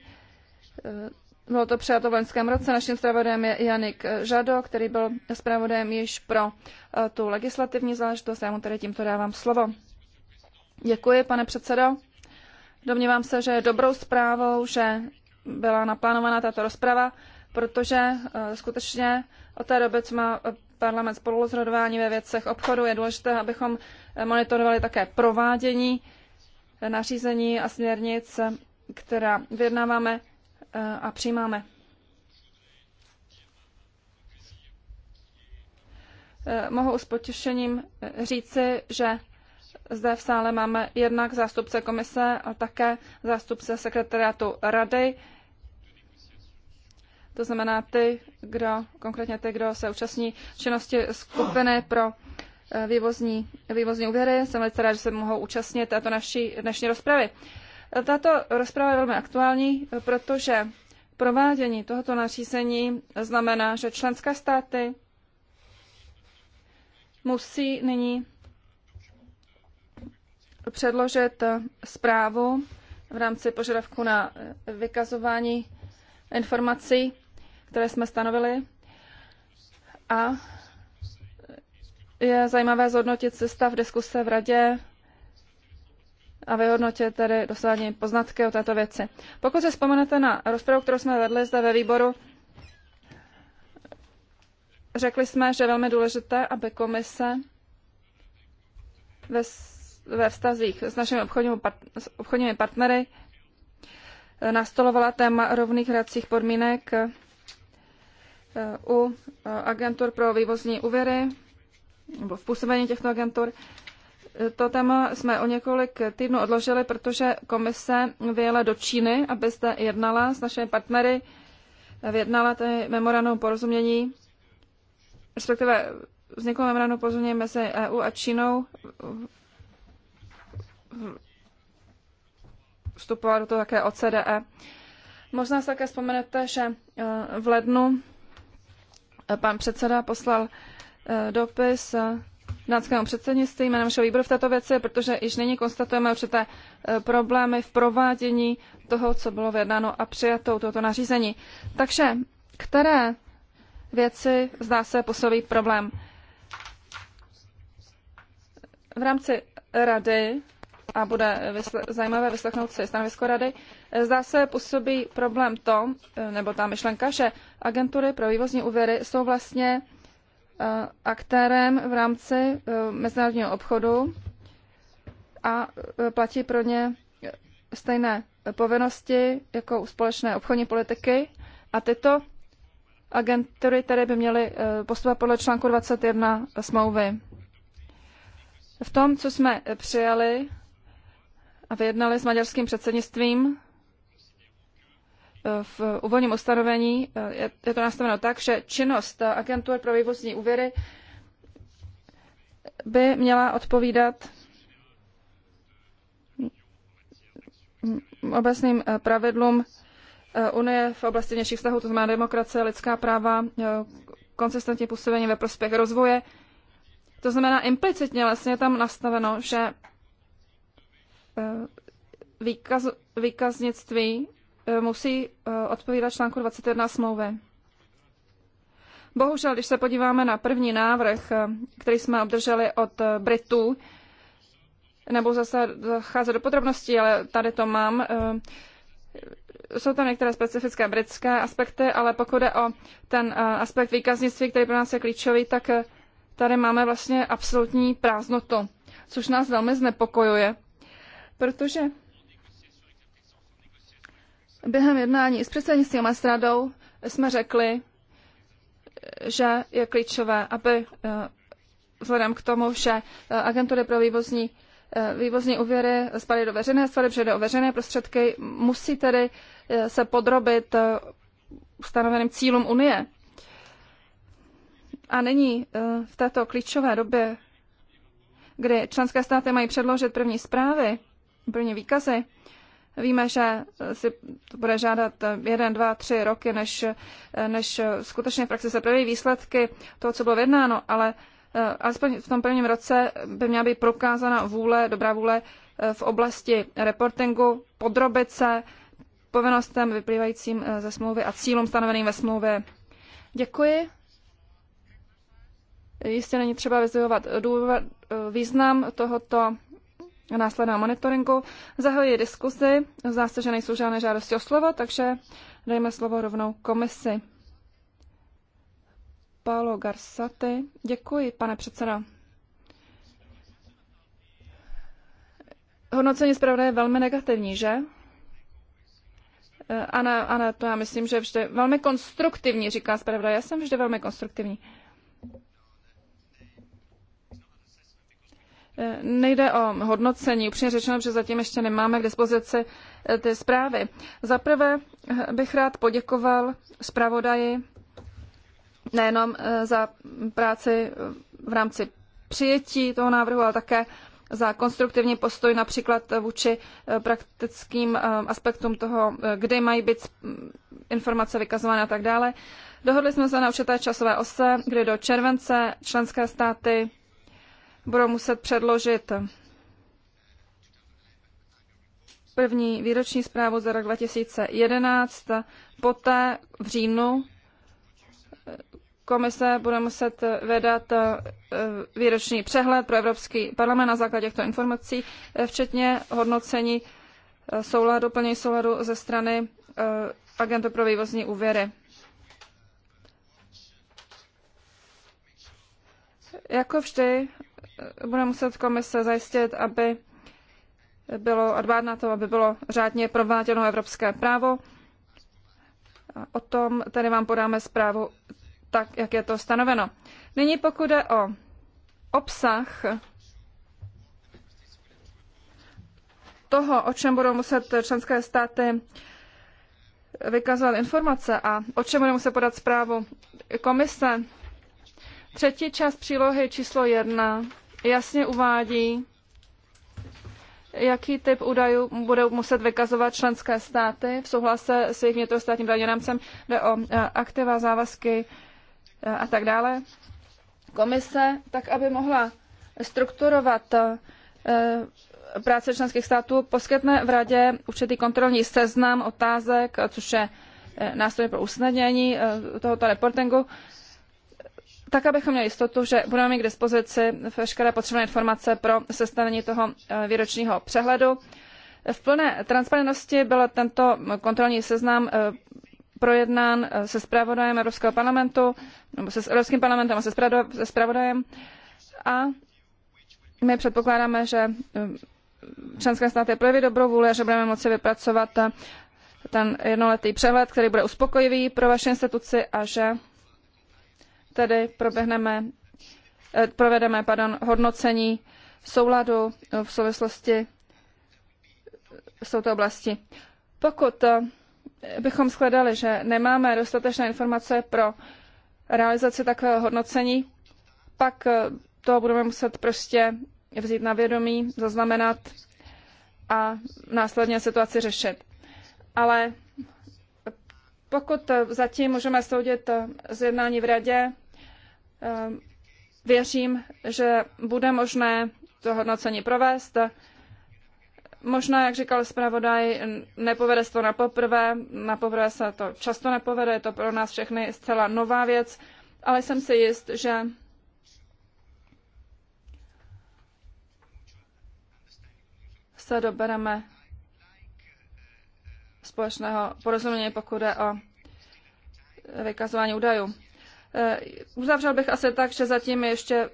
Eh, bylo to přijato v loňském roce. Naším zpravodajem je Janik Žado, který byl zpravodajem již pro tu legislativní záležitost. Já mu tedy tímto dávám slovo. Děkuji, pane předsedo. Domnívám se, že je dobrou zprávou, že byla naplánovaná tato rozprava, protože eh, skutečně od té doby, co má eh, parlament spolurozhodování ve věcech obchodu, je důležité, abychom eh, monitorovali také provádění nařízení a směrnic, která vyjednáváme a přijímáme. Mohu s potěšením říci, že zde v sále máme jednak zástupce komise a také zástupce sekretariátu rady. To znamená ty, kdo, konkrétně ty, kdo se účastní činnosti skupiny pro eh, vývozní, vývozní úvěry. Jsem velice rád, že se mohou účastnit této naší dnešní rozpravy. Eh, tato rozprava je velmi aktuální, eh, protože provádění tohoto nařízení znamená, že členské státy musí nyní předložit zprávu v rámci požadavku na vykazování informací které jsme stanovili. A je zajímavé zhodnotit si stav diskuse v radě a vyhodnotit tedy dosávání poznatky o této věci. Pokud se vzpomenete na rozpravu, kterou jsme vedli zde ve výboru, řekli jsme, že je velmi důležité, aby komise ve, ve vztazích s našimi obchodními, part, s obchodními partnery nastolovala téma rovných hracích podmínek Eh, u eh, agentur pro vývozní úvěry nebo v působení těchto agentur. Eh, to téma jsme o několik týdnů odložili, protože komise vyjela do Číny, aby zde jednala s našimi partnery, vyjednala tady memorandum porozumění, respektive vzniklo memorandum porozumění mezi EU a Čínou. Vstupovala do toho také OCDE. Možná se také vzpomenete, že v lednu Pan předseda poslal eh, dopis eh, dánskému předsednictví jménem našeho výboru v této věci, protože již nyní konstatujeme určité eh, problémy v provádění toho, co bylo vyjednáno a přijato tohoto nařízení. Takže které věci zdá se působí problém? V rámci rady a bude vysle- zajímavé vyslechnout si stanovisko rady. Zdá se působí problém to, eh, nebo ta myšlenka, že agentury pro vývozní úvěry jsou vlastně eh, aktérem v rámci eh, mezinárodního obchodu a platí pro ně stejné povinnosti jako u společné obchodní politiky a tyto agentury tedy by měly postupovat podle článku 21 smlouvy. V tom, co jsme přijali a vyjednali s maďarským předsednictvím eh, v úvodním ustanovení. Eh, je, to nastaveno tak, že činnost agentur pro vývozní úvěry by měla odpovídat obecným eh, pravidlům Unie v oblasti vnějších vztahů, to znamená demokracie, lidská práva, konsistentní působení ve prospěch rozvoje. To znamená implicitně vlastně tam nastaveno, že Eh, výkaz, výkaznictví eh, musí eh, odpovídat článku 21 smlouvy. Bohužel, když se podíváme na první návrh, který jsme obdrželi od Britů, nebo zase zacházet do podrobností, ale tady to mám, jsou tam některé specifické britské aspekty, ale pokud je o ten aspekt výkaznictví, který pro nás je klíčový, tak tady máme vlastně absolutní prázdnotu, což nás velmi znepokojuje, protože během jednání s předsednictvím a s radou jsme řekli, že je klíčové, aby eh, vzhledem k tomu, že eh, agentury pro vývozní eh, vývozní úvěry spaly do veřejné sféry, protože jde o veřejné prostředky, musí tedy se podrobit stanoveným cílům Unie. A nyní v této klíčové době, kdy členské státy mají předložit první zprávy První výkazy. Víme, že si to bude žádat jeden, dva, tři roky, než, než skutečně v praxi se projeví výsledky toho, co bylo vyjednáno, ale eh, alespoň v tom prvním roce by měla být prokázána vůle, dobrá vůle eh, v oblasti reportingu, podrobit se povinnostem vyplývajícím eh, ze smlouvy a cílům stanoveným ve smlouvě. Děkuji. Jistě není třeba vyzdvihovat význam tohoto Následná monitoringu. Zahajuji diskuzi. Zdá se, že nejsou žádné žádosti o slovo, takže dejme slovo rovnou komisi. Paolo Garsaty. Děkuji, pane předseda. Hodnocení zpravodaje je velmi negativní, že? Eh, ano, ano, to já myslím, že vždy velmi konstruktivní, říká zpravodaj. Já jsem vždy velmi konstruktivní. Nejde o hodnocení, upřímně řečeno, že zatím ještě nemáme k dispozici eh, ty zprávy. Zaprvé eh, bych rád poděkoval zpravodaji nejenom eh, za práci v rámci přijetí toho návrhu, ale také za konstruktivní postoj například vůči praktickým aspektům toho, kde mají být mm, informace vykazovány a tak dále. Dohodli jsme se na určité časové ose, kdy do července členské státy budou muset předložit první výroční zprávu za rok 2011. Poté v říjnu komise bude muset vydat eh, výroční přehled pro Evropský parlament na základě těchto informací, eh, včetně hodnocení eh, souladu, plně souladu ze strany agentu pro vývozní úvěry. Jako vždy bude muset komise zajistit, aby bylo dbát na to, aby bylo řádně prováděno evropské právo. O tom tady vám podáme zprávu tak, jak je to stanoveno. Nyní pokud jde o obsah toho, o čem budou muset členské státy vykazovat informace a o čem budou muset podat zprávu komise, třetí část přílohy číslo jedna jasně uvádí, jaký typ údajů budou muset vykazovat členské státy v souhlase s jejich vnitrostátním daňovým rámcem, jde o e, aktiva, závazky e, a tak dále. Komise, tak aby mohla strukturovat e, práce členských států, poskytne v radě určitý kontrolní seznam otázek, což je nástroj pro usnadnění tohoto reportingu, tak, abychom měli jistotu, že budeme mít k dispozici veškeré potřebné informace pro sestavení toho eh, výročního přehledu. V plné transparentnosti byl tento kontrolní seznam eh, projednán eh, se zpravodajem Evropského parlamentu, nebo se s Evropským parlamentem a se zpravodajem. A my předpokládáme, že členské státy projeví dobrou vůli a že budeme moci vypracovat ten jednoletý přehled, který bude uspokojivý pro vaši instituci a že tedy proběhneme, eh, provedeme pardon, hodnocení souladu eh, v souvislosti s touto oblastí. Pokud eh, bychom shledali, že nemáme dostatečné informace pro realizaci takového hodnocení, pak to budeme muset prostě vzít na vědomí, zaznamenat a následně situaci řešit. Ale pokud zatím můžeme soudit z jednání v radě, Ehm, věřím, že bude možné to hodnocení provést. Možná, jak říkal zpravodaj, nepovede se to na poprvé, na poprvé se to často nepovede, je to pro nás všechny zcela nová věc, ale jsem si jist, že se dobereme společného porozumění, pokud jde o vykazování údajů. Eh, uzavřel bych asi tak, že zatím ještě eh,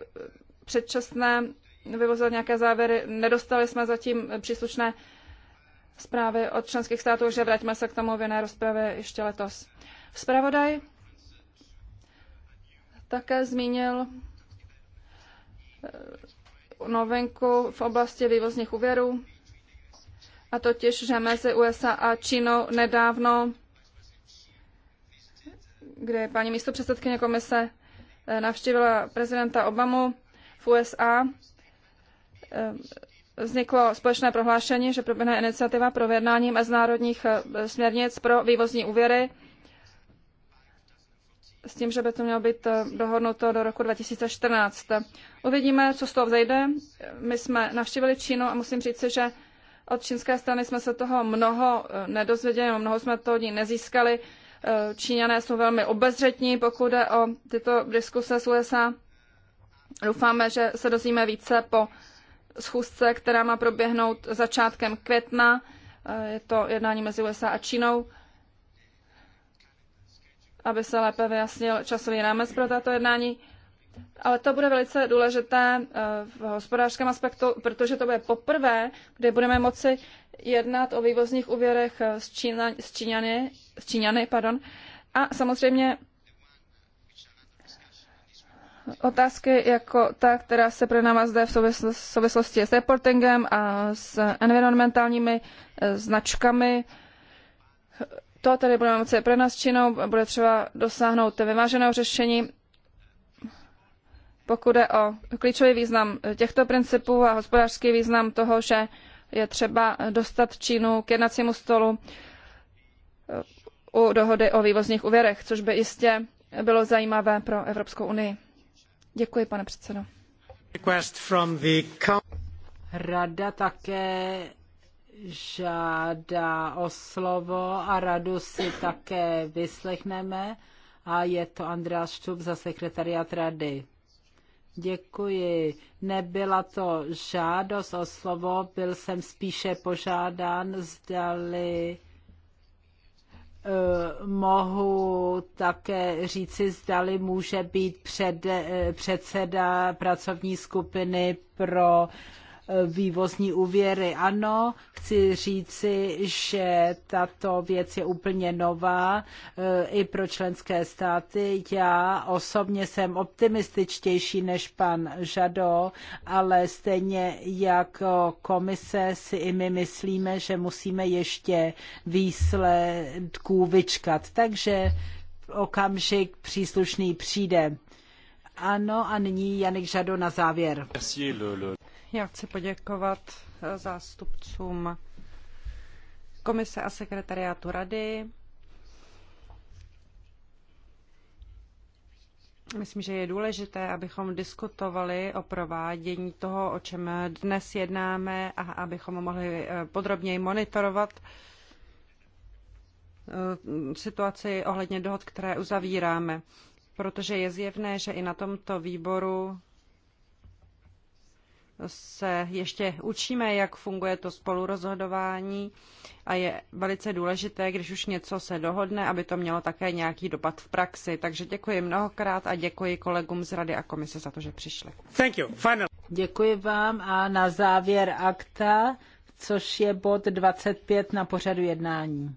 předčasné vyvozovat nějaké závěry. Nedostali jsme zatím eh, příslušné zprávy od členských států, že vraťme se k tomu v jiné rozpravě ještě letos. Spravodaj také zmínil novinku v oblasti vývozních úvěrů, a totiž, že mezi USA a Čínou nedávno kde paní místo předsedkyně komise eh, navštívila prezidenta Obamu v USA. Eh, vzniklo společné prohlášení, že proběhne iniciativa pro vyjednání mezinárodních eh, směrnic pro vývozní úvěry s tím, že by to mělo být dohodnuto do roku 2014. Uvidíme, co z toho vzejde. My jsme navštívili Čínu a musím říct, že od čínské strany jsme se toho mnoho nedozvěděli, mnoho jsme toho ní nezískali. Eh, Číňané jsou velmi obezřetní, pokud jde o tyto diskuse s USA. Doufáme, že se dozvíme více po schůzce, která má proběhnout začátkem května. Eh, Je to jednání mezi USA a Čínou, aby se lépe vyjasnil časový rámec pro tato jednání. Ale to bude velice důležité eh, v hospodářském aspektu, protože to bude poprvé, kdy budeme moci jednat o vývozních úvěrech s, Čína, s Číňany Číňany, pardon. A samozřejmě otázky jako ta, která se nás zde v souvislosti s reportingem a s environmentálními eh, značkami. To tedy budeme moci pro nás činou, bude třeba dosáhnout vyváženého řešení. Pokud je o klíčový význam těchto principů a hospodářský význam toho, že je třeba dostat Čínu k jednacímu stolu u dohody o vývozních úvěrech, což by jistě bylo zajímavé pro Evropskou unii. Děkuji, pane předsedo. Rada také žádá o slovo a radu si také vyslechneme a je to Andreas Štup za sekretariat rady. Děkuji. Nebyla to žádost o slovo, byl jsem spíše požádán, zdali Eh, mohu také říci, zdali může být před, eh, předseda pracovní skupiny pro vývozní úvěry. Ano, chci říci, že tato věc je úplně nová eh, i pro členské státy. Já osobně jsem optimističtější než pan Žado, ale stejně jako komise si i my myslíme, že musíme ještě výsledků vyčkat. Takže okamžik příslušný přijde. Ano, a nyní Janik Žado na závěr. Já chci poděkovat eh, zástupcům komise a sekretariátu rady. Myslím, že je důležité, abychom diskutovali o provádění toho, o čem dnes jednáme a abychom mohli eh, podrobněji monitorovat eh, situaci ohledně dohod, které uzavíráme, protože je zjevné, že i na tomto výboru se ještě učíme, jak funguje to spolurozhodování a je velice důležité, když už něco se dohodne, aby to mělo také nějaký dopad v praxi. Takže děkuji mnohokrát a děkuji kolegům z Rady a komise za to, že přišli. Thank you. Final. Děkuji vám a na závěr akta, což je bod 25 na pořadu jednání.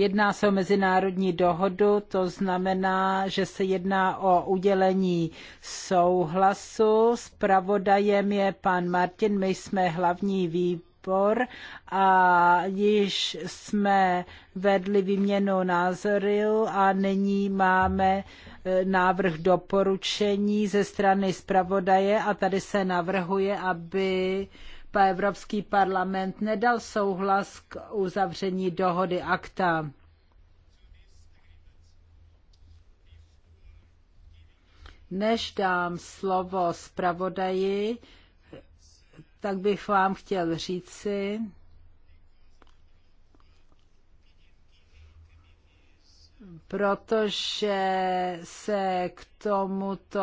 Jedná se o mezinárodní dohodu, to znamená, že se jedná o udělení souhlasu. Spravodajem je pan Martin, my jsme hlavní výbor a již jsme vedli výměnu názorů a nyní máme e, návrh doporučení ze strany zpravodaje a tady se navrhuje, aby Evropský parlament nedal souhlas k uzavření dohody akta. Než dám slovo zpravodaji, tak bych vám chtěl říci, protože se k tomuto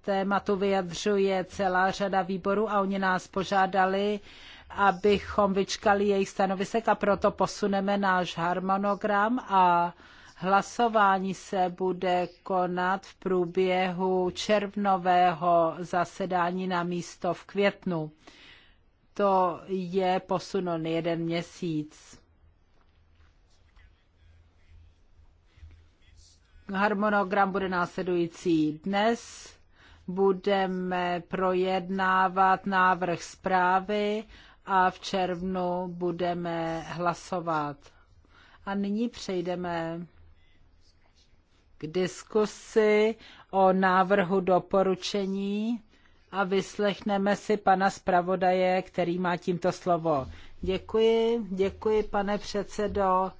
tématu vyjadřuje celá řada výborů a oni nás požádali, abychom vyčkali jejich stanovisek a proto posuneme náš harmonogram a hlasování se bude konat v průběhu červnového zasedání na místo v květnu. To je posunon jeden měsíc. Harmonogram bude následující dnes. Budeme projednávat návrh zprávy a v červnu budeme hlasovat. A nyní přejdeme k diskusi o návrhu doporučení a vyslechneme si pana zpravodaje, který má tímto slovo. Děkuji, děkuji pane předsedo.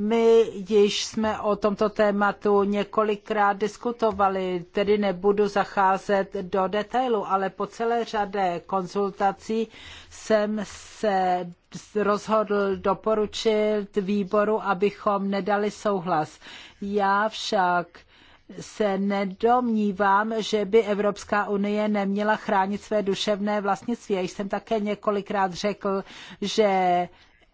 My již jsme o tomto tématu několikrát diskutovali, tedy nebudu zacházet do detailu, ale po celé řadě konzultací jsem se rozhodl doporučit výboru, abychom nedali souhlas. Já však se nedomnívám, že by Evropská unie neměla chránit své duševné vlastnictví. Já jsem také několikrát řekl, že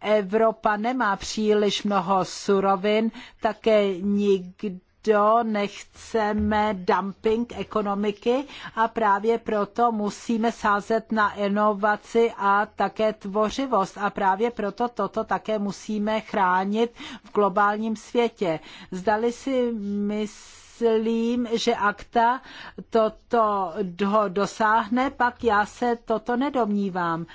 Evropa nemá příliš mnoho surovin, také nikdo nechceme dumping ekonomiky a právě proto musíme sázet na inovaci a také tvořivost a právě proto toto také musíme chránit v globálním světě. Zdali si myslím, že akta toto dosáhne, pak já se toto nedomnívám.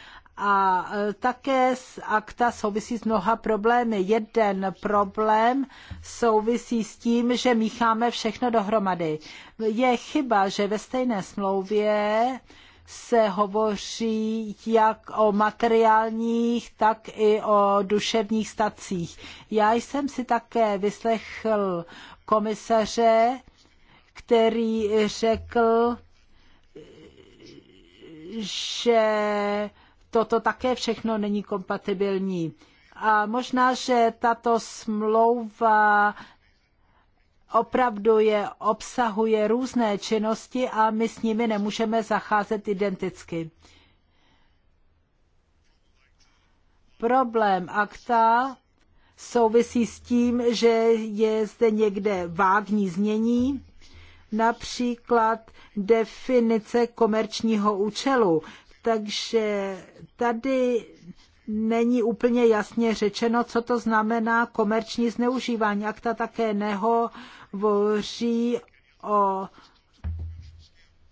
A e, také s akta souvisí s mnoha problémy. Jeden problém souvisí s tím, že mícháme všechno dohromady. Je chyba, že ve stejné smlouvě se hovoří jak o materiálních, tak i o duševních stacích. Já jsem si také vyslechl komisaře, který řekl, že toto také všechno není kompatibilní. A možná, že tato smlouva opravdu je, obsahuje různé činnosti a my s nimi nemůžeme zacházet identicky. Problém akta souvisí s tím, že je zde někde vágní znění, například definice komerčního účelu takže tady není úplně jasně řečeno, co to znamená komerční zneužívání. Akta také nehovoří o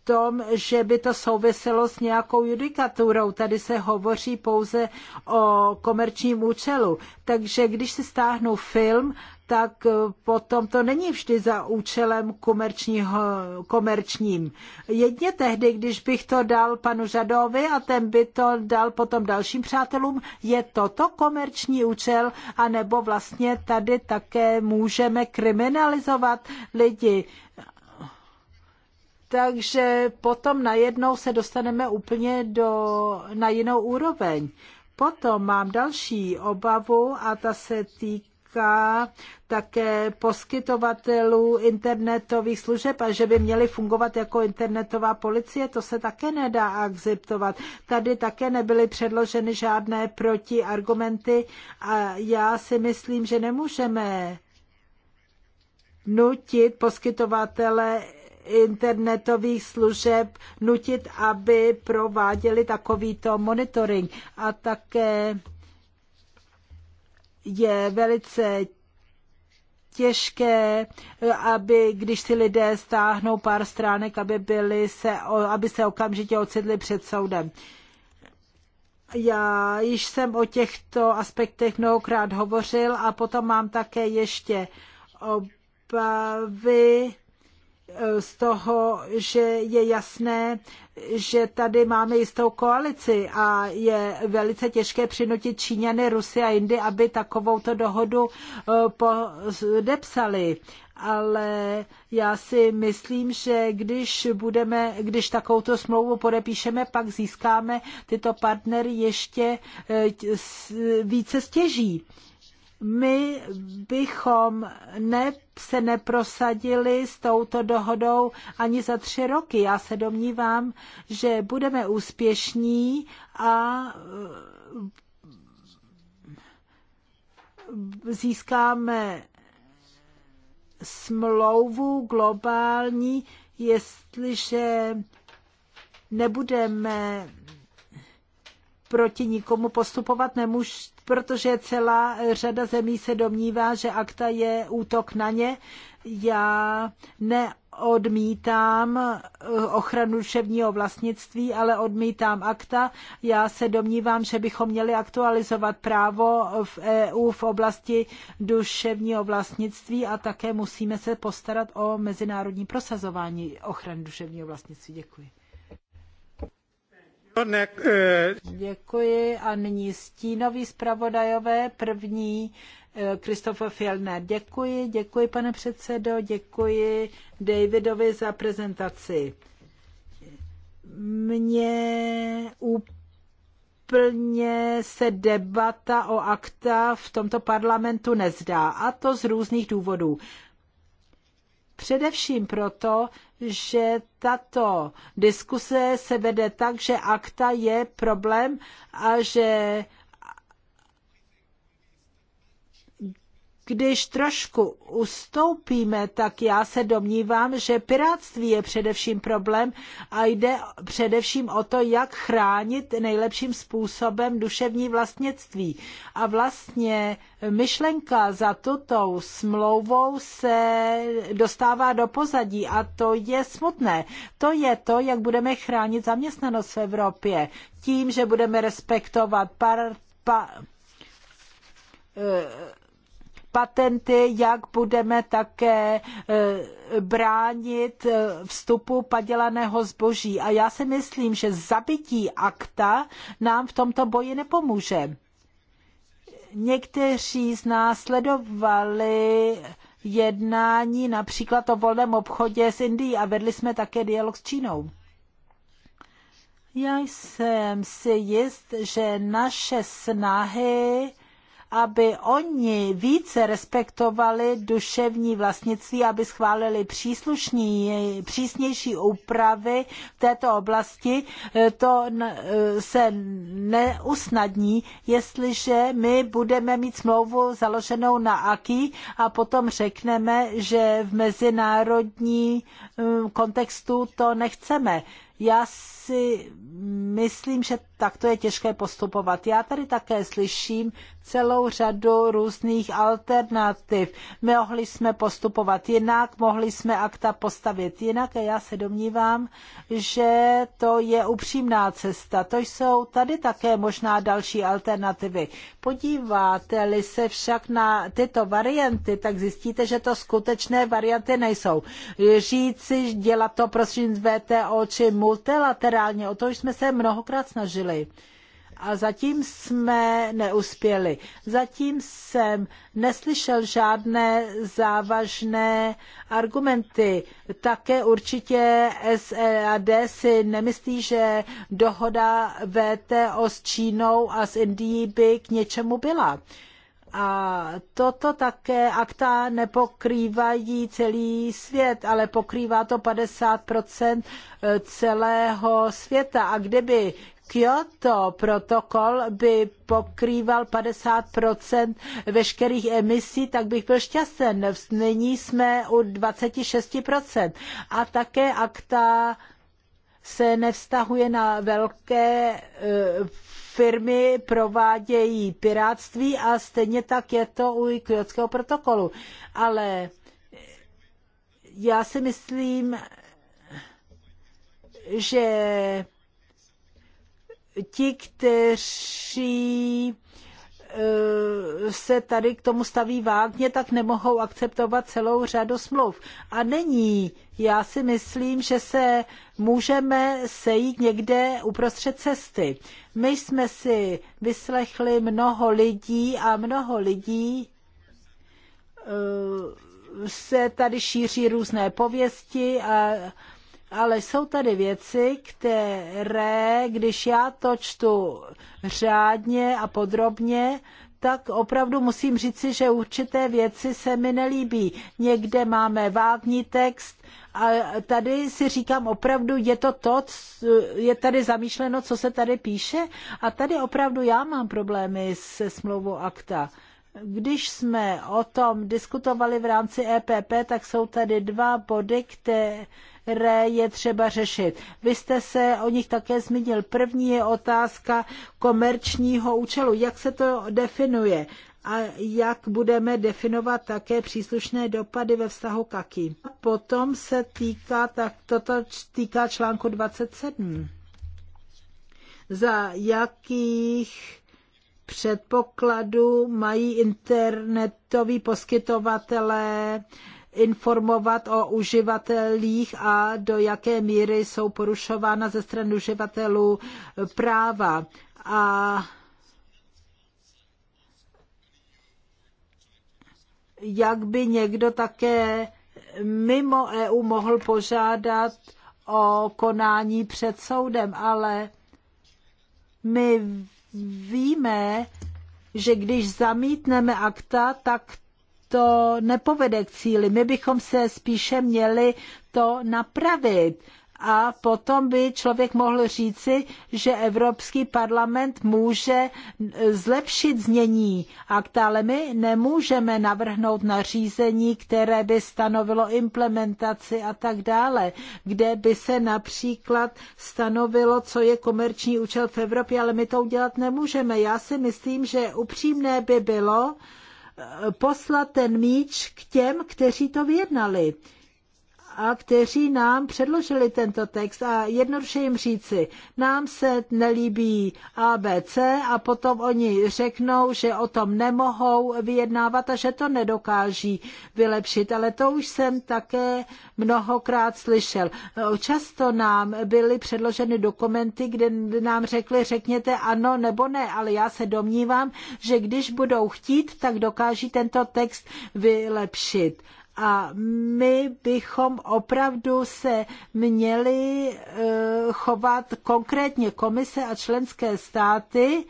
tom, že by to souviselo s nějakou judikaturou. Tady se hovoří pouze o komerčním účelu. Takže když si stáhnu film tak eh, potom to není vždy za účelem komerčního, komerčním. Jedně tehdy, když bych to dal panu Žadovi a ten by to dal potom dalším přátelům, je toto komerční účel, anebo vlastně tady také můžeme kriminalizovat lidi. Takže potom najednou se dostaneme úplně do, na jinou úroveň. Potom mám další obavu a ta se týká týká také poskytovatelů internetových služeb a že by měli fungovat jako internetová policie, to se také nedá akceptovat. Tady také nebyly předloženy žádné protiargumenty a já si myslím, že nemůžeme nutit poskytovatele internetových služeb nutit, aby prováděli takovýto monitoring. A také je velice těžké, aby když si lidé stáhnou pár stránek, aby, byli se, aby se okamžitě ocitli před soudem. Já již jsem o těchto aspektech mnohokrát hovořil a potom mám také ještě obavy, Eh, z toho, že je jasné, že tady máme jistou koalici a je velice těžké přinutit Číňany, Rusy a Indy, aby takovouto dohodu eh, podepsali. Ale já si myslím, že když, budeme, když takovouto smlouvu podepíšeme, pak získáme tyto partnery ještě eh, více stěží my bychom ne, se neprosadili s touto dohodou ani za tři roky. Já se domnívám, že budeme úspěšní a e, získáme smlouvu globální, jestliže nebudeme proti nikomu postupovat, nemůžeme protože celá řada zemí se domnívá, že akta je útok na ně. Já ne odmítám eh, ochranu duševního vlastnictví, ale odmítám akta. Já se domnívám, že bychom měli aktualizovat právo v EU v oblasti duševního vlastnictví a také musíme se postarat o mezinárodní prosazování ochrany duševního vlastnictví. Děkuji. Eh, děkuji a nyní stínový zpravodajové první Kristofa eh, Fjellner. Děkuji, děkuji pane předsedo, děkuji Davidovi za prezentaci. Mně úplně se debata o akta v tomto parlamentu nezdá, a to z různých důvodů. Především proto, že tato diskuse se vede tak, že akta je problém a že když trošku ustoupíme, tak já se domnívám, že pirátství je především problém a jde především o to, jak chránit nejlepším způsobem duševní vlastnictví. A vlastně myšlenka za tuto smlouvou se dostává do pozadí a to je smutné. To je to, jak budeme chránit zaměstnanost v Evropě. Tím, že budeme respektovat par, pa, patenty, jak budeme také eh, bránit eh, vstupu padělaného zboží. A já si myslím, že zabití akta nám v tomto boji nepomůže. Někteří z nás sledovali jednání například o volném obchodě s Indií a vedli jsme také dialog s Čínou. Já jsem si jist, že naše snahy aby oni více respektovali duševní vlastnictví, aby schválili příslušní, přísnější úpravy v této oblasti, eh, to eh, se neusnadní, jestliže my budeme mít smlouvu založenou na AKI a potom řekneme, že v mezinárodním eh, kontextu to nechceme. Já si myslím, že takto je těžké postupovat. Já tady také slyším celou řadu různých alternativ. Mohli jsme postupovat jinak, mohli jsme akta postavit jinak a já se domnívám, že to je upřímná cesta. To jsou tady také možná další alternativy. Podíváte-li se však na tyto varianty, tak zjistíte, že to skutečné varianty nejsou. Říci, dělat to prostřednictvím VTO či multilaterální bilaterálně. O to jsme se mnohokrát snažili a zatím jsme neuspěli. Zatím jsem neslyšel žádné závažné argumenty. Také určitě SAD e si nemyslí, že dohoda VTO s Čínou a s Indií by k něčemu byla. A toto také akta nepokrývají celý svět, ale pokrývá to 50% e, celého světa. A kdyby Kyoto protokol by pokrýval 50% veškerých emisí, tak bych byl šťastný. Nyní jsme u 26%. A také akta se nevztahuje na velké e, firmy provádějí pirátství a stejně tak je to u kjótského protokolu. Ale já si myslím, že ti, kteří Eh, se tady k tomu staví vágně, tak nemohou akceptovat celou řadu smluv. A není. Já si myslím, že se můžeme sejít někde uprostřed cesty. My jsme si vyslechli mnoho lidí a mnoho lidí eh, se tady šíří různé pověsti a ale jsou tady věci, které, když já to čtu řádně a podrobně, tak opravdu musím říci, že určité věci se mi nelíbí. Někde máme vágní text a tady si říkám opravdu, je to to, je tady zamýšleno, co se tady píše a tady opravdu já mám problémy se smlouvou akta. Když jsme o tom diskutovali v rámci EPP, tak jsou tady dva body, které které je třeba řešit. Vy jste se o nich také zmínil. První je otázka komerčního účelu. Jak se to definuje? a jak budeme definovat také příslušné dopady ve vztahu KAKI. Potom se týká, tak toto týká článku 27. Za jakých předpokladů mají internetoví poskytovatelé eh, informovat o uživatelích a do jaké míry jsou porušována ze strany uživatelů práva. A jak by někdo také mimo EU mohl požádat o konání před soudem, ale my víme, že když zamítneme akta, tak to nepovede k cíli. My bychom se spíše měli to napravit. A potom by člověk mohl říci, že Evropský parlament může zlepšit znění akta, ale my nemůžeme navrhnout nařízení, které by stanovilo implementaci a tak dále, kde by se například stanovilo, co je komerční účel v Evropě, ale my to udělat nemůžeme. Já si myslím, že upřímné by bylo, poslat ten míč k těm, kteří to vyjednali a kteří nám předložili tento text a jednoduše jim říci, nám se nelíbí ABC a potom oni řeknou, že o tom nemohou vyjednávat a že to nedokáží vylepšit. Ale to už jsem také mnohokrát slyšel. Často nám byly předloženy dokumenty, kde nám řekli, řekněte ano nebo ne, ale já se domnívám, že když budou chtít, tak dokáží tento text vylepšit. A my bychom opravdu se měli eh, chovat konkrétně komise a členské státy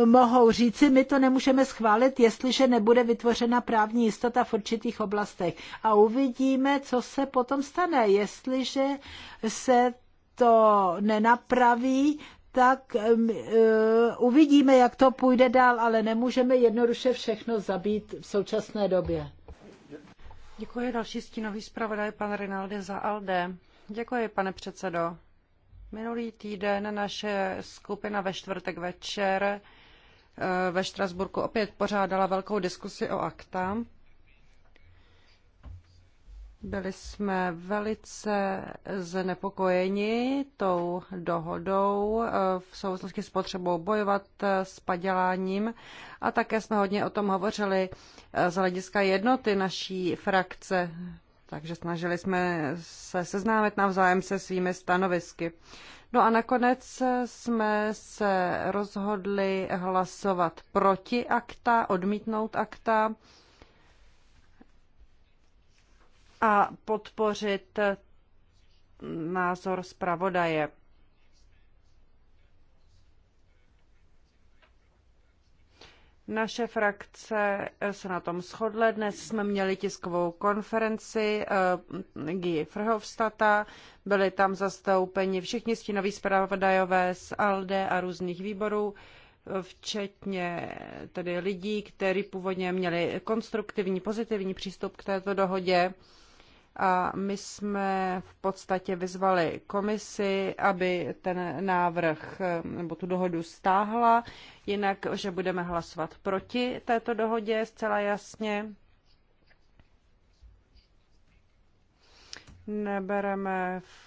eh, mohou říci, my to nemůžeme schválit, jestliže nebude vytvořena právní jistota v určitých oblastech. A uvidíme, co se potom stane. Jestliže se to nenapraví, tak eh, uvidíme, jak to půjde dál, ale nemůžeme jednoduše všechno zabít v současné době. Děkuji další stínový zpravodaj, pan Rinaldi za ALDE. Děkuji, pane předsedo. Minulý týden naše skupina ve čtvrtek večer eh, ve Štrasburku opět pořádala velkou diskusi o akta byli jsme velice znepokojeni tou dohodou eh, v souvislosti s potřebou bojovat eh, s paděláním a také jsme hodně o tom hovořili eh, z hlediska jednoty naší frakce, takže snažili jsme se seznámit navzájem se svými stanovisky. No a nakonec jsme se rozhodli hlasovat proti akta, odmítnout akta a podpořit názor zpravodaje. Naše frakce se na tom shodla. Dnes jsme měli tiskovou konferenci uh, eh, Gii Frhovstata. Byli tam zastoupeni všichni stínoví zpravodajové z ALDE a různých výborů, eh, včetně eh, tedy lidí, kteří původně měli konstruktivní, pozitivní přístup k této dohodě a my jsme v podstatě vyzvali komisi, aby ten návrh nebo tu dohodu stáhla, jinak, že budeme hlasovat proti této dohodě zcela jasně. Nebereme v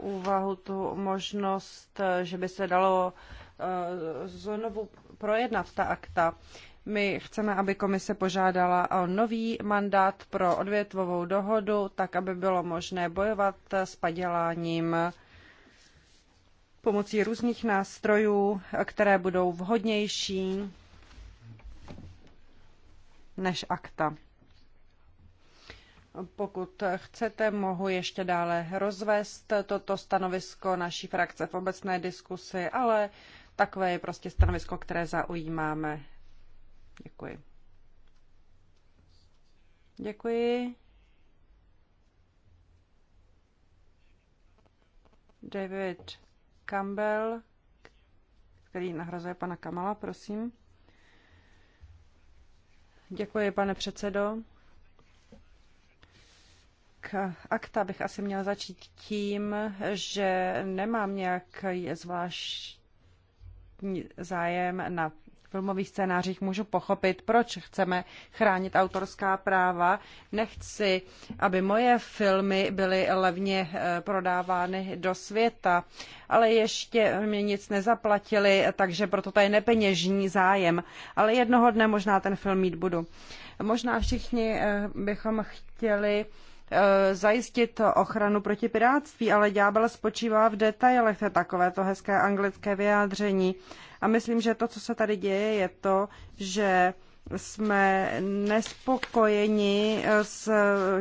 úvahu tu možnost, že by se dalo eh, znovu projednat ta akta. My chceme, aby komise požádala o nový mandát pro odvětvovou dohodu, tak aby bylo možné bojovat s paděláním pomocí různých nástrojů, které budou vhodnější než akta. Pokud chcete, mohu ještě dále rozvést toto stanovisko naší frakce v obecné diskusi, ale takové je prostě stanovisko, které zaujímáme Děkuji. Děkuji. David Campbell, který nahrazuje pana Kamala, prosím. Děkuji, pane předsedo. K akta bych asi měla začít tím, že nemám nějak zvláštní zájem na filmových scénářích můžu pochopit, proč chceme chránit autorská práva. Nechci, aby moje filmy byly levně eh, prodávány do světa, ale ještě mě nic nezaplatili, takže proto to je nepeněžní zájem. Ale jednoho dne možná ten film mít budu. Možná všichni eh, bychom chtěli Eh, zajistit ochranu proti pirátství, ale ďábel spočívá v detailech, to je takové to hezké anglické vyjádření. A myslím, že to, co se tady děje, je to, že jsme nespokojeni s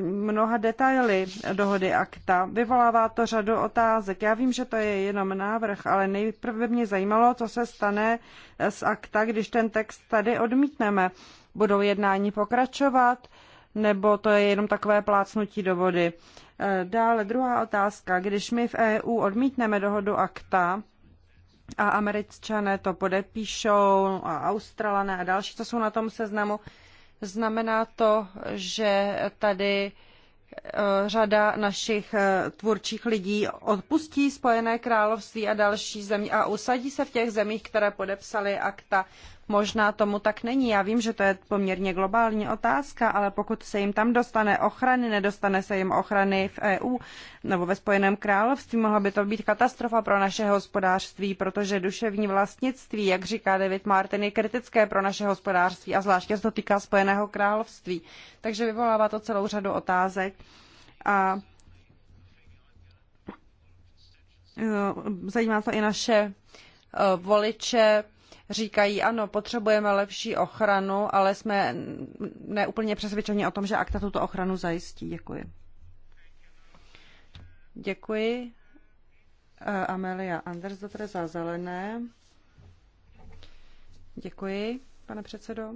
mnoha detaily dohody akta. Vyvolává to řadu otázek. Já vím, že to je jenom návrh, ale nejprve mě zajímalo, co se stane s akta, když ten text tady odmítneme. Budou jednání pokračovat? nebo to je jenom takové plácnutí do vody. Eh, dále druhá otázka. Když my v EU odmítneme dohodu akta, a američané to podepíšou a australané a další, co jsou na tom seznamu, znamená to, že tady eh, řada našich eh, tvůrčích lidí odpustí Spojené království a další země a usadí se v těch zemích, které podepsaly akta. Možná tomu tak není. Já vím, že to je poměrně globální otázka, ale pokud se jim tam dostane ochrany, nedostane se jim ochrany v EU nebo ve Spojeném království, mohla by to být katastrofa pro naše hospodářství, protože duševní vlastnictví, jak říká David Martin, je kritické pro naše hospodářství a zvláště se to týká Spojeného království. Takže vyvolává to celou řadu otázek. A e, zajímá to i naše e, voliče říkají, ano, potřebujeme lepší ochranu, ale jsme neúplně přesvědčeni o tom, že akta tuto ochranu zajistí. Děkuji. Děkuji. Eh, Amelia Anders, dotře za zelené. Děkuji, pane předsedo.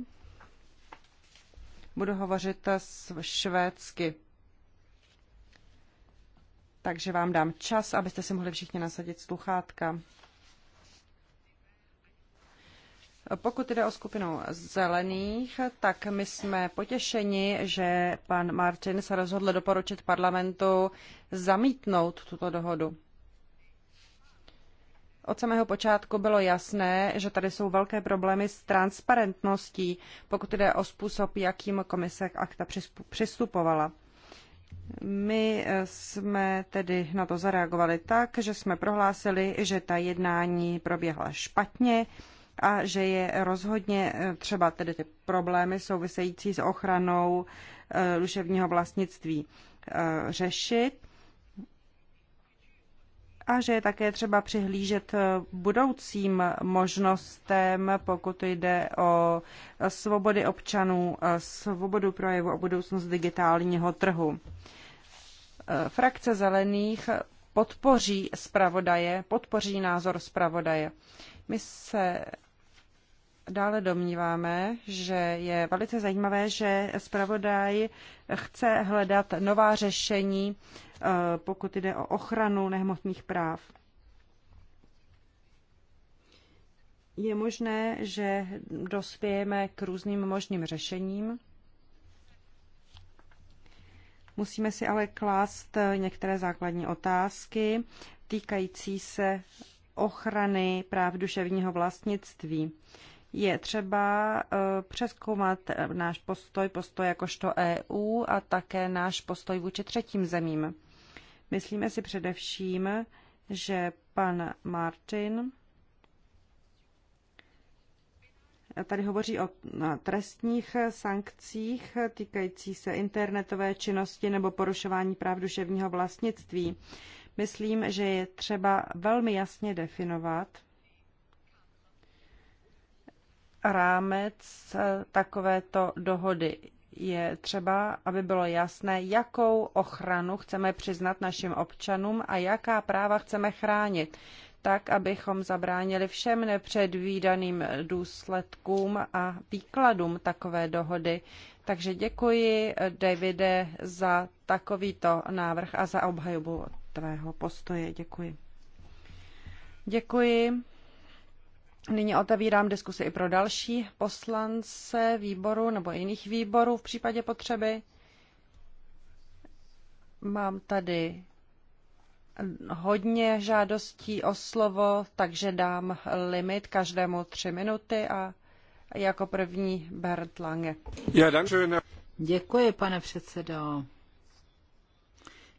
Budu hovořit eh, švédsky. Takže vám dám čas, abyste si mohli všichni nasadit sluchátka. Pokud jde o skupinu zelených, tak my jsme potěšeni, že pan Martin se rozhodl doporučit parlamentu zamítnout tuto dohodu. Od samého počátku bylo jasné, že tady jsou velké problémy s transparentností, pokud jde o způsob, jakým komise k akta přistupovala. My jsme tedy na to zareagovali tak, že jsme prohlásili, že ta jednání proběhla špatně, a že je rozhodně eh, třeba tedy ty problémy související s ochranou eh, duševního vlastnictví eh, řešit a že je také třeba přihlížet budoucím možnostem, pokud jde o svobody občanů, svobodu projevu a budoucnost digitálního trhu. Frakce zelených podpoří zpravodaje, podpoří názor zpravodaje. My se dále domníváme, že je velice zajímavé, že zpravodaj chce hledat nová řešení, eh, pokud jde o ochranu nehmotných práv. Je možné, že dospějeme k různým možným řešením. Musíme si ale klást eh, některé základní otázky týkající se ochrany práv duševního vlastnictví. Je třeba eh, přeskoumat eh, náš postoj, postoj jakožto EU a také náš postoj vůči třetím zemím. Myslíme si především, že pan Martin tady hovoří o trestních sankcích týkající se internetové činnosti nebo porušování práv duševního vlastnictví. Myslím, že je třeba velmi jasně definovat rámec eh, takovéto dohody. Je třeba, aby bylo jasné, jakou ochranu chceme přiznat našim občanům a jaká práva chceme chránit tak, abychom zabránili všem nepředvídaným důsledkům a výkladům takové dohody. Takže děkuji, Davide, za takovýto návrh a za obhajobu tvého postoje. Děkuji. Děkuji. Nyní otevírám diskusi i pro další poslance výboru nebo jiných výborů v případě potřeby. Mám tady hodně žádostí o slovo, takže dám limit každému tři minuty a jako první Bernd Lange. Děkuji, pane předsedo.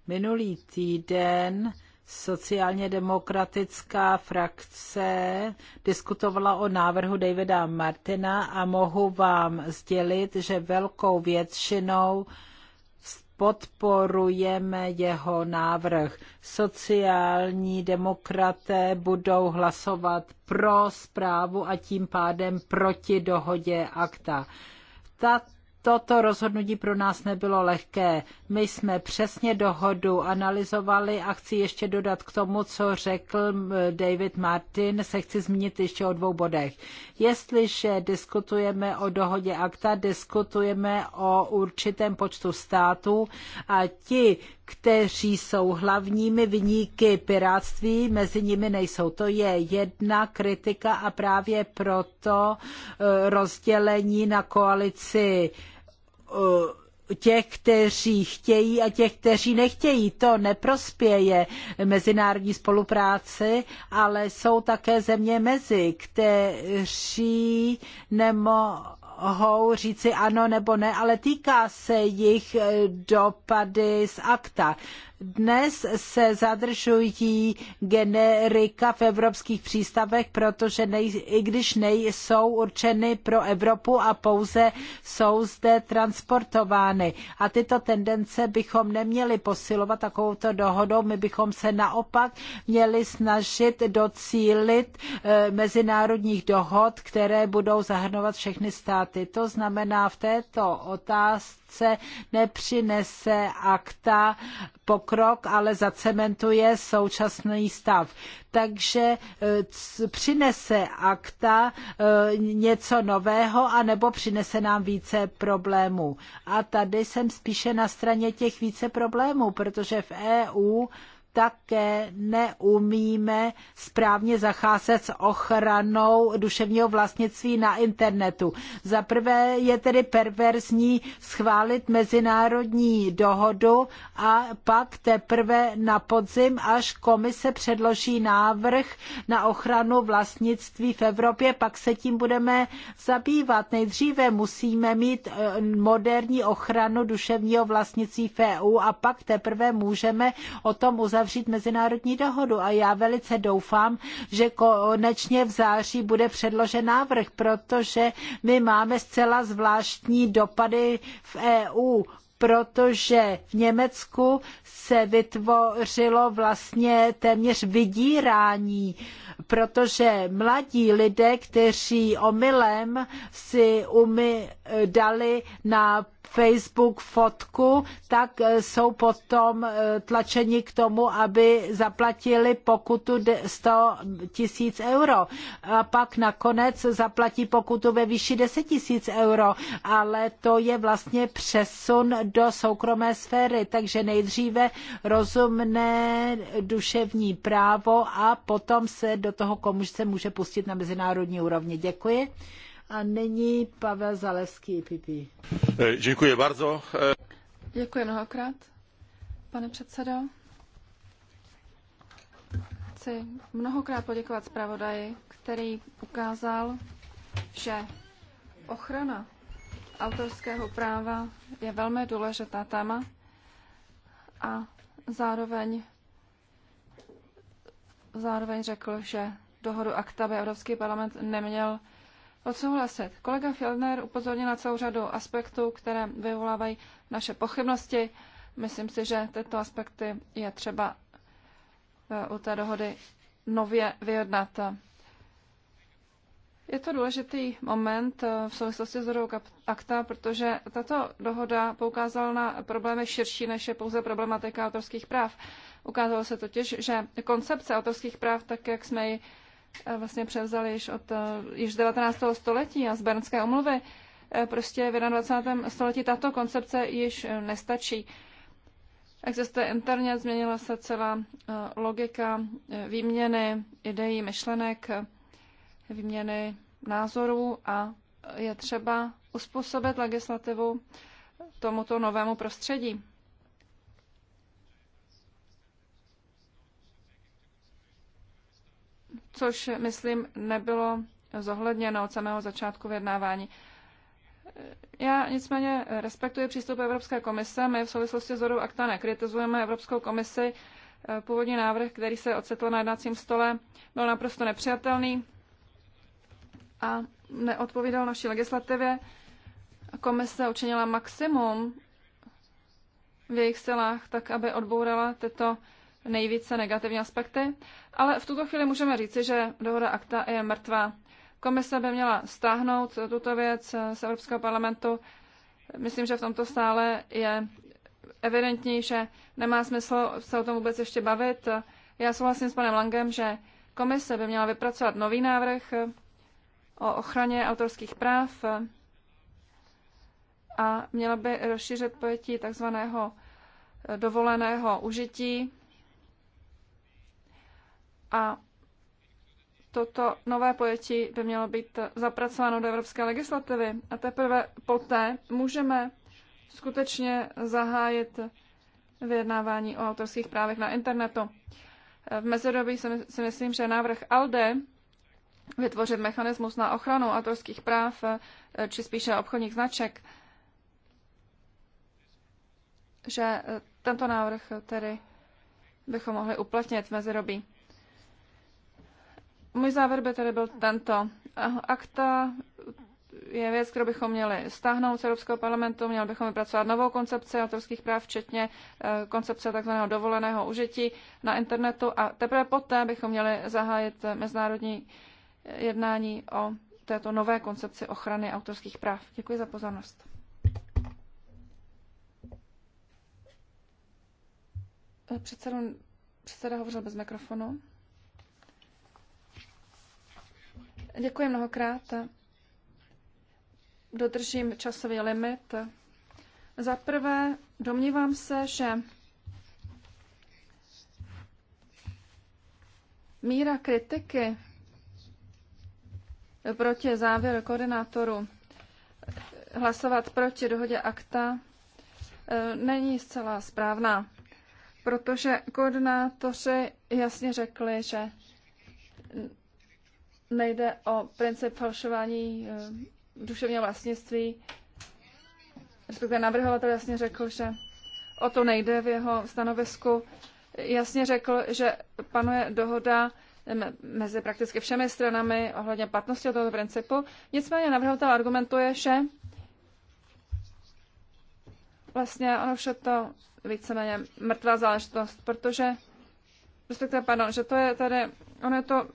Minulý týden sociálně demokratická frakce diskutovala o návrhu Davida Martina a mohu vám sdělit, že velkou většinou podporujeme jeho návrh. Sociální demokraté budou hlasovat pro zprávu a tím pádem proti dohodě akta. Tato Toto rozhodnutí pro nás nebylo lehké. My jsme přesně dohodu analyzovali a chci ještě dodat k tomu, co řekl David Martin, se chci zmínit ještě o dvou bodech. Jestliže diskutujeme o dohodě akta, diskutujeme o určitém počtu států a ti, kteří jsou hlavními vyníky piráctví, mezi nimi nejsou. To je jedna kritika a právě proto e, rozdělení na koalici Eh, těch, kteří chtějí a těch, kteří nechtějí. To neprospěje mezinárodní spolupráci, ale jsou také země mezi, kteří nemohou říci ano nebo ne, ale týká se jich dopady z akta. Dnes se zadržují generika v evropských přístavech, protože nej, i když nejsou určeny pro Evropu a pouze jsou zde transportovány. A tyto tendence bychom neměli posilovat takovouto dohodou, my bychom se naopak měli snažit docílit e, mezinárodních dohod, které budou zahrnovat všechny státy. To znamená v této otázce, sice nepřinese akta pokrok, ale zacementuje současný stav. Takže e, přinese akta e, něco nového, anebo přinese nám více problémů. A tady jsem spíše na straně těch více problémů, protože v EU také neumíme správně zacházet s ochranou duševního vlastnictví na internetu. Za prvé je tedy perverzní schválit mezinárodní dohodu a pak teprve na podzim, až komise předloží návrh na ochranu vlastnictví v Evropě, pak se tím budeme zabývat. Nejdříve musíme mít eh, moderní ochranu duševního vlastnictví v EU a pak teprve můžeme o tom uzavřít uzavřít mezinárodní dohodu a já velice doufám, že konečně v září bude předložen návrh, protože my máme zcela zvláštní dopady v EU, protože v Německu se vytvořilo vlastně téměř vydírání, protože mladí lidé, kteří omylem si umy, dali na Facebook fotku, tak jsou potom eh, tlačeni k tomu, aby zaplatili pokutu 100 tisíc euro. A pak nakonec zaplatí pokutu ve výši 10 tisíc euro, ale to je vlastně přesun do soukromé sféry. Takže nejdříve rozumné duševní právo a potom se do toho komuž se může pustit na mezinárodní úrovni. Děkuji. A nyní Pavel Zalevský, IPP. Eh, děkuji bardzo. Eh, děkuji mnohokrát, pane předsedo. Chci mnohokrát poděkovat zpravodaji, který ukázal, že ochrana autorského práva je velmi důležitá téma a zároveň, zároveň řekl, že dohodu akta by Evropský parlament neměl odsouhlasit. Kolega Fjellner upozornil na celou řadu aspektů, které vyvolávají naše pochybnosti. Myslím si, že tyto aspekty je třeba eh, u té dohody nově vyjednat. Je to důležitý moment eh, v souvislosti s dohodou akta, protože tato dohoda poukázala na problémy širší, než je pouze problematika autorských práv. Ukázalo se totiž, že koncepce autorských práv, tak jak jsme ji eh, vlastně převzali již od eh, již 19. století a z Bernské omluvy, prostě v 21. století tato koncepce již nestačí. Existuje internet, změnila se celá logika výměny ideí, myšlenek, výměny názorů a je třeba uspůsobit legislativu tomuto novému prostředí. Což, myslím, nebylo zohledněno od samého začátku vyjednávání. Já nicméně respektuji přístup Evropské komise. My v souvislosti s Zoru Akta nekritizujeme Evropskou komisi. Původní návrh, který se ocitl na jednacím stole, byl naprosto nepřijatelný a neodpovídal naší legislativě. Komise učinila maximum v jejich silách, tak aby odbourala tyto nejvíce negativní aspekty. Ale v tuto chvíli můžeme říci, že dohoda akta je mrtvá. Komise by měla stáhnout tuto věc z Evropského parlamentu. Myslím, že v tomto stále je evidentní, že nemá smysl se o tom vůbec ještě bavit. Já souhlasím s panem Langem, že komise by měla vypracovat nový návrh, o ochraně autorských práv a měla by rozšířit pojetí takzvaného dovoleného užití. A toto nové pojetí by mělo být zapracováno do evropské legislativy. A teprve poté můžeme skutečně zahájit vyjednávání o autorských právech na internetu. V mezidobí si myslím, že návrh ALDE vytvořit mechanismus na ochranu autorských práv eh, či spíše obchodních značek, že eh, tento návrh tedy bychom mohli uplatnit mezi robí. Můj závěr by tedy byl tento. Eh, akta je věc, kterou bychom měli stáhnout z Evropského parlamentu, měli bychom vypracovat novou koncepci autorských práv, včetně koncepce tzv. dovoleného užití na internetu a teprve poté bychom měli zahájit mezinárodní jednání o této nové koncepci ochrany autorských práv. Děkuji za pozornost. Eh, Předsedu, předseda hovořil bez mikrofonu. Děkuji mnohokrát. Dodržím časový limit. Za prvé, domnívám se, že míra kritiky proti závěru koordinátoru hlasovat proti dohodě akta e, není zcela správná, protože koordinátoři jasně řekli, že nejde o princip falšování e, duševního vlastnictví. Respektive navrhovatel jasně řekl, že o to nejde v jeho stanovisku. Jasně řekl, že panuje dohoda mezi prakticky všemi stranami ohledně platnosti tohoto principu. Nicméně navrhovatel argumentuje, že vlastně ono vše to víceméně mrtvá záležitost, protože respektive, pardon, že to je tady, ono je to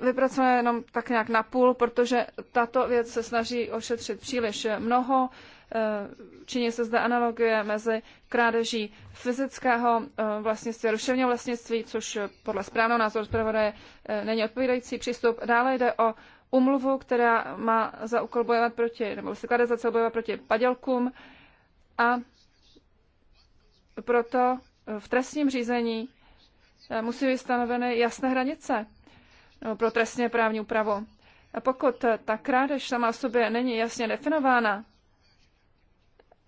vypracované jenom tak nějak napůl, protože tato věc se snaží ošetřit příliš mnoho Eh, činí se zde analogie mezi krádeží fyzického eh, vlastnictví a duševního vlastnictví, což eh, podle správného názoru zpravodaje není odpovídající přístup. Dále jde o umluvu, která má za úkol bojovat proti, nebo se klade za cel bojovat proti padělkům a proto v trestním řízení musí být stanoveny jasné hranice pro trestně právní úpravu. A pokud ta krádež sama o sobě není jasně definována,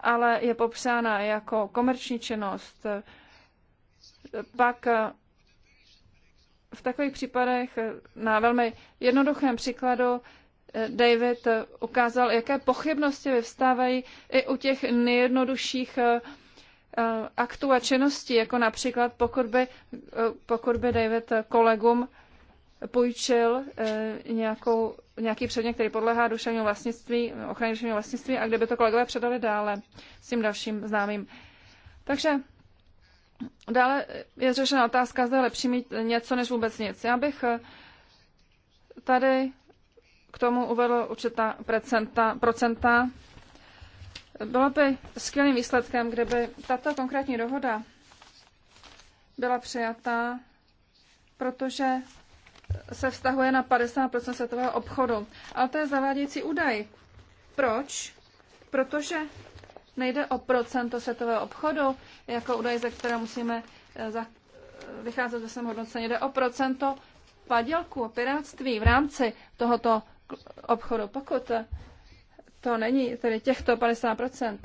ale je popsána jako komerční činnost, pak eh, v takových případech eh, na velmi jednoduchém příkladu eh, David ukázal, jaké pochybnosti vyvstávají i u těch nejjednodušších aktů a činností, jako například pokud by, pokud by David kolegům půjčil nějakou nějaký předmět, který podlehá duševnímu vlastnictví, ochraně duševního vlastnictví a kde by to kolegové předali dále s tím dalším známým. Takže dále je řešena otázka, zda je lepší mít něco než vůbec nic. Já bych eh, tady k tomu uvedl určitá procenta, procenta. Bylo by skvělým výsledkem, kdyby tato konkrétní dohoda byla přijata, protože se vztahuje na 50% světového obchodu. Ale to je zavádějící údaj. Proč? Protože nejde o procento světového obchodu, jako údaj, ze které musíme eh, eh, vycházet ze svém hodnocení. Jde o procento padělku, o piráctví v rámci tohoto obchodu. Pokud to není tedy těchto 50%,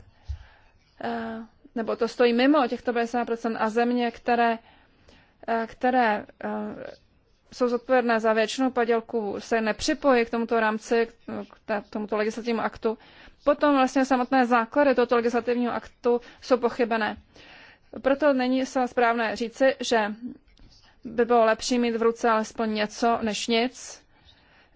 eh, nebo to stojí mimo těchto 50% a země, které, které jsou zodpovědné za většinu padělků, se nepřipojí k tomuto rámci, k tomuto legislativnímu aktu, potom vlastně samotné základy tohoto legislativního aktu jsou pochybené. Proto není se správné říci, že by bylo lepší mít v ruce alespoň něco než nic,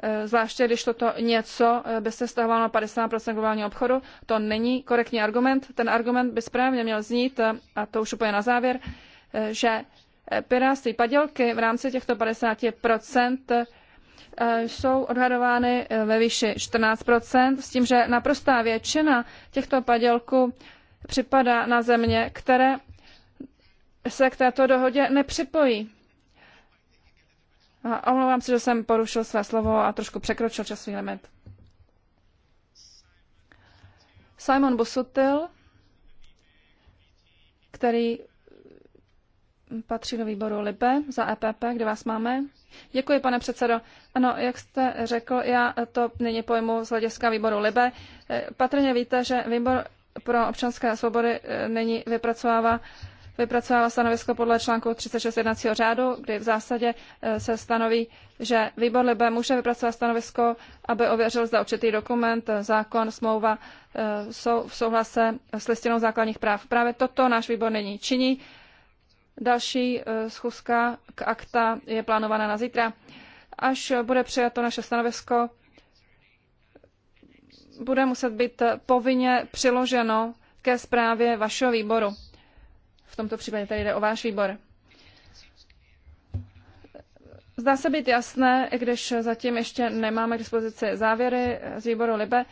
e, zvláště když toto něco e, by se stahovalo na 50% globálního obchodu. To není korektní argument. Ten argument by správně měl znít, e, a to už úplně na závěr, že piráctví padělky v rámci těchto 50 eh, jsou odhadovány eh, ve výši 14 s tím, že naprostá většina těchto padělků připadá na země, které se k této dohodě nepřipojí. A omlouvám se, že jsem porušil své slovo a trošku překročil časový limit. Simon Busutil, který patří do výboru LIBE za EPP, kde vás máme. Děkuji, pane předsedo. Ano, jak jste řekl, já to nyní pojmu z hlediska výboru LIBE. Patrně víte, že výbor pro občanské svobody eh, nyní vypracovává vypracovává stanovisko podle článku 36 jednacího řádu, kdy v zásadě eh, se stanoví, že výbor Libe může vypracovat stanovisko, aby ověřil, zda určitý dokument, eh, zákon, smlouva jsou v souhlase s listinou základních práv. Právě toto náš výbor nyní činí Další eh, schůzka k akta je plánována na zítra. Až bude přijato naše stanovisko, bude muset být povinně přiloženo ke zprávě vašeho výboru. V tomto případě tady jde o váš výbor. Zdá se být jasné, i když zatím ještě nemáme k dispozici závěry z výboru Libe,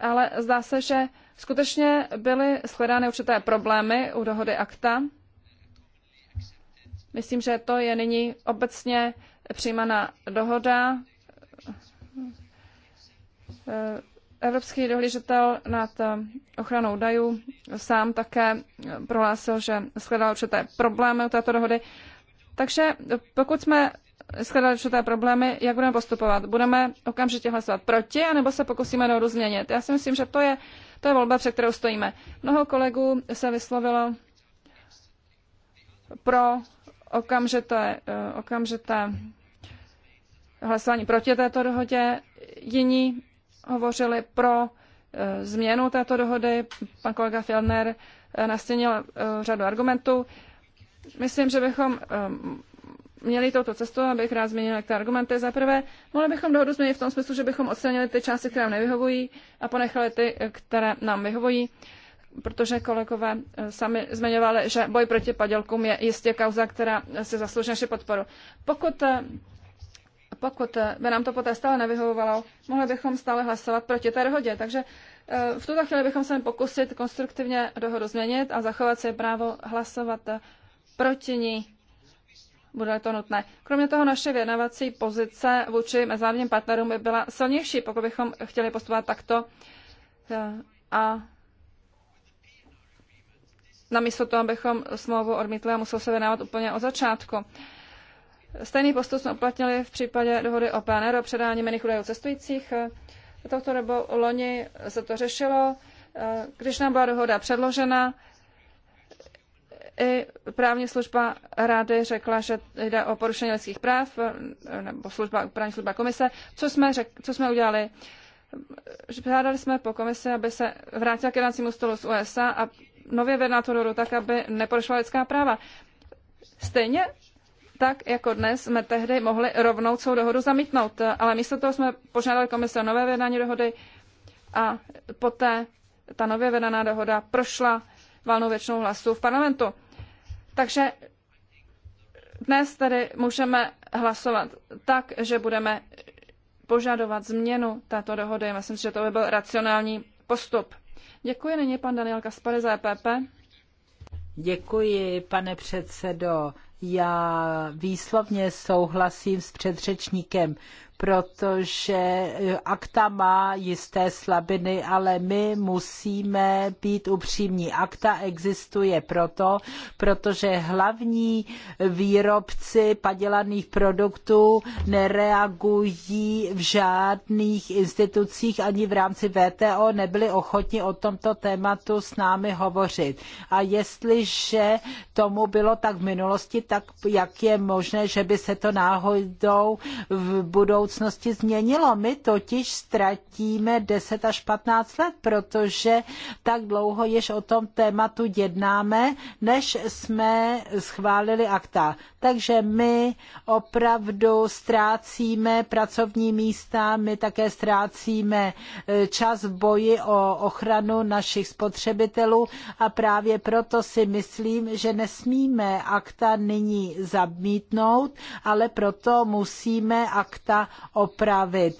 ale zdá se, že skutečně byly shledány určité problémy u dohody akta Myslím, že to je nyní obecně přijímaná dohoda. Evropský dohlížitel nad ochranou údajů sám také prohlásil, že shledal určité problémy u této dohody. Takže pokud jsme shledali určité problémy, jak budeme postupovat? Budeme okamžitě hlasovat proti, anebo se pokusíme dohodu změnit? Já si myslím, že to je, to je volba, před kterou stojíme. Mnoho kolegů se vyslovilo pro okamžité, eh, okamžité hlasování proti této dohodě. Jiní hovořili pro eh, změnu této dohody. Pan kolega Fjellner eh, nastěnil řadu argumentů. Myslím, že bychom měli touto cestou, abych rád změnil některé argumenty. Za prvé, mohli bychom dohodu změnit v tom smyslu, že bychom odstranili ty části, které nám nevyhovují a ponechali ty, které nám vyhovují protože kolegové eh, sami zmiňovali, že boj proti padělkům je jistě kauza, která si zaslouží naši podporu. Pokud, eh, pokud eh, by nám to poté stále nevyhovovalo, mohli bychom stále hlasovat proti té dohodě. Takže v tuto chvíli bychom se pokusit konstruktivně dohodu změnit a zachovat si právo hlasovat proti ní bude to nutné. Kromě toho naše vědnavací pozice vůči mezinárodním partnerům by byla silnější, pokud bychom chtěli postupovat takto. A namísto toho, abychom smlouvu odmítli a musel se věnovat úplně od začátku. Stejný postup jsme uplatnili v případě dohody o PNR o předání jmených údajů cestujících. Touto dobou loni se to řešilo. Když nám byla dohoda předložena, i právní služba rády řekla, že jde o porušení lidských práv, nebo služba, právní služba komise. Co jsme, řek, co jsme udělali? Žádali jsme po komisi, aby se vrátila k jednacímu stolu z USA a nově to Doru, tak aby neporušila lidská práva. Stejně tak jako dnes jsme tehdy mohli rovnou celou dohodu zamítnout, ale místo toho jsme požádali komise o nové vědání dohody a poté ta nově vedená dohoda prošla valnou většinou hlasů v parlamentu. Takže dnes tedy můžeme hlasovat tak, že budeme požadovat změnu této dohody. Myslím, že to by byl racionální postup. Děkuji, nyní pan Daniel Kaspary za EPP. Děkuji, pane předsedo. Já výslovně souhlasím s předřečníkem protože eh, akta má jisté slabiny, ale my musíme být upřímní. Akta existuje proto, protože hlavní výrobci padělaných produktů nereagují v žádných institucích ani v rámci VTO, nebyli ochotni o tomto tématu s námi hovořit. A jestliže tomu bylo tak v minulosti, tak jak je možné, že by se to náhodou v budoucnu budoucnosti změnilo. My totiž ztratíme 10 až 15 let, protože tak dlouho již o tom tématu jednáme, než jsme schválili akta. Takže my opravdu ztrácíme pracovní místa, my také ztrácíme e, čas v boji o ochranu našich spotřebitelů a právě proto si myslím, že nesmíme akta nyní zamítnout, ale proto musíme akta opravit.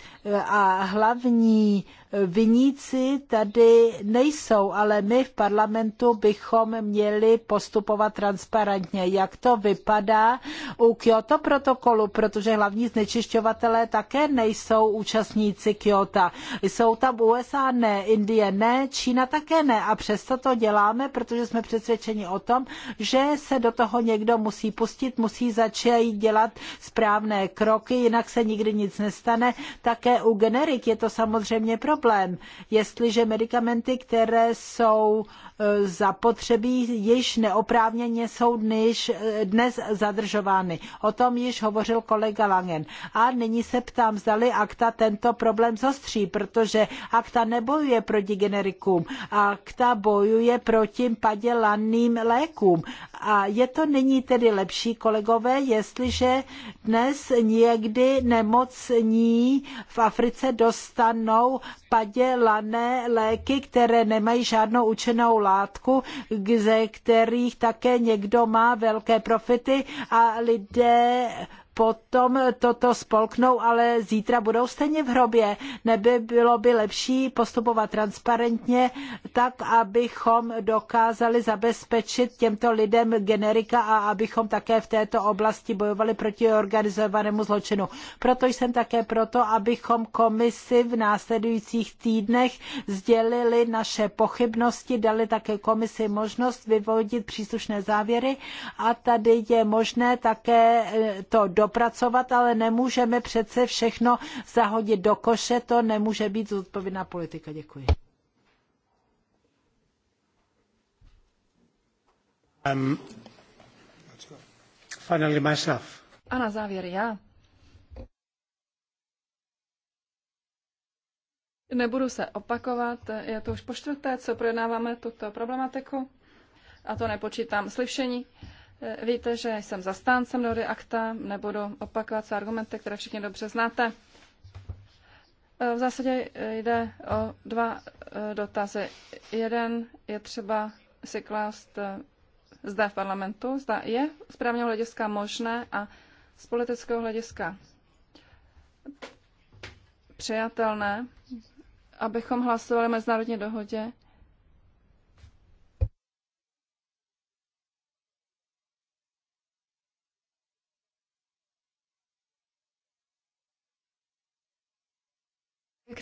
A hlavní Viníci tady nejsou, ale my v parlamentu bychom měli postupovat transparentně. Jak to vypadá u Kyoto protokolu, protože hlavní znečišťovatelé také nejsou účastníci Kyoto. Jsou tam USA ne, Indie ne, Čína také ne a přesto to děláme, protože jsme přesvědčeni o tom, že se do toho někdo musí pustit, musí začít dělat správné kroky, jinak se nikdy nic nestane. Také u generik je to samozřejmě problém problém, jestliže medicamenty, které jsou Eh, zapotřebí již neoprávněně jsou eh, dnes zadržovány. O tom již hovořil kolega Langen. A nyní se ptám, zdali akta tento problém zostří, protože akta nebojuje proti generikům, akta bojuje proti padělaným lékům. A je to nyní tedy lepší, kolegové, jestliže dnes někdy nemocní v Africe dostanou padělané léky, které nemají žádnou účinnou látku, ze kterých také někdo má velké profity a lidé potom toto spolknou, ale zítra budou stejně v hrobě. Neby bylo by lepší postupovat transparentně, tak abychom dokázali zabezpečit těmto lidem generika a abychom také v této oblasti bojovali proti organizovanému zločinu. Proto jsem také proto, abychom komisi v následujících týdnech sdělili naše pochybnosti, dali také komisi možnost vyvodit příslušné závěry a tady je možné také to do dopracovat, ale nemůžeme přece všechno zahodit do koše, to nemůže být zodpovědná politika. Děkuji. Um, finally myself. A na závěr já. Nebudu se opakovat, je to už po čtvrté, co projednáváme tuto problematiku a to nepočítám slyšení. Víte, že jsem zastáncem dohody Akta, nebudu opakovat své argumenty, které všichni dobře znáte. E, v zásadě jde o dva e, dotazy. Jeden je třeba si klást e, zde v parlamentu, zda je z právního hlediska možné a z politického hlediska přijatelné, abychom hlasovali mezinárodní dohodě,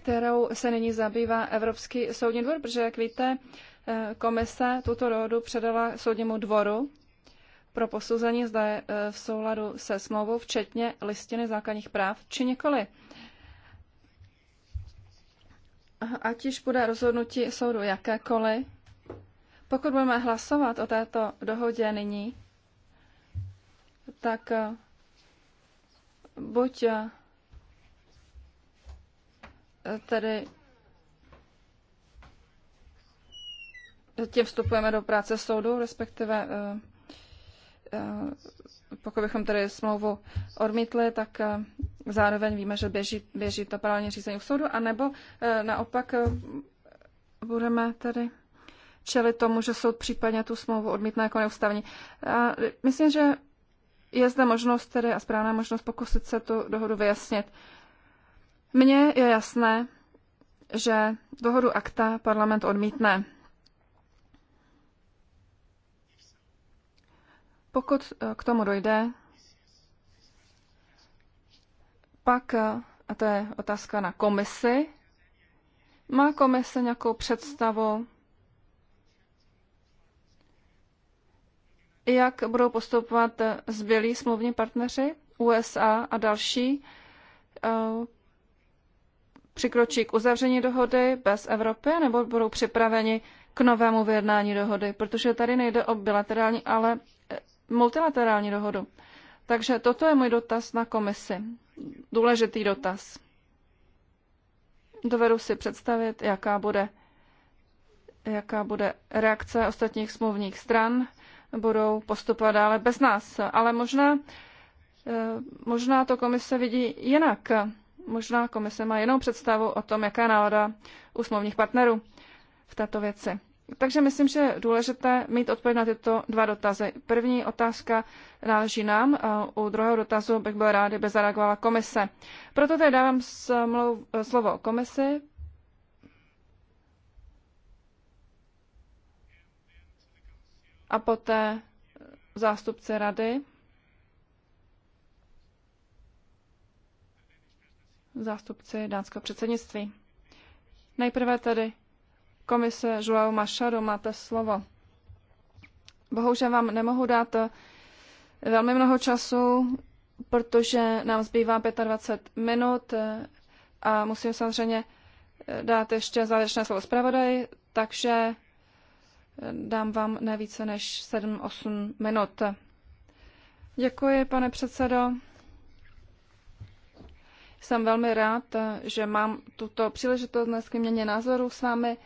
kterou se nyní zabývá Evropský soudní dvor, protože, jak víte, eh, komise tuto dohodu předala soudnímu dvoru pro posouzení, zda je eh, v souladu se smlouvou, včetně listiny základních práv, či nikoli. Ať již bude rozhodnutí soudu jakékoliv, pokud budeme hlasovat o této dohodě nyní, tak eh, buď tedy tím vstupujeme do práce soudu, respektive eh, eh, pokud bychom tedy smlouvu odmítli, tak eh, zároveň víme, že běží, běží to paralelně řízení u soudu, anebo naopak budeme tedy čelit tomu, že soud případně tu smlouvu odmítne jako neustavní. A myslím, že je zde možnost tedy a správná možnost pokusit se tu dohodu vyjasnit. Mně je jasné, že dohodu akta parlament odmítne. Pokud eh, k tomu dojde, pak, eh, a to je otázka na komisi, má komise nějakou představu, jak budou postupovat zbylí smluvní partneři USA a další, eh, přikročí k uzavření dohody bez Evropy, nebo budou připraveni k novému vyjednání dohody, protože tady nejde o bilaterální, ale eh, multilaterální dohodu. Takže toto je můj dotaz na komisi. Důležitý dotaz. Dovedu si představit, jaká bude, jaká bude reakce ostatních smluvních stran. Budou postupovat dále bez nás. Ale možná, eh, možná to komise vidí jinak možná komise má jenou představu o tom, jaká je nálada u smluvních partnerů v této věci. Takže myslím, že je důležité mít odpověď na tyto dva dotazy. První otázka náleží nám, a u druhého dotazu bych byl rád, kdyby zareagovala komise. Proto tady dávám slovo komisi. A poté zástupce rady. zástupci dánského předsednictví. Nejprve tedy komise Joao Machado, máte slovo. Bohužel vám nemohu dát eh, velmi mnoho času, protože nám zbývá 25 minut eh, a musím samozřejmě eh, dát ještě závěrečné slovo zpravodaj, takže dám vám nevíce než 7-8 minut. Děkuji, pane předsedo. Jsem velmi rád, že mám tuto příležitost dnes k měně názoru s vámi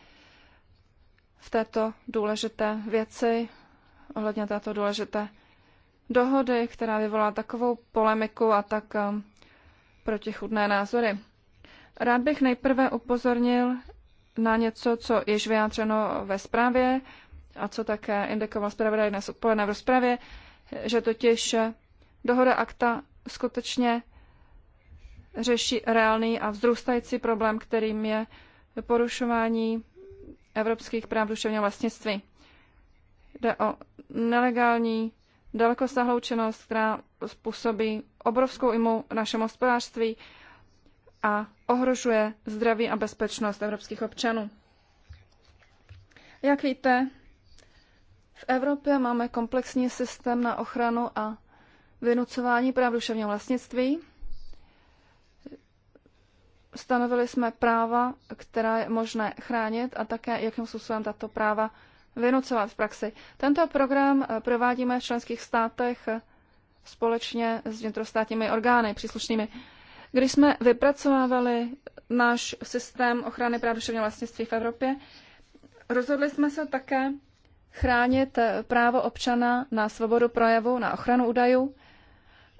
v této důležité věci, ohledně této důležité dohody, která vyvolá takovou polemiku a tak um, protichudné názory. Rád bych nejprve upozornil na něco, co již vyjádřeno ve zprávě a co také indikoval zpravodaj dnes odpoledne v rozpravě, že totiž dohoda akta skutečně řeší reálný a vzrůstající problém, kterým je porušování evropských práv duševního vlastnictví. Jde o nelegální, dalekosáhlou činnost, která způsobí obrovskou imu našemu hospodářství a ohrožuje zdraví a bezpečnost evropských občanů. Jak víte, v Evropě máme komplexní systém na ochranu a vynucování práv duševního vlastnictví. Stanovili jsme práva, která je možné chránit a také, jakým způsobem tato práva vynucovat v praxi. Tento program eh, provádíme v členských státech eh, společně s vnitrostátními orgány příslušnými. Když jsme vypracovávali náš systém ochrany práv duševního vlastnictví v Evropě, rozhodli jsme se také chránit eh, právo občana na svobodu projevu, na ochranu údajů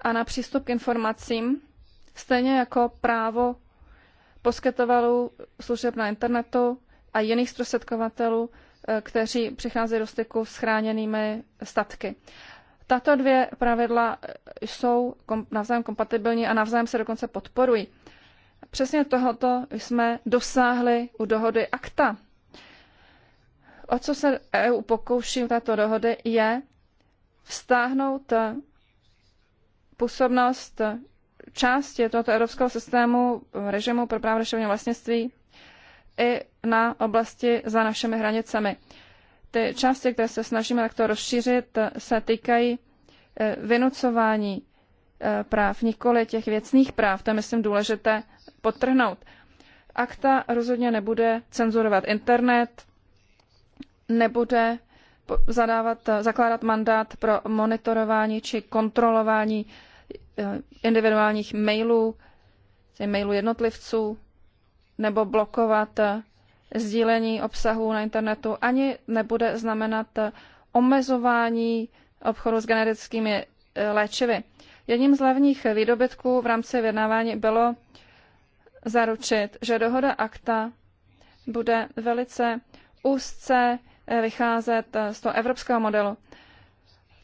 a na přístup k informacím, stejně jako právo poskytovatelů služeb na internetu a jiných zprostředkovatelů, eh, kteří přicházejí do styku s chráněnými statky. Tato dvě pravidla eh, jsou navzájem kompatibilní a navzájem se dokonce podporují. Přesně tohoto jsme dosáhli u dohody ACTA. O co se EU pokouší u této dohody je vztáhnout eh, působnost části tohoto evropského systému eh, režimu pro právo duševního vlastnictví i na oblasti za našimi hranicemi. Ty části, které se snažíme takto rozšířit, se týkají eh, vynucování eh, práv, nikoli těch věcných práv. To je, myslím, důležité podtrhnout. Akta rozhodně nebude cenzurovat internet, nebude zadávat, zakládat mandát pro monitorování či kontrolování Eh, individuálních mailů, mailů jednotlivců, nebo blokovat eh, sdílení obsahu na internetu, ani nebude znamenat eh, omezování obchodu s generickými léčivy. Jedním z hlavních výdobytků v rámci vyjednávání bylo zaručit, že dohoda akta bude velice úzce vycházet z toho evropského modelu.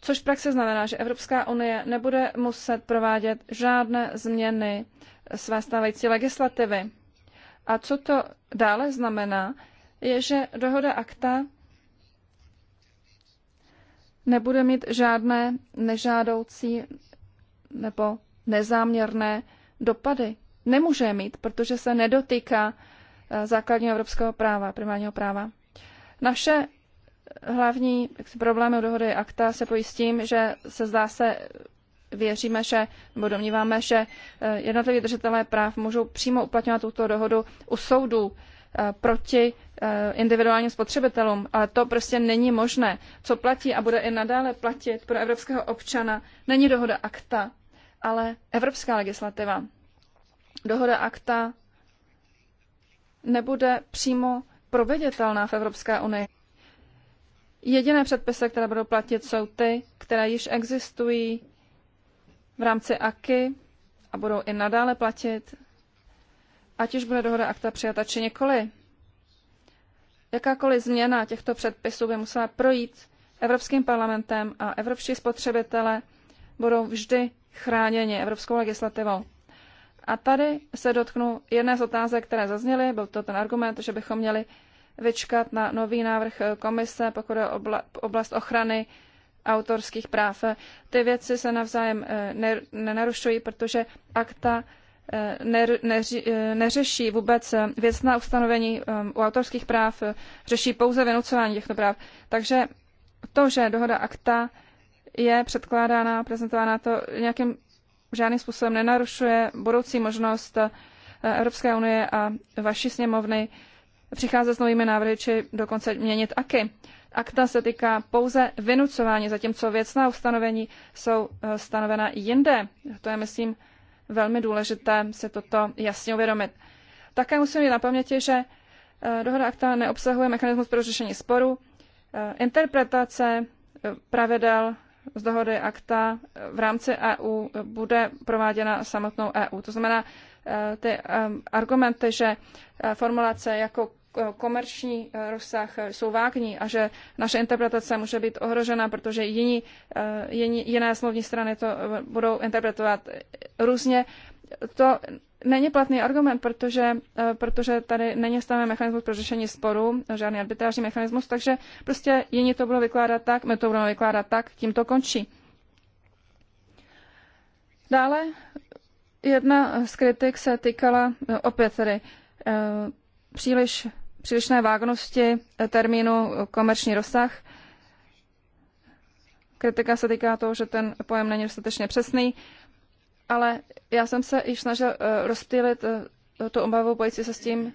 Což v praxi znamená, že Evropská unie nebude muset provádět žádné změny své stávající legislativy. A co to dále znamená, je, že dohoda akta nebude mít žádné nežádoucí nebo nezáměrné dopady. Nemůže mít, protože se nedotýká eh, základního evropského práva, primárního práva. Naše Hlavní problémy dohody akta se pojí s tím, že se zdá se věříme, že, nebo domníváme, že eh, jednotliví držitelé práv můžou přímo uplatňovat tuto dohodu u soudů eh, proti eh, individuálním spotřebitelům, ale to prostě není možné. Co platí a bude i nadále platit pro evropského občana, není dohoda akta, ale evropská legislativa. Dohoda akta nebude přímo proveditelná v Evropské unii. Jediné předpisy, které budou platit, jsou ty, které již existují v rámci AKY a budou i nadále platit, ať už bude dohoda akta přijata či nikoli. Jakákoliv změna těchto předpisů by musela projít Evropským parlamentem a evropští spotřebitele budou vždy chráněni evropskou legislativou. A tady se dotknu jedné z otázek, které zazněly, byl to ten argument, že bychom měli vyčkat na nový návrh eh, komise, pokud je obla, oblast ochrany autorských práv. Eh, ty věci se navzájem eh, ner, nenarušují, protože akta ner, neřeší vůbec věcná ustanovení u autorských práv, řeší pouze vynucování těchto práv. Takže to, že dohoda akta je předkládána, prezentována, to nějakým žádným způsobem nenarušuje budoucí možnost Evropské unie a vaší sněmovny přicházet s novými návrhy či dokonce měnit aky. Akta se týká pouze vynucování, zatímco věcná ustanovení jsou eh, stanovena jinde. To je, myslím, velmi důležité si toto jasně uvědomit. Také musím mít na paměti, že eh, dohoda akta neobsahuje mechanismus pro řešení sporu. Eh, interpretace pravidel z dohody akta v rámci EU bude prováděna samotnou EU. To znamená, ty argumenty, že formulace jako Eh, komerční eh, rozsah eh, jsou vágní a že naše interpretace může být ohrožena, protože jiní, jiní, jiné smluvní strany to budou interpretovat různě. To není platný argument, protože, protože tady není stanoven mechanismus pro řešení sporu, žádný arbitrážní mechanismus, takže prostě jiní to budou vykládat tak, my to budeme vykládat tak, tím to končí. Dále jedna z kritik se týkala opět tedy příliš přílišné vágnosti termínu komerční rozsah. Kritika se týká toho, že ten pojem není dostatečně přesný, ale já jsem se již snažil eh, rozptýlit eh, tu obavu bojící se s tím,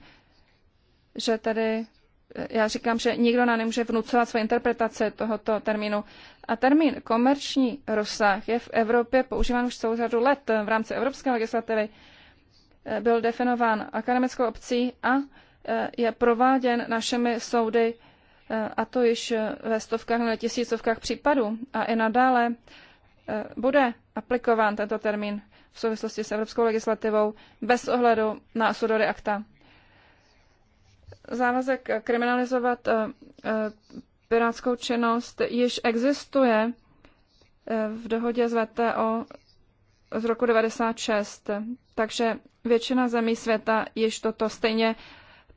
že tady eh, já říkám, že nikdo nám nemůže vnucovat své interpretace tohoto termínu. A termín komerční rozsah je v Evropě používán už celou řadu let v rámci evropské legislativy. Byl definován akademickou obcí a je prováděn našimi soudy eh, a to již ve stovkách nebo tisícovkách případů a i nadále eh, bude aplikován tento termín v souvislosti s evropskou legislativou bez ohledu na sudory akta. Závazek kriminalizovat eh, pirátskou činnost již existuje v dohodě z VTO z roku 96, takže většina zemí světa již toto stejně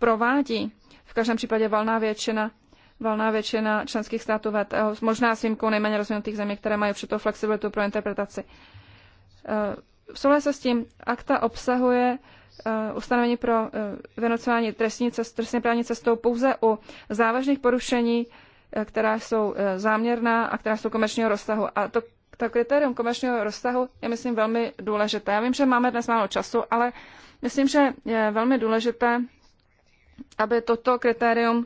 provádí. V každém případě valná většina valná většina členských států VTO, možná s výjimkou nejméně rozvinutých zemí, které mají určitou flexibilitu pro interpretaci. V eh, souhlasu s tím akta obsahuje eh, ustanovení pro eh, vynocování trestní cest, trestně právní cestou pouze u závažných porušení, která jsou záměrná a která jsou komerčního rozsahu. A to, to kritérium komerčního rozsahu je, myslím, velmi důležité. Já vím, že máme dnes málo času, ale myslím, že je velmi důležité aby toto kritérium,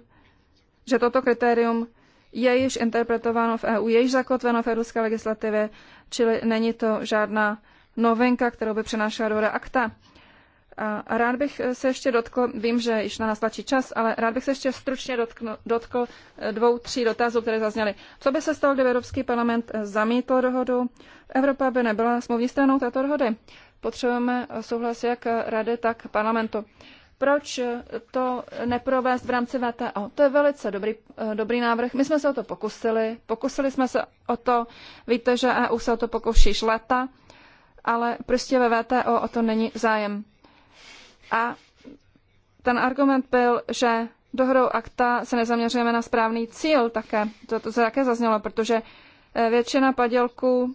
že toto kritérium je již interpretováno v EU, je již zakotveno v evropské legislativě, čili není to žádná novinka, kterou by přenášela do reakta. A rád bych se ještě dotkl, vím, že již na nás tlačí čas, ale rád bych se ještě stručně dotkl, dotkl eh, dvou, tří dotazů, které zazněly. Co by se stalo, kdyby Evropský parlament eh, zamítl dohodu? Evropa by nebyla smluvní stranou této dohody. Potřebujeme souhlas jak rady, tak parlamentu. Proč to neprovést v rámci VTO? To je velice dobrý, eh, dobrý návrh. My jsme se o to pokusili. Pokusili jsme se o to. Víte, že EU se o to pokouší již leta, ale prostě ve VTO o to není zájem. A ten argument byl, že dohodou akta se nezaměřujeme na správný cíl také. To, to se také zaznělo, protože eh, většina padělků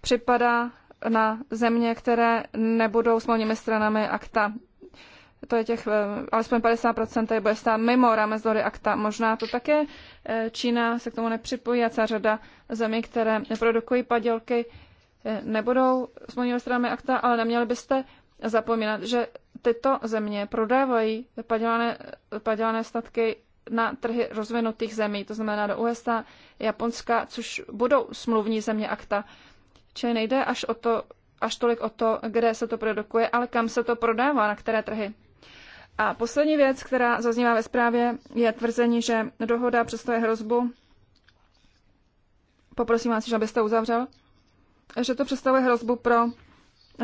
připadá na země, které nebudou smluvními stranami akta to je těch eh, alespoň 50%, tady bude stát mimo rámec dohody akta. Možná to také eh, Čína se k tomu nepřipojí a celá řada zemí, které neprodukují padělky, eh, nebudou smluvní stranami akta, ale neměli byste zapomínat, že tyto země prodávají padělané, padělané statky na trhy rozvinutých zemí, to znamená do USA, Japonska, což budou smluvní země akta. Čili nejde až, o to, až tolik o to, kde se to produkuje, ale kam se to prodává, na které trhy. A poslední věc, která zaznívá ve zprávě, je tvrzení, že dohoda představuje hrozbu. Poprosím vás, abyste uzavřel. Že to představuje hrozbu pro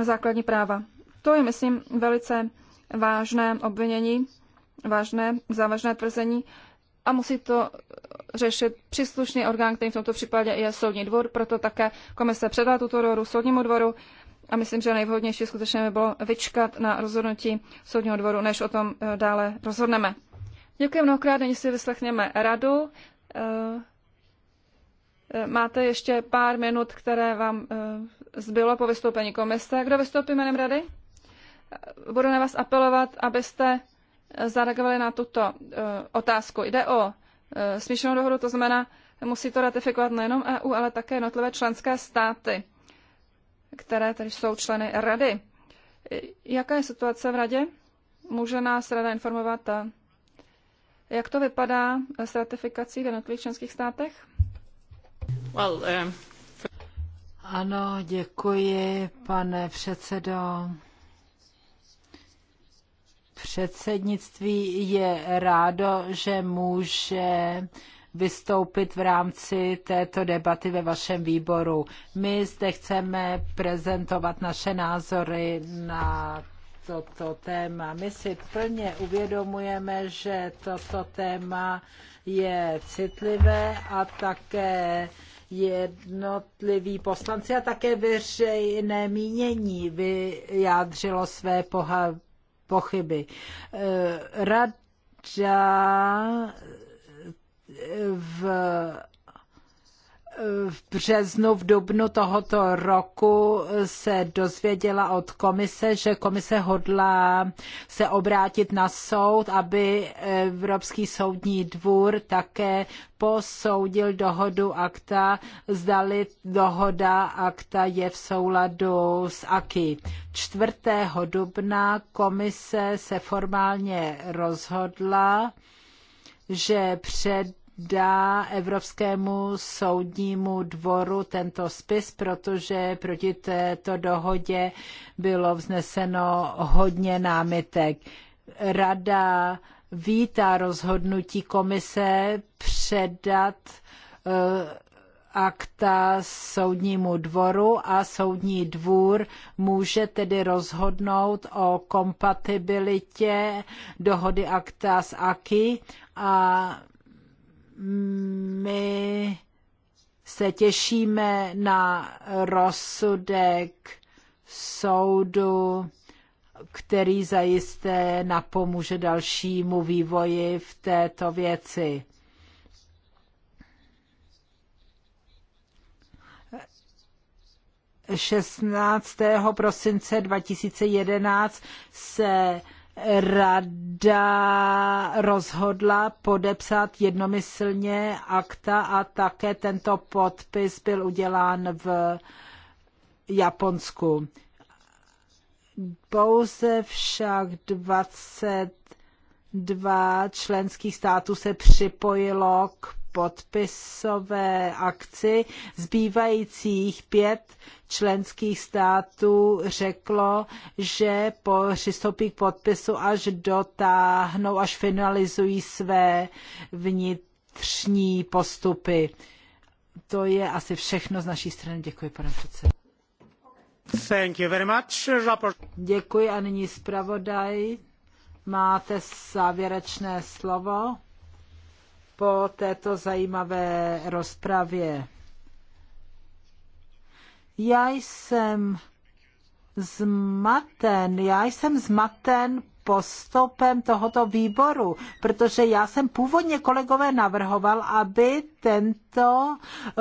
základní práva. To je, myslím, velice vážné obvinění, vážné, závažné tvrzení a musí to řešit příslušný orgán, který v tomto případě je soudní dvor, proto také komise předá tuto dohodu soudnímu dvoru a myslím, že nejvhodnější skutečně by bylo vyčkat na rozhodnutí soudního dvoru, než o tom eh, dále rozhodneme. Děkuji mnohokrát, nyní si vyslechněme radu. Eh, eh, máte ještě pár minut, které vám zbylo po vystoupení komise. Kdo vystoupí jménem rady? Budu na vás apelovat, abyste zareagovali na tuto otázku. Jde o smíšenou dohodu, to znamená, musí to ratifikovat nejenom EU, ale také jednotlivé členské státy které tedy jsou členy rady. Jaká je situace v radě? Může nás rada informovat, eh, jak to vypadá s ratifikací v jednotlivých členských státech? Well, um... Ano, děkuji, pane předsedo. Předsednictví je rádo, že může vystoupit v rámci této debaty ve vašem výboru. My zde chceme prezentovat naše názory na toto téma. My si plně uvědomujeme, že toto téma je citlivé a také jednotliví poslanci a také veřejné mínění vyjádřilo své poha- pochyby. Eh, rada v v březnu, v dubnu tohoto roku se dozvěděla od komise, že komise hodlá se obrátit na soud, aby Evropský soudní dvůr také posoudil dohodu akta, zdali dohoda akta je v souladu s AKI. 4. dubna komise se formálně rozhodla, že před dá Evropskému soudnímu dvoru tento spis, protože proti této dohodě bylo vzneseno hodně námitek. Rada vítá rozhodnutí komise předat eh, akta soudnímu dvoru a soudní dvůr může tedy rozhodnout o kompatibilitě dohody akta s AKI a my se těšíme na rozsudek soudu, který zajisté napomůže dalšímu vývoji v této věci. Šestnáctého prosince 2011 se rada rozhodla podepsat jednomyslně akta a také tento podpis byl udělán v Japonsku. Pouze však 22 členských států se připojilo k podpisové akci zbývajících pět členských států řeklo, že přistoupí k podpisu, až dotáhnou, až finalizují své vnitřní postupy. To je asi všechno z naší strany. Děkuji, pane předsedo. Thank you very much. Děkuji a nyní zpravodaj. Máte závěrečné slovo po této zajímavé rozpravě. Já jsem zmaten, já jsem zmaten, postupem tohoto výboru, protože já jsem původně kolegové navrhoval, aby tento eh,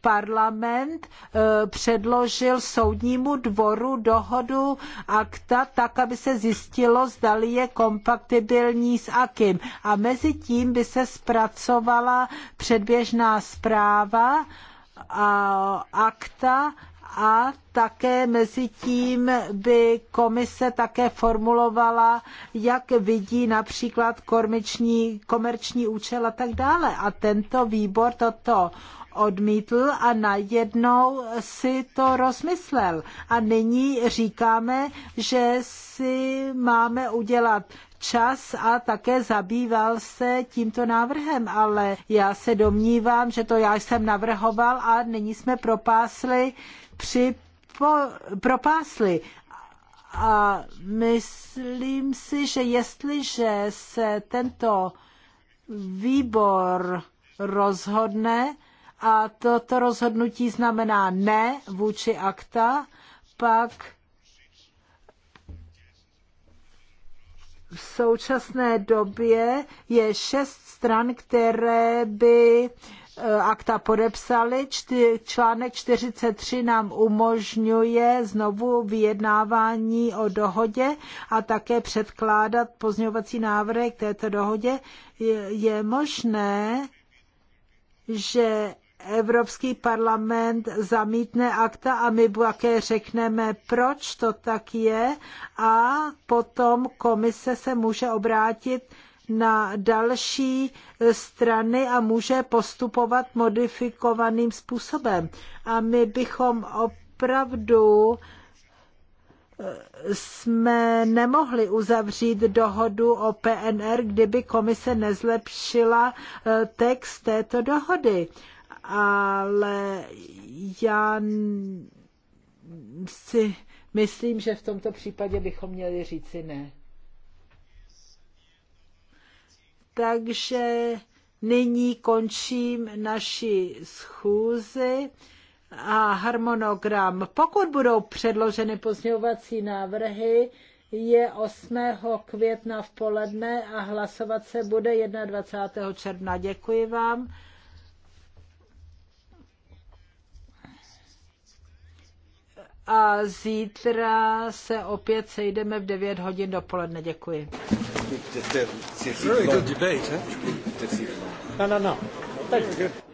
parlament eh, předložil soudnímu dvoru dohodu akta tak, aby se zjistilo, zdali je kompatibilní s akým. A mezi tím by se zpracovala předběžná zpráva a akta a také mezi tím by komise také formulovala, jak vidí například kormiční, komerční účel a tak dále. A tento výbor toto odmítl a najednou si to rozmyslel. A nyní říkáme, že si máme udělat čas a také zabýval se tímto návrhem, ale já se domnívám, že to já jsem navrhoval a nyní jsme propásli uh, připo, propásli. A myslím si, že jestliže se tento výbor rozhodne, a toto rozhodnutí znamená ne vůči akta, pak v současné době je šest stran, které by uh, E, akta podepsali. Čty, článek 43 nám umožňuje znovu vyjednávání o dohodě a také předkládat pozňovací návrhy k této dohodě. Je, je možné, že Evropský parlament zamítne akta a my také řekneme, proč to tak je a potom komise se může obrátit na další eh, strany a může postupovat modifikovaným způsobem. A my bychom opravdu eh, jsme nemohli uzavřít dohodu o PNR, kdyby komise nezlepšila eh, text této dohody. Ale já si myslím, že v tomto případě bychom měli říci ne. Takže nyní končím naši schůzi a harmonogram. Pokud budou předloženy pozměňovací návrhy, je 8. května v poledne a hlasovat se bude 21. června. Děkuji vám. a zítra se opět sejdeme v 9 hodin dopoledne. Děkuji. Very good debate, huh? No, no, no. Thank you.